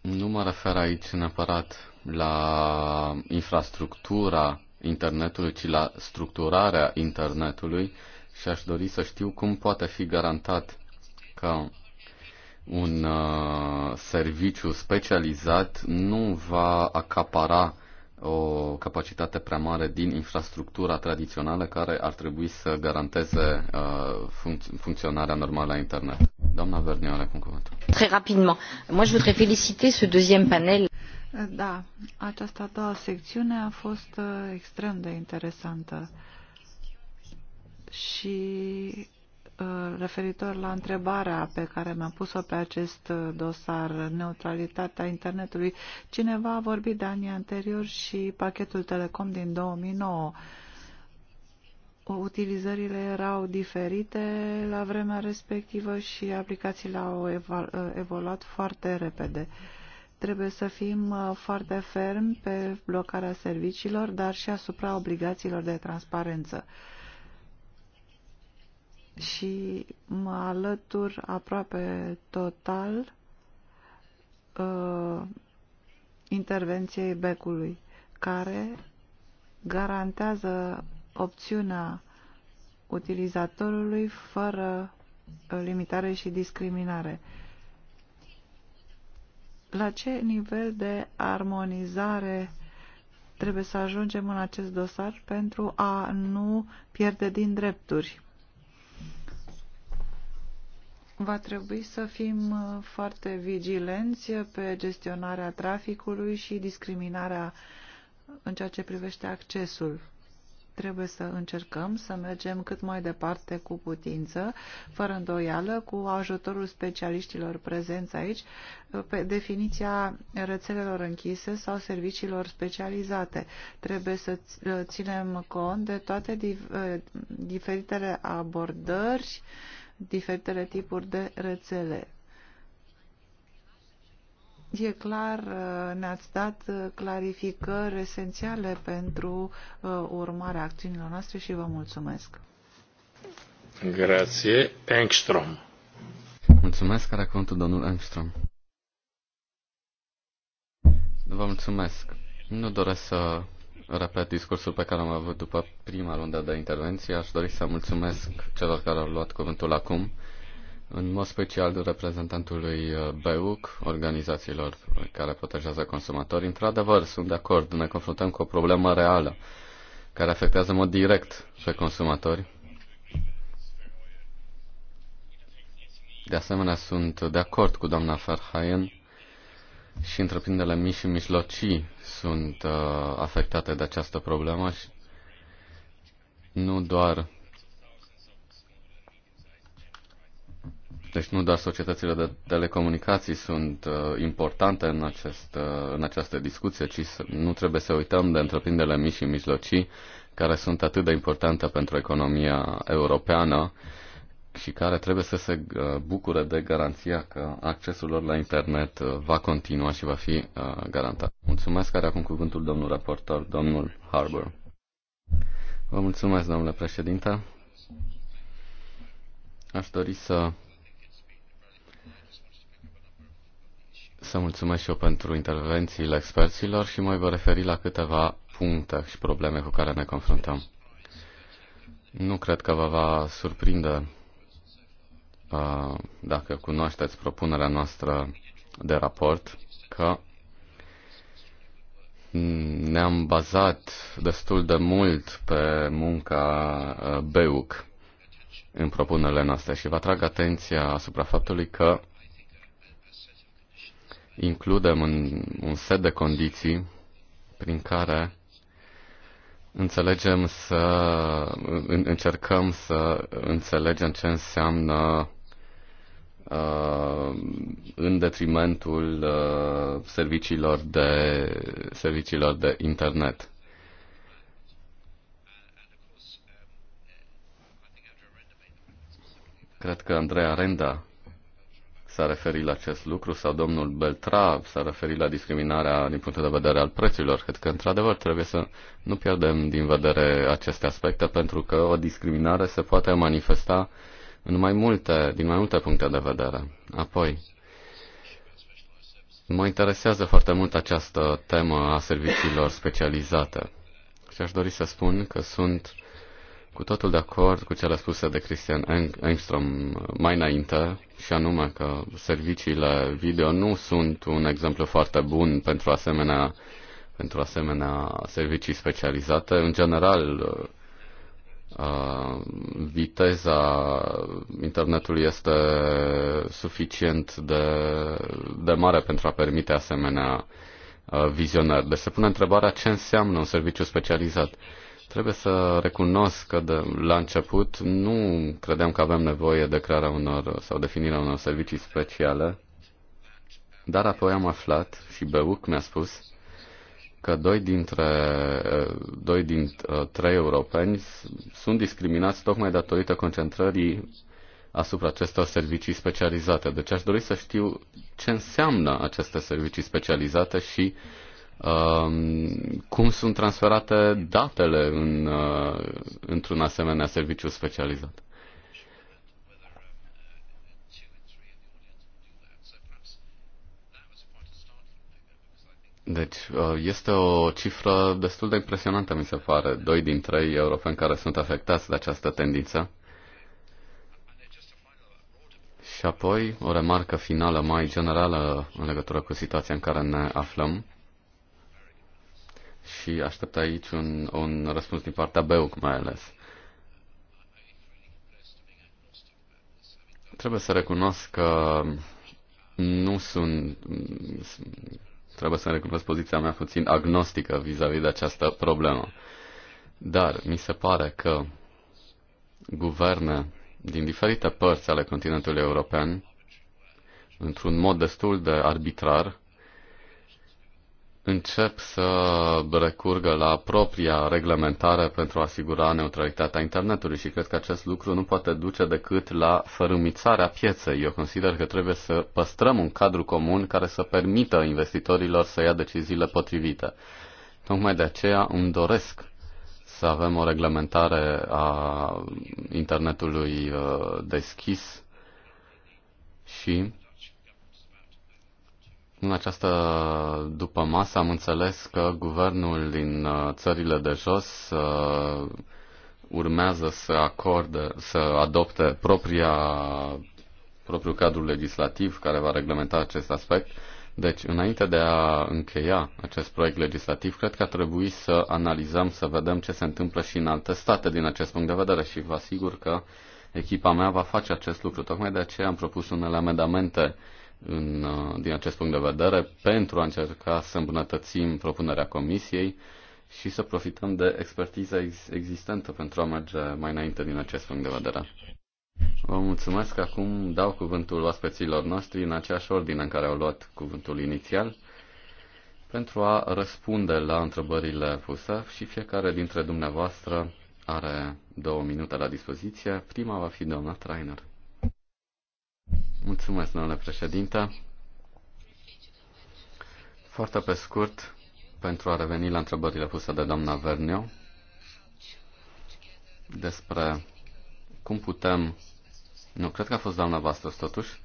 Nu mă refer aici neapărat la infrastructura internetului, ci la structurarea internetului și aș dori să știu cum poate fi garantat că un uh, serviciu specializat nu va acapara o capacitate prea mare din infrastructura tradițională care ar trebui să garanteze uh, func- funcționarea normală a internet. Doamna Vernion, acum cuvântul. Très rapidement. Moi, je voudrais féliciter ce deuxième panel. Da, această a doua secțiune a fost uh, extrem de interesantă și Uh, referitor la întrebarea pe care mi-am pus-o pe acest uh, dosar, neutralitatea internetului. Cineva a vorbit de anii anterior și pachetul Telecom din 2009. Utilizările erau diferite la vremea respectivă și aplicațiile au uh, evoluat foarte repede trebuie să fim foarte fermi pe blocarea serviciilor, dar și asupra obligațiilor de transparență și mă alătur aproape total uh, intervenției becului, care garantează opțiunea utilizatorului fără uh, limitare și discriminare. La ce nivel de armonizare trebuie să ajungem în acest dosar pentru a nu pierde din drepturi? Va trebui să fim uh, foarte vigilenți pe gestionarea traficului și discriminarea în ceea ce privește accesul. Trebuie să încercăm să mergem cât mai departe cu putință, fără îndoială, cu ajutorul specialiștilor prezenți aici, uh, pe definiția rețelelor închise sau serviciilor specializate. Trebuie să uh, ținem cont de toate diferitele abordări diferitele tipuri de rețele. E clar, uh, ne-ați dat uh, clarificări esențiale pentru uh, urmarea acțiunilor noastre și vă mulțumesc. Grație, Engstrom. Mulțumesc, are cuvântul domnul Engstrom. Vă mulțumesc. Nu doresc să repet discursul pe care am avut după prima rundă de intervenție. Aș dori să mulțumesc celor care au luat cuvântul acum, în mod special reprezentantului uh, BEUC, organizațiilor care protejează consumatorii. Într-adevăr, sunt de acord, ne confruntăm cu o problemă reală care afectează în mod direct pe consumatori. De asemenea, sunt de acord cu doamna Ferhaien și întreprinderile mici și mijlocii sunt uh, afectate de această problemă și nu doar Deci nu doar societățile de telecomunicații sunt uh, importante în, acest, uh, în această discuție, ci să, nu trebuie să uităm de întreprinderile mici și mijlocii, care sunt atât de importante pentru economia europeană, uh, și care trebuie să se uh, bucure de garanția că accesul lor la internet uh, va continua și va fi uh, garantat. Mulțumesc, care acum cuvântul domnul raportor, domnul Harbour. Vă mulțumesc, domnule președinte. Aș dori să să mulțumesc și eu pentru intervențiile experților și mai voi referi la câteva puncte și probleme cu care ne confruntăm. Nu cred că vă va surprinde Uh, dacă cunoașteți propunerea noastră de raport, că ne-am bazat destul de mult pe munca uh, BEUC în propunerile noastre și vă atrag atenția asupra faptului că includem în un set de condiții prin care înțelegem să încercăm să înțelegem ce înseamnă Uh, în detrimentul uh, serviciilor de, serviciilor de internet. Cred că Andreea Renda s-a referit la acest lucru sau domnul Beltrav s-a referit la discriminarea din punct de vedere al prețurilor. Cred că, într-adevăr, trebuie să nu pierdem din vedere aceste aspecte pentru că o discriminare se poate manifesta uh, în mai multe, din mai multe puncte de vedere. Apoi, mă interesează foarte mult această temă a serviciilor specializate și aș dori să spun că sunt cu totul de acord cu cele spuse de Christian Engstrom mai înainte, și anume că serviciile video nu sunt un exemplu foarte bun pentru asemenea, pentru asemenea servicii specializate. În general, Uh, viteza internetului este suficient de, de mare pentru a permite asemenea uh, vizionări. Deci se pune întrebarea ce înseamnă un serviciu specializat. Trebuie să recunosc că de, la început nu credeam că avem nevoie de crearea unor sau definirea unor servicii speciale, dar apoi am aflat și Beuc mi-a spus că doi dintre, doi dintre trei europeni sunt discriminați tocmai datorită concentrării asupra acestor servicii specializate. Deci aș dori să știu ce înseamnă aceste servicii specializate și um, cum sunt transferate datele în, uh, într-un asemenea serviciu specializat. Deci, uh, este o cifră destul de impresionantă, mi se pare. Doi din trei europeni care sunt afectați de această tendință. Și apoi, o remarcă finală mai generală în legătură cu situația în care ne aflăm. Și aștept aici un, un răspuns din partea BEUC mai ales. Trebuie să recunosc că nu sunt trebuie să recunosc poziția mea puțin agnostică vis-a-vis -vis de această problemă. Dar mi se pare că guverne din diferite părți ale continentului european, într-un mod destul de arbitrar, încep să recurgă la propria reglementare pentru a asigura neutralitatea internetului și cred că acest lucru nu poate duce decât la fărâmițarea pieței. Eu consider că trebuie să păstrăm un cadru comun care să permită investitorilor să ia deciziile potrivite. Tocmai de aceea îmi doresc să avem o reglementare a internetului uh, deschis și în această după masă am înțeles că guvernul din uh, țările de jos uh, urmează să acorde, să adopte propria, propriul cadru legislativ care va reglementa acest aspect. Deci, înainte de a încheia acest proiect legislativ, cred că ar trebui să analizăm, să vedem ce se întâmplă și în alte state din acest punct de vedere și vă asigur că echipa mea va face acest lucru. Tocmai de aceea am propus unele amendamente în, uh, din acest punct de vedere pentru a încerca să îmbunătățim propunerea Comisiei și să profităm de expertiza ex- existentă pentru a merge mai înainte din acest punct de vedere. Vă mulțumesc. Acum dau cuvântul oaspeților noștri în aceeași ordine în care au luat cuvântul inițial pentru a răspunde la întrebările puse și fiecare dintre dumneavoastră are două minute la dispoziție. Prima va fi doamna Trainer. Mulțumesc, domnule președinte. Foarte pe scurt, pentru a reveni la întrebările puse de doamna Verniu despre cum putem, nu, cred că a fost doamna voastră totuși,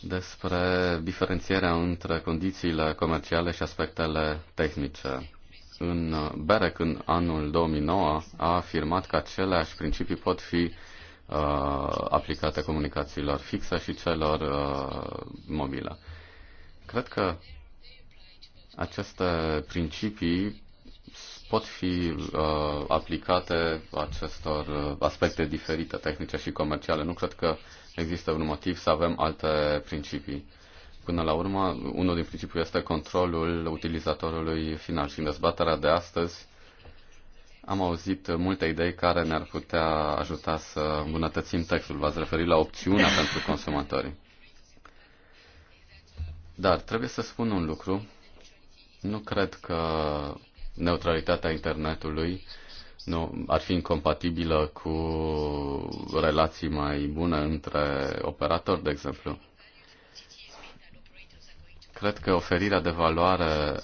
despre diferențierea între condițiile comerciale și aspectele tehnice. În BEREC, în anul 2009, a afirmat că aceleași principii pot fi uh, aplicate comunicațiilor fixe și celor uh, mobile. Cred că aceste principii pot fi uh, aplicate acestor uh, aspecte diferite, tehnice și comerciale. Nu cred că există un motiv să avem alte principii. Până la urmă, unul din principii este controlul utilizatorului final și în dezbaterea de astăzi am auzit multe idei care ne-ar putea ajuta să îmbunătățim textul. V-ați referit la opțiunea pentru consumatori. Dar trebuie să spun un lucru. Nu cred că neutralitatea internetului nu, ar fi incompatibilă cu relații mai bune între operatori, de exemplu. Cred că oferirea de valoare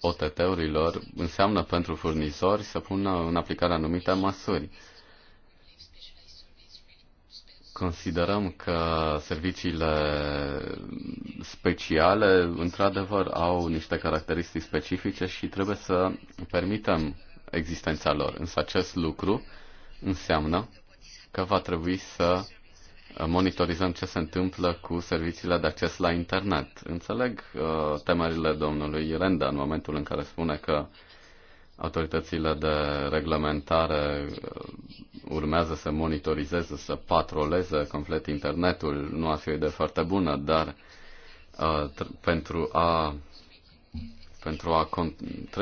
OTT-urilor înseamnă pentru furnizori să pună în aplicare anumite măsuri. Considerăm că serviciile speciale, într-adevăr, au niște caracteristici specifice și trebuie să permitem existența lor. Însă acest lucru înseamnă că va trebui să monitorizăm ce se întâmplă cu serviciile de acces la internet. Înțeleg uh, temerile domnului Renda în momentul în care spune că autoritățile de reglementare uh, urmează să monitorizeze, să patroleze complet internetul. Nu ar fi o idee foarte bună, dar uh, pentru a pentru a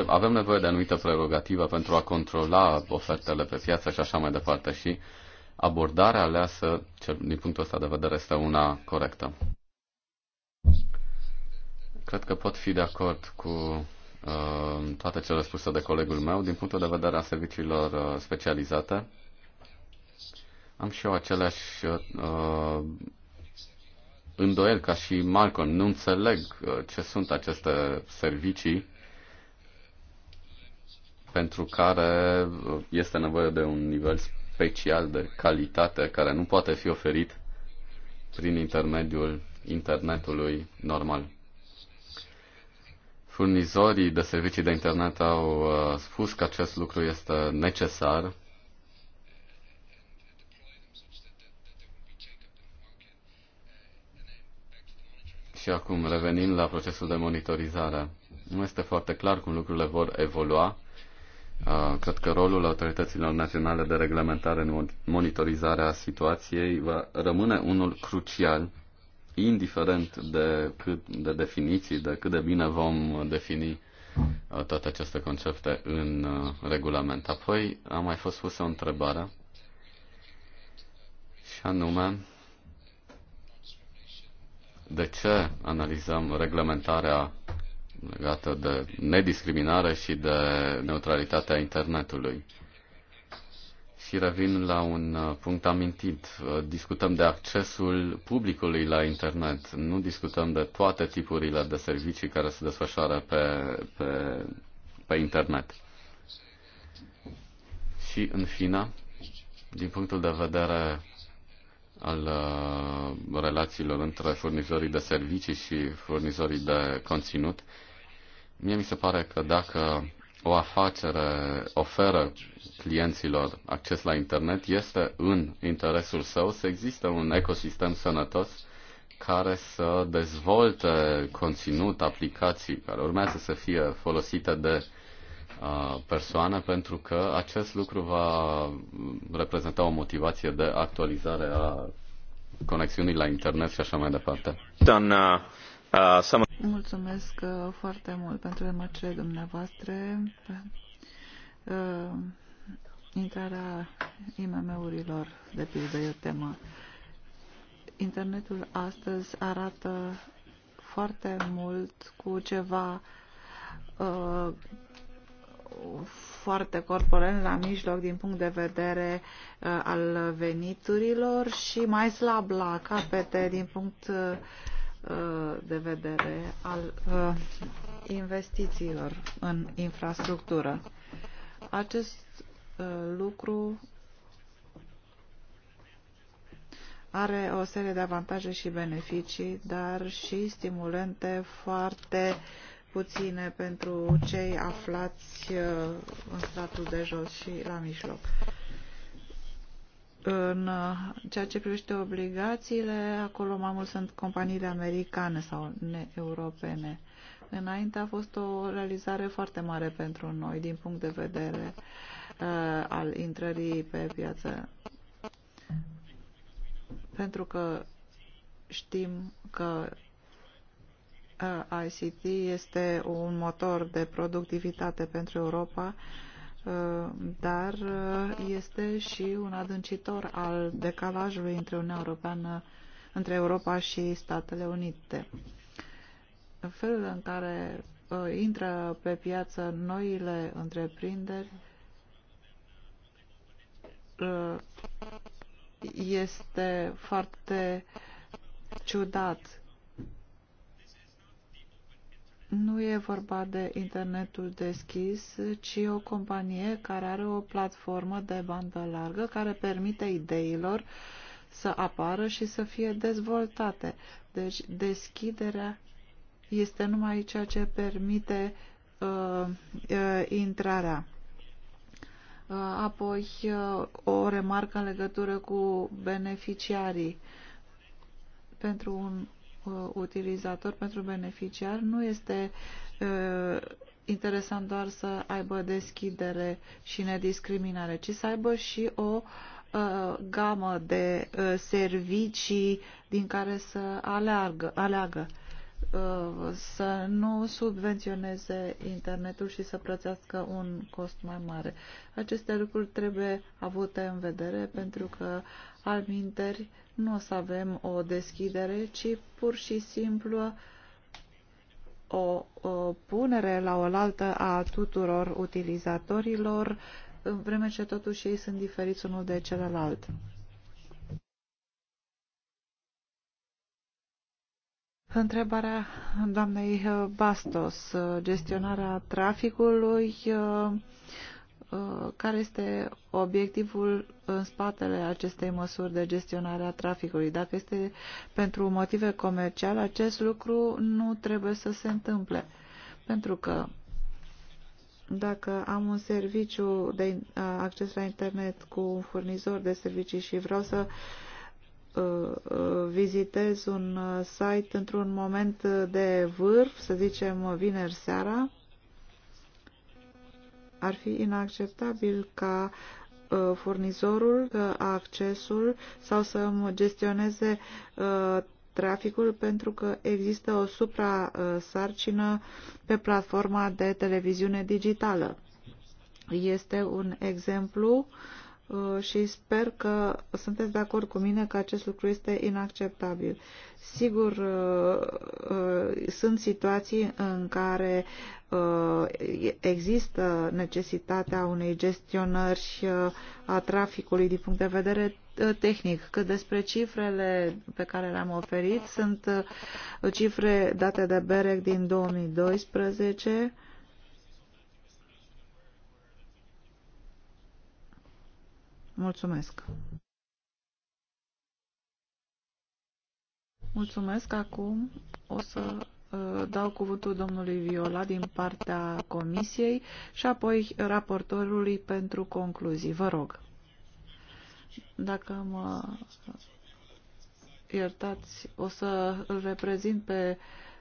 avem nevoie de anumită prerogativă pentru a controla ofertele pe piață și așa mai departe și uh, abordarea aleasă, cel, din punctul ăsta de vedere, este una corectă. Cred că pot fi de acord cu uh, toate cele spuse de colegul meu. Din punctul de vedere a serviciilor uh, specializate, am și eu aceleași uh, îndoieli ca și Malcolm. Nu înțeleg uh, ce sunt aceste servicii pentru care uh, este nevoie de un nivel special de calitate care nu poate fi oferit prin intermediul internetului normal. Furnizorii de servicii de internet au uh, spus că acest lucru este necesar Și acum, revenind la procesul de monitorizare, nu este foarte clar cum lucrurile vor evolua Cred că rolul autorităților naționale de reglementare în monitorizarea situației va rămâne unul crucial, indiferent de cât de definiții, de cât de bine vom defini toate aceste concepte în regulament. Apoi a mai fost pusă o întrebare și anume de ce analizăm reglementarea legată de nediscriminare și de neutralitatea internetului. Și revin la un uh, punct amintit. Uh, discutăm de accesul publicului la internet. Nu discutăm de toate tipurile de servicii care se desfășoară pe, pe, pe internet. Și în fine, din punctul de vedere al uh, relațiilor între furnizorii de servicii și furnizorii de conținut, Mie mi se pare că dacă o afacere oferă clienților acces la internet, este în interesul său să existe un ecosistem sănătos care să dezvolte conținut, aplicații care urmează să fie folosite de persoane pentru că acest lucru va reprezenta o motivație de actualizare a conexiunii la internet și așa mai departe. Dan, Uh, Mulțumesc uh, foarte mult pentru remarcile dumneavoastră. Uh, intrarea IMM-urilor, de pildă, e o temă. Internetul astăzi arată foarte mult cu ceva foarte corporent la mijloc din punct de vedere al veniturilor și mai slab la capete din punct Uh, de vedere al uh, investițiilor în infrastructură. Acest uh, lucru are o serie de avantaje și beneficii, dar și stimulente foarte puține pentru cei aflați în stratul de jos și la mijloc. În uh, ceea ce privește obligațiile, acolo mai mult sunt companiile americane sau europene. Înainte a fost o realizare foarte mare pentru noi din punct de vedere uh, al intrării pe piață. Pentru că știm că uh, ICT este un motor de productivitate pentru Europa Eh, dar eh, este și un adâncitor al decalajului între Uniunea Europeană, între Europa și Statele Unite. În felul în care eh, intră pe piață noile întreprinderi este foarte ciudat nu e vorba de internetul deschis, ci o companie care are o platformă de bandă largă care permite ideilor să apară și să fie dezvoltate. Deci deschiderea este numai ceea ce permite uh, uh, intrarea. Uh, apoi uh, o remarcă în legătură cu beneficiarii. Pentru un Uh, utilizator, pentru beneficiar, nu este uh, interesant doar să aibă deschidere și nediscriminare, ci să aibă și o uh, gamă de servicii din care să aleargă, aleagă. Uh, să nu subvenționeze internetul și să plătească un cost mai mare. Aceste lucruri trebuie avute în vedere pentru că minteri nu o să avem o deschidere, ci pur și simplu o, o punere la oaltă a tuturor utilizatorilor, în vreme ce totuși ei sunt diferiți unul de celălalt. Întrebarea doamnei uh, Bastos, uh, gestionarea traficului, uh, care este obiectivul în spatele acestei măsuri de gestionare a traficului? Dacă este pentru motive comerciale, acest lucru nu trebuie să se întâmple. Pentru că dacă am un serviciu de acces la internet cu un furnizor de servicii și vreau să uh, Uh, uh, vizitez un uh, site într-un moment de vârf, să zicem vineri seara, ar fi inacceptabil ca furnizorul accesul sau să gestioneze traficul pentru că există o supra-sarcină pe platforma de televiziune digitală. Este un exemplu uh, Uh, și sper că sunteți de acord cu mine că acest lucru este inacceptabil. Sigur, uh, uh, sunt situații în care există necesitatea unei gestionări a traficului din punct de vedere tehnic. Că despre cifrele pe care le-am oferit sunt cifre date de BEREC din 2012 Mulțumesc. Mulțumesc. Acum o să uh, dau cuvântul domnului Viola din partea comisiei și apoi raportorului pentru concluzii. Vă rog. Dacă mă iertați, o să îl reprezint pe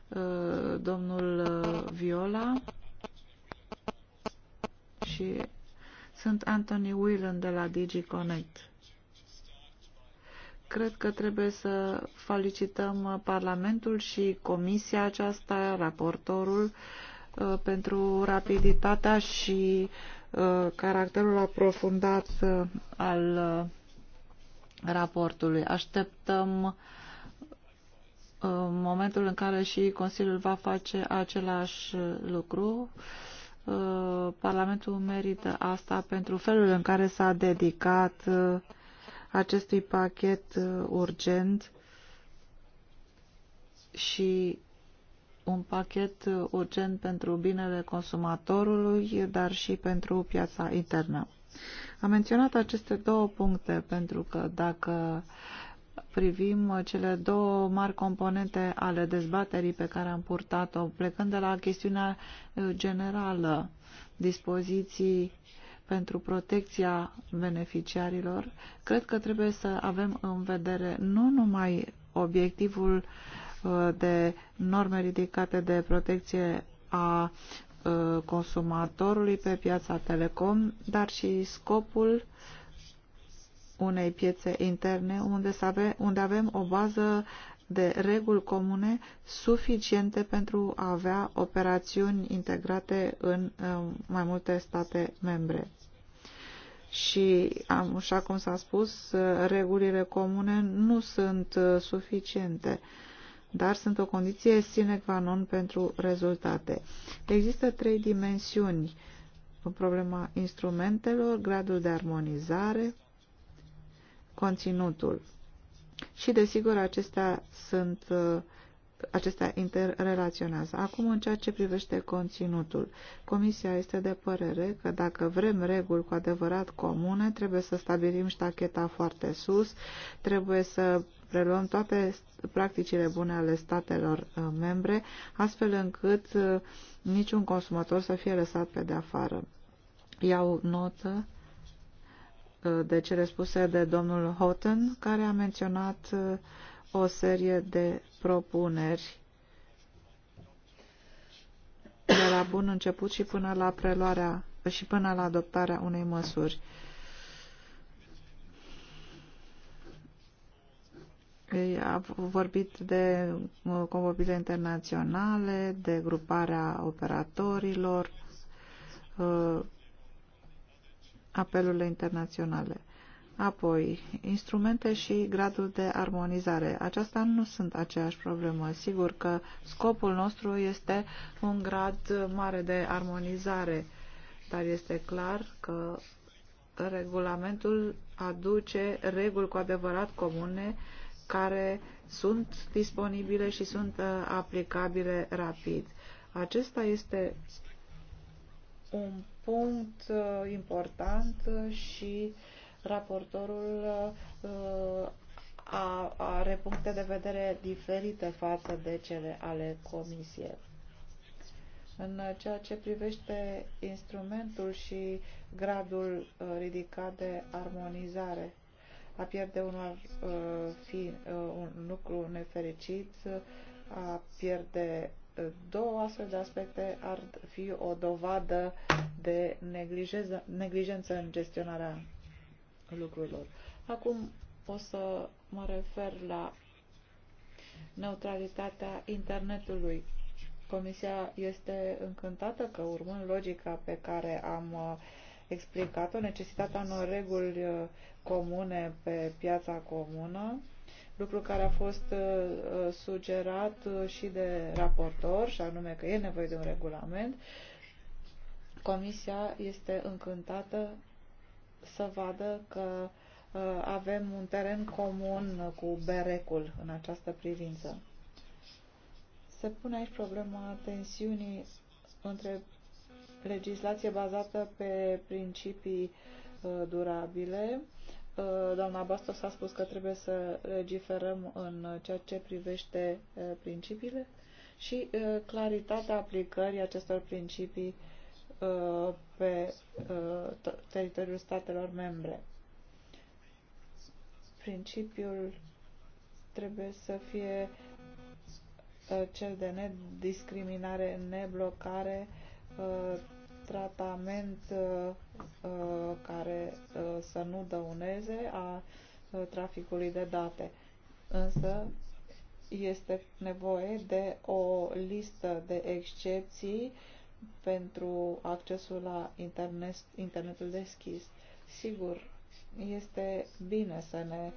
uh, domnul uh, Viola și sunt Anthony Whelan de la DigiConnect. Cred că trebuie să felicităm Parlamentul și Comisia aceasta, raportorul, uh, pentru rapiditatea și uh, caracterul aprofundat uh, al raportului. Așteptăm momentul în care și Consiliul va face același lucru. Uh, Parlamentul merită asta pentru felul în care s-a dedicat uh, acestui pachet uh, urgent și un pachet urgent pentru binele consumatorului, dar și pentru piața internă. Am menționat aceste două puncte pentru că dacă uh, privim uh, cele două mari componente ale dezbaterii pe care am purtat-o, plecând de la chestiunea uh, generală, dispoziții pentru protecția beneficiarilor, cred că trebuie să avem în vedere nu numai obiectivul uh, de norme ridicate de protecție a consumatorului pe piața telecom, dar și scopul unei piețe interne unde, să ave, unde avem o bază de reguli comune suficiente pentru a avea operațiuni integrate în um, mai multe state membre. Și, așa cum s-a spus, regulile comune nu sunt uh, suficiente, dar sunt o condiție sine qua non pentru rezultate. Există trei dimensiuni. Problema instrumentelor, gradul de armonizare conținutul. Și, desigur, acestea sunt uh, acestea interrelaționează. Acum, în ceea ce privește conținutul, Comisia este de părere că dacă vrem reguli cu adevărat comune, trebuie să stabilim ștacheta foarte sus, trebuie să preluăm toate practicile bune ale statelor uh, membre, astfel încât uh, niciun consumator să fie lăsat pe de afară. Iau notă Uh, de cele spuse de domnul Houghton, care a menționat uh, o serie de propuneri de la bun început și până la preluarea și până la adoptarea unei măsuri. A vorbit de uh, convorbire internaționale, de gruparea operatorilor, apelurile internaționale. Apoi, instrumente și gradul de armonizare. Aceasta nu sunt aceeași problemă. Sigur că scopul nostru este un grad mare de armonizare, dar este clar că regulamentul aduce reguli cu adevărat comune care sunt disponibile și sunt uh, aplicabile rapid. Acesta este un punct uh, important uh, și raportorul uh, are puncte de vedere diferite față de cele ale Comisiei. În ceea ce privește instrumentul și gradul ridicat de armonizare, a pierde un uh, fi un lucru nefericit, a pierde două astfel de aspecte ar fi o dovadă de neglijență în gestionarea lucrurilor. Acum o să mă refer la neutralitatea internetului. Comisia este încântată că urmând logica pe care am uh, explicat-o, necesitatea unor reguli uh, comune pe piața comună, lucru care a fost uh, uh, sugerat uh, și de raportor, și anume că e nevoie de un regulament. Comisia este încântată să vadă că avem un teren comun cu berecul în această privință. Se pune aici problema tensiunii între legislație bazată pe principii durabile Uh, doamna Bastos a spus că trebuie să legiferăm în uh, ceea ce privește uh, principiile și claritatea aplicării acestor principii pe teritoriul statelor membre. Principiul trebuie să fie cel de nediscriminare, neblocare, tratament uh, uh, care uh, să nu dăuneze a traficului de date. Însă este nevoie de o listă de excepții pentru accesul la internet, internetul deschis. Sigur, este bine să ne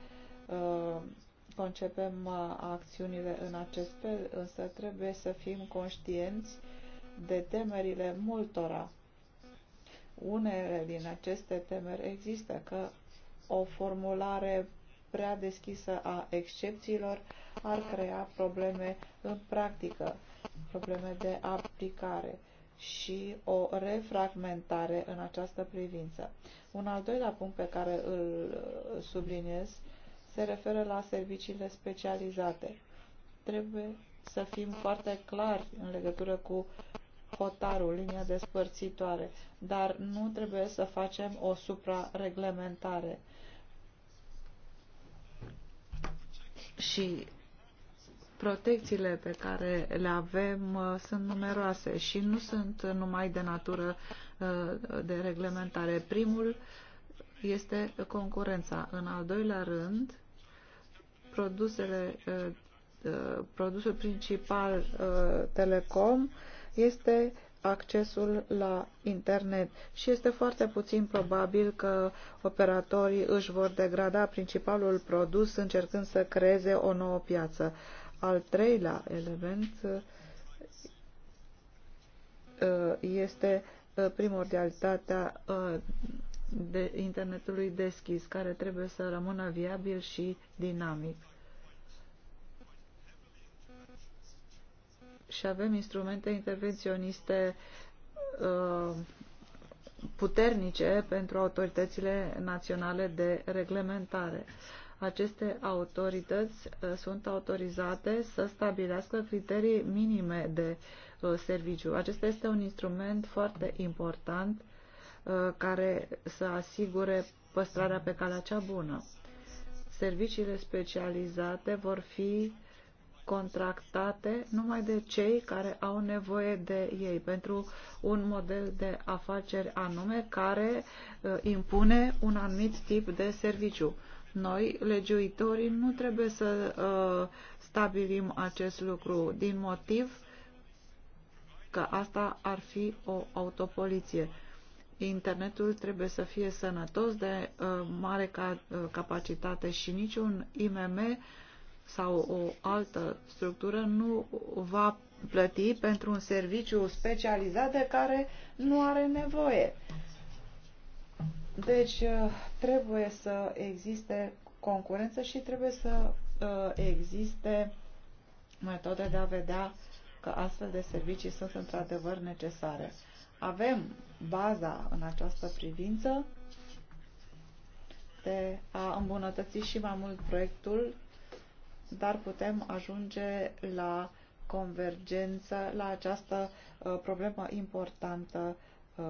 uh, concepem acțiunile în acest fel, însă trebuie să fim conștienți de temerile multora unele din aceste temeri există că o formulare prea deschisă a excepțiilor ar crea probleme în practică, probleme de aplicare și o refragmentare în această privință. Un al doilea punct pe care îl subliniez se referă la serviciile specializate. Trebuie să fim foarte clari în legătură cu hotarul, linia despărțitoare, dar nu trebuie să facem o suprareglementare. Și protecțiile pe care le avem uh, sunt numeroase și nu sunt numai de natură uh, de reglementare. Primul este concurența. În al doilea rând, produsele, uh, produsul principal telecom este accesul la internet și este foarte puțin probabil că operatorii își vor degrada principalul produs încercând să creeze o nouă piață. Al treilea element uh, este uh, primordialitatea uh, de internetului deschis, care trebuie să rămână viabil și dinamic. și avem instrumente intervenționiste uh, puternice pentru autoritățile naționale de reglementare. Aceste autorități uh, sunt autorizate să stabilească criterii minime de uh, serviciu. Acesta este un instrument foarte important care să asigure păstrarea pe calea cea bună. Serviciile specializate vor fi uh, contractate numai de cei care au nevoie de ei pentru un model de afaceri anume care uh, impune un anumit tip de serviciu. Noi, legiuitorii, nu trebuie să uh, stabilim acest lucru din motiv că asta ar fi o autopoliție. Internetul trebuie să fie sănătos de uh, mare ca, uh, capacitate și niciun IMM uh, sau o altă structură nu va plăti pentru un serviciu specializat de care nu are nevoie. Deci uh, trebuie să existe concurență și trebuie să uh, existe metode de a vedea că astfel de servicii sunt într-adevăr necesare. Avem baza în această privință de a îmbunătăți și mai mult proiectul dar putem ajunge la convergență, la această uh, problemă importantă uh,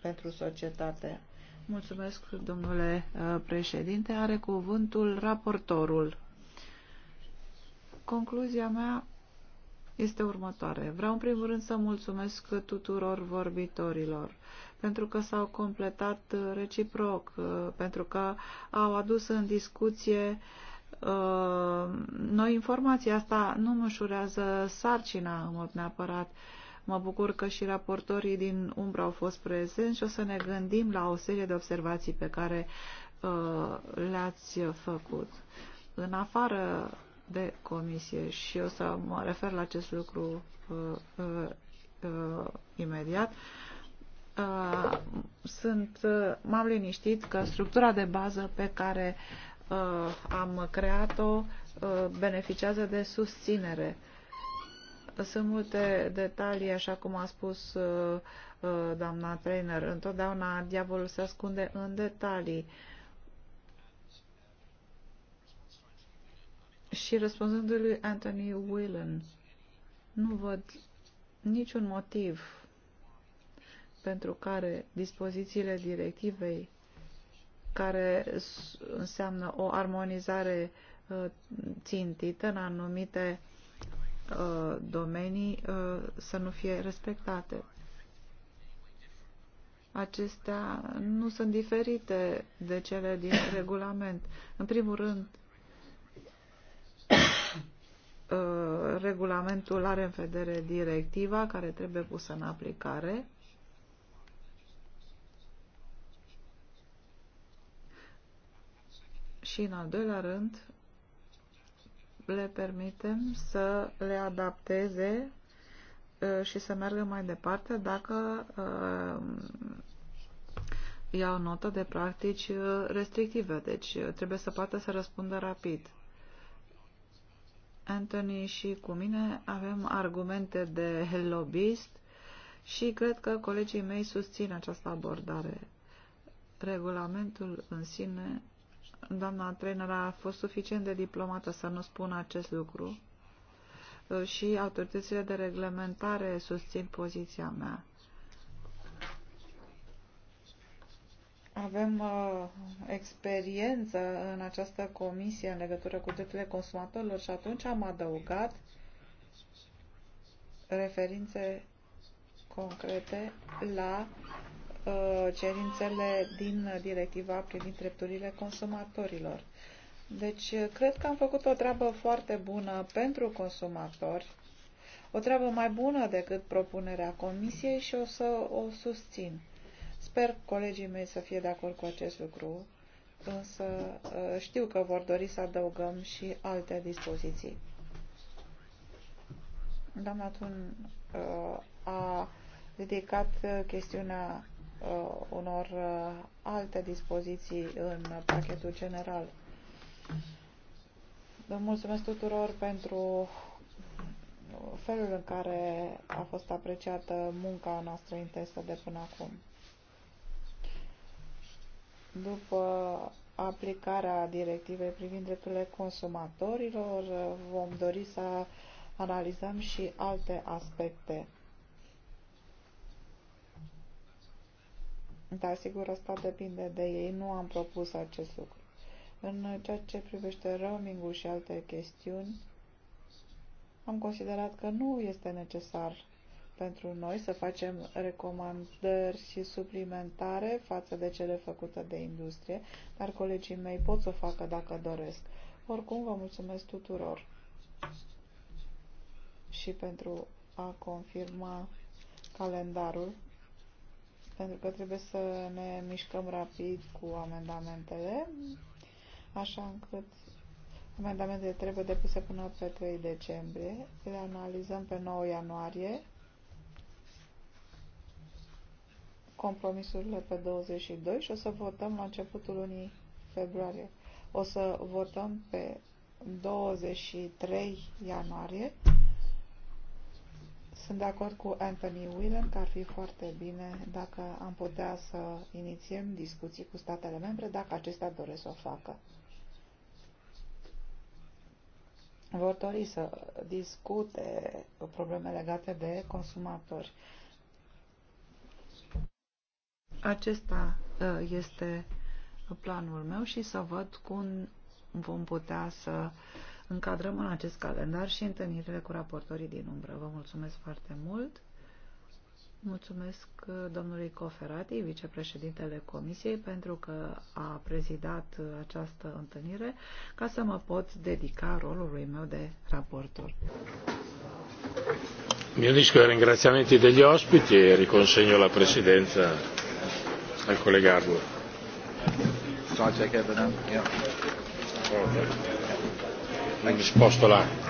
pentru societate. Mulțumesc, domnule uh, președinte. Are cuvântul raportorul. Concluzia mea este următoare. Vreau în primul rând să mulțumesc tuturor vorbitorilor pentru că s-au completat uh, reciproc, uh, pentru că au adus în discuție uh, Uh, noi informația Asta nu mă ușurează sarcina în mod neapărat. Mă bucur că și raportorii din umbră au fost prezenți și o să ne gândim la o serie de observații pe care uh, le-ați făcut. În afară de comisie și o să mă refer la acest lucru uh, imediat, sunt, m-am liniștit că structura de bază pe care uh, Uh, am creat-o uh, beneficiază de susținere. Sunt multe detalii, așa cum a spus uh, doamna trainer. Întotdeauna diavolul se ascunde în detalii. Și răspunzându lui Anthony Whelan, nu văd niciun motiv pentru care dispozițiile directivei care înseamnă o armonizare uh, țintită în anumite uh, domenii uh, să nu fie respectate. Acestea nu sunt diferite de cele din regulament. În primul rând, regulamentul are în vedere directiva care trebuie pusă în aplicare și, în al doilea rând, le permitem să le adapteze uh, și să meargă mai departe dacă uh, iau notă de practici uh, restrictive, deci trebuie să poată să răspundă rapid. Anthony și cu mine avem argumente de lobbyist și cred că colegii mei susțin această abordare. Regulamentul în sine doamna trainer a fost suficient de diplomată să nu spună acest lucru și autoritățile de reglementare susțin poziția mea. Avem uh, experiență în această comisie în legătură cu drepturile consumatorilor și atunci am adăugat referințe concrete la Uh, cerințele din directiva privind drepturile consumatorilor. Deci, uh, cred că am făcut o treabă foarte bună pentru consumatori, o treabă mai bună decât propunerea Comisiei și o să o susțin. Sper colegii mei să fie de acord cu acest lucru, însă uh, știu că vor dori să adăugăm și alte dispoziții. Doamna Tun a ridicat chestiunea uh, unor uh, alte dispoziții în pachetul general. Vă mulțumesc tuturor pentru felul în care a fost apreciată munca noastră intensă de până acum. După aplicarea directivei privind drepturile consumatorilor, uh, vom dori să analizăm și alte aspecte. Dar sigur asta depinde de ei, nu am propus acest lucru. În ceea ce privește roamingul și alte chestiuni, am considerat că nu este necesar pentru noi să facem recomandări și suplimentare față de cele făcute de industrie, dar colegii mei pot să o facă dacă doresc. Oricum, vă mulțumesc tuturor și pentru a confirma calendarul pentru că trebuie să ne mișcăm rapid cu amendamentele, așa încât amendamentele trebuie depuse până pe 3 decembrie, le analizăm pe 9 ianuarie, compromisurile pe 22 și o să votăm la începutul lunii februarie. O să votăm pe 23 ianuarie sunt de acord cu Anthony Whelan că ar fi foarte bine dacă am putea să inițiem discuții cu statele membre dacă acestea doresc să o facă. Vor dori să discute probleme legate de consumatori. Acesta ă, este planul meu și să văd cum vom putea să uh, încadrăm în acest calendar și întâlnirile cu raportorii din umbră. Vă mulțumesc foarte mult. Mulțumesc uh, domnului Coferati, vicepreședintele Comisiei, pentru că a prezidat uh, această întâlnire ca să mă pot dedica rolului meu de raportor. Mi unisco ai ringraziamenti degli ospiti e riconsegno la presidenza al collega Arbor. Ciao, ciao, sposto là.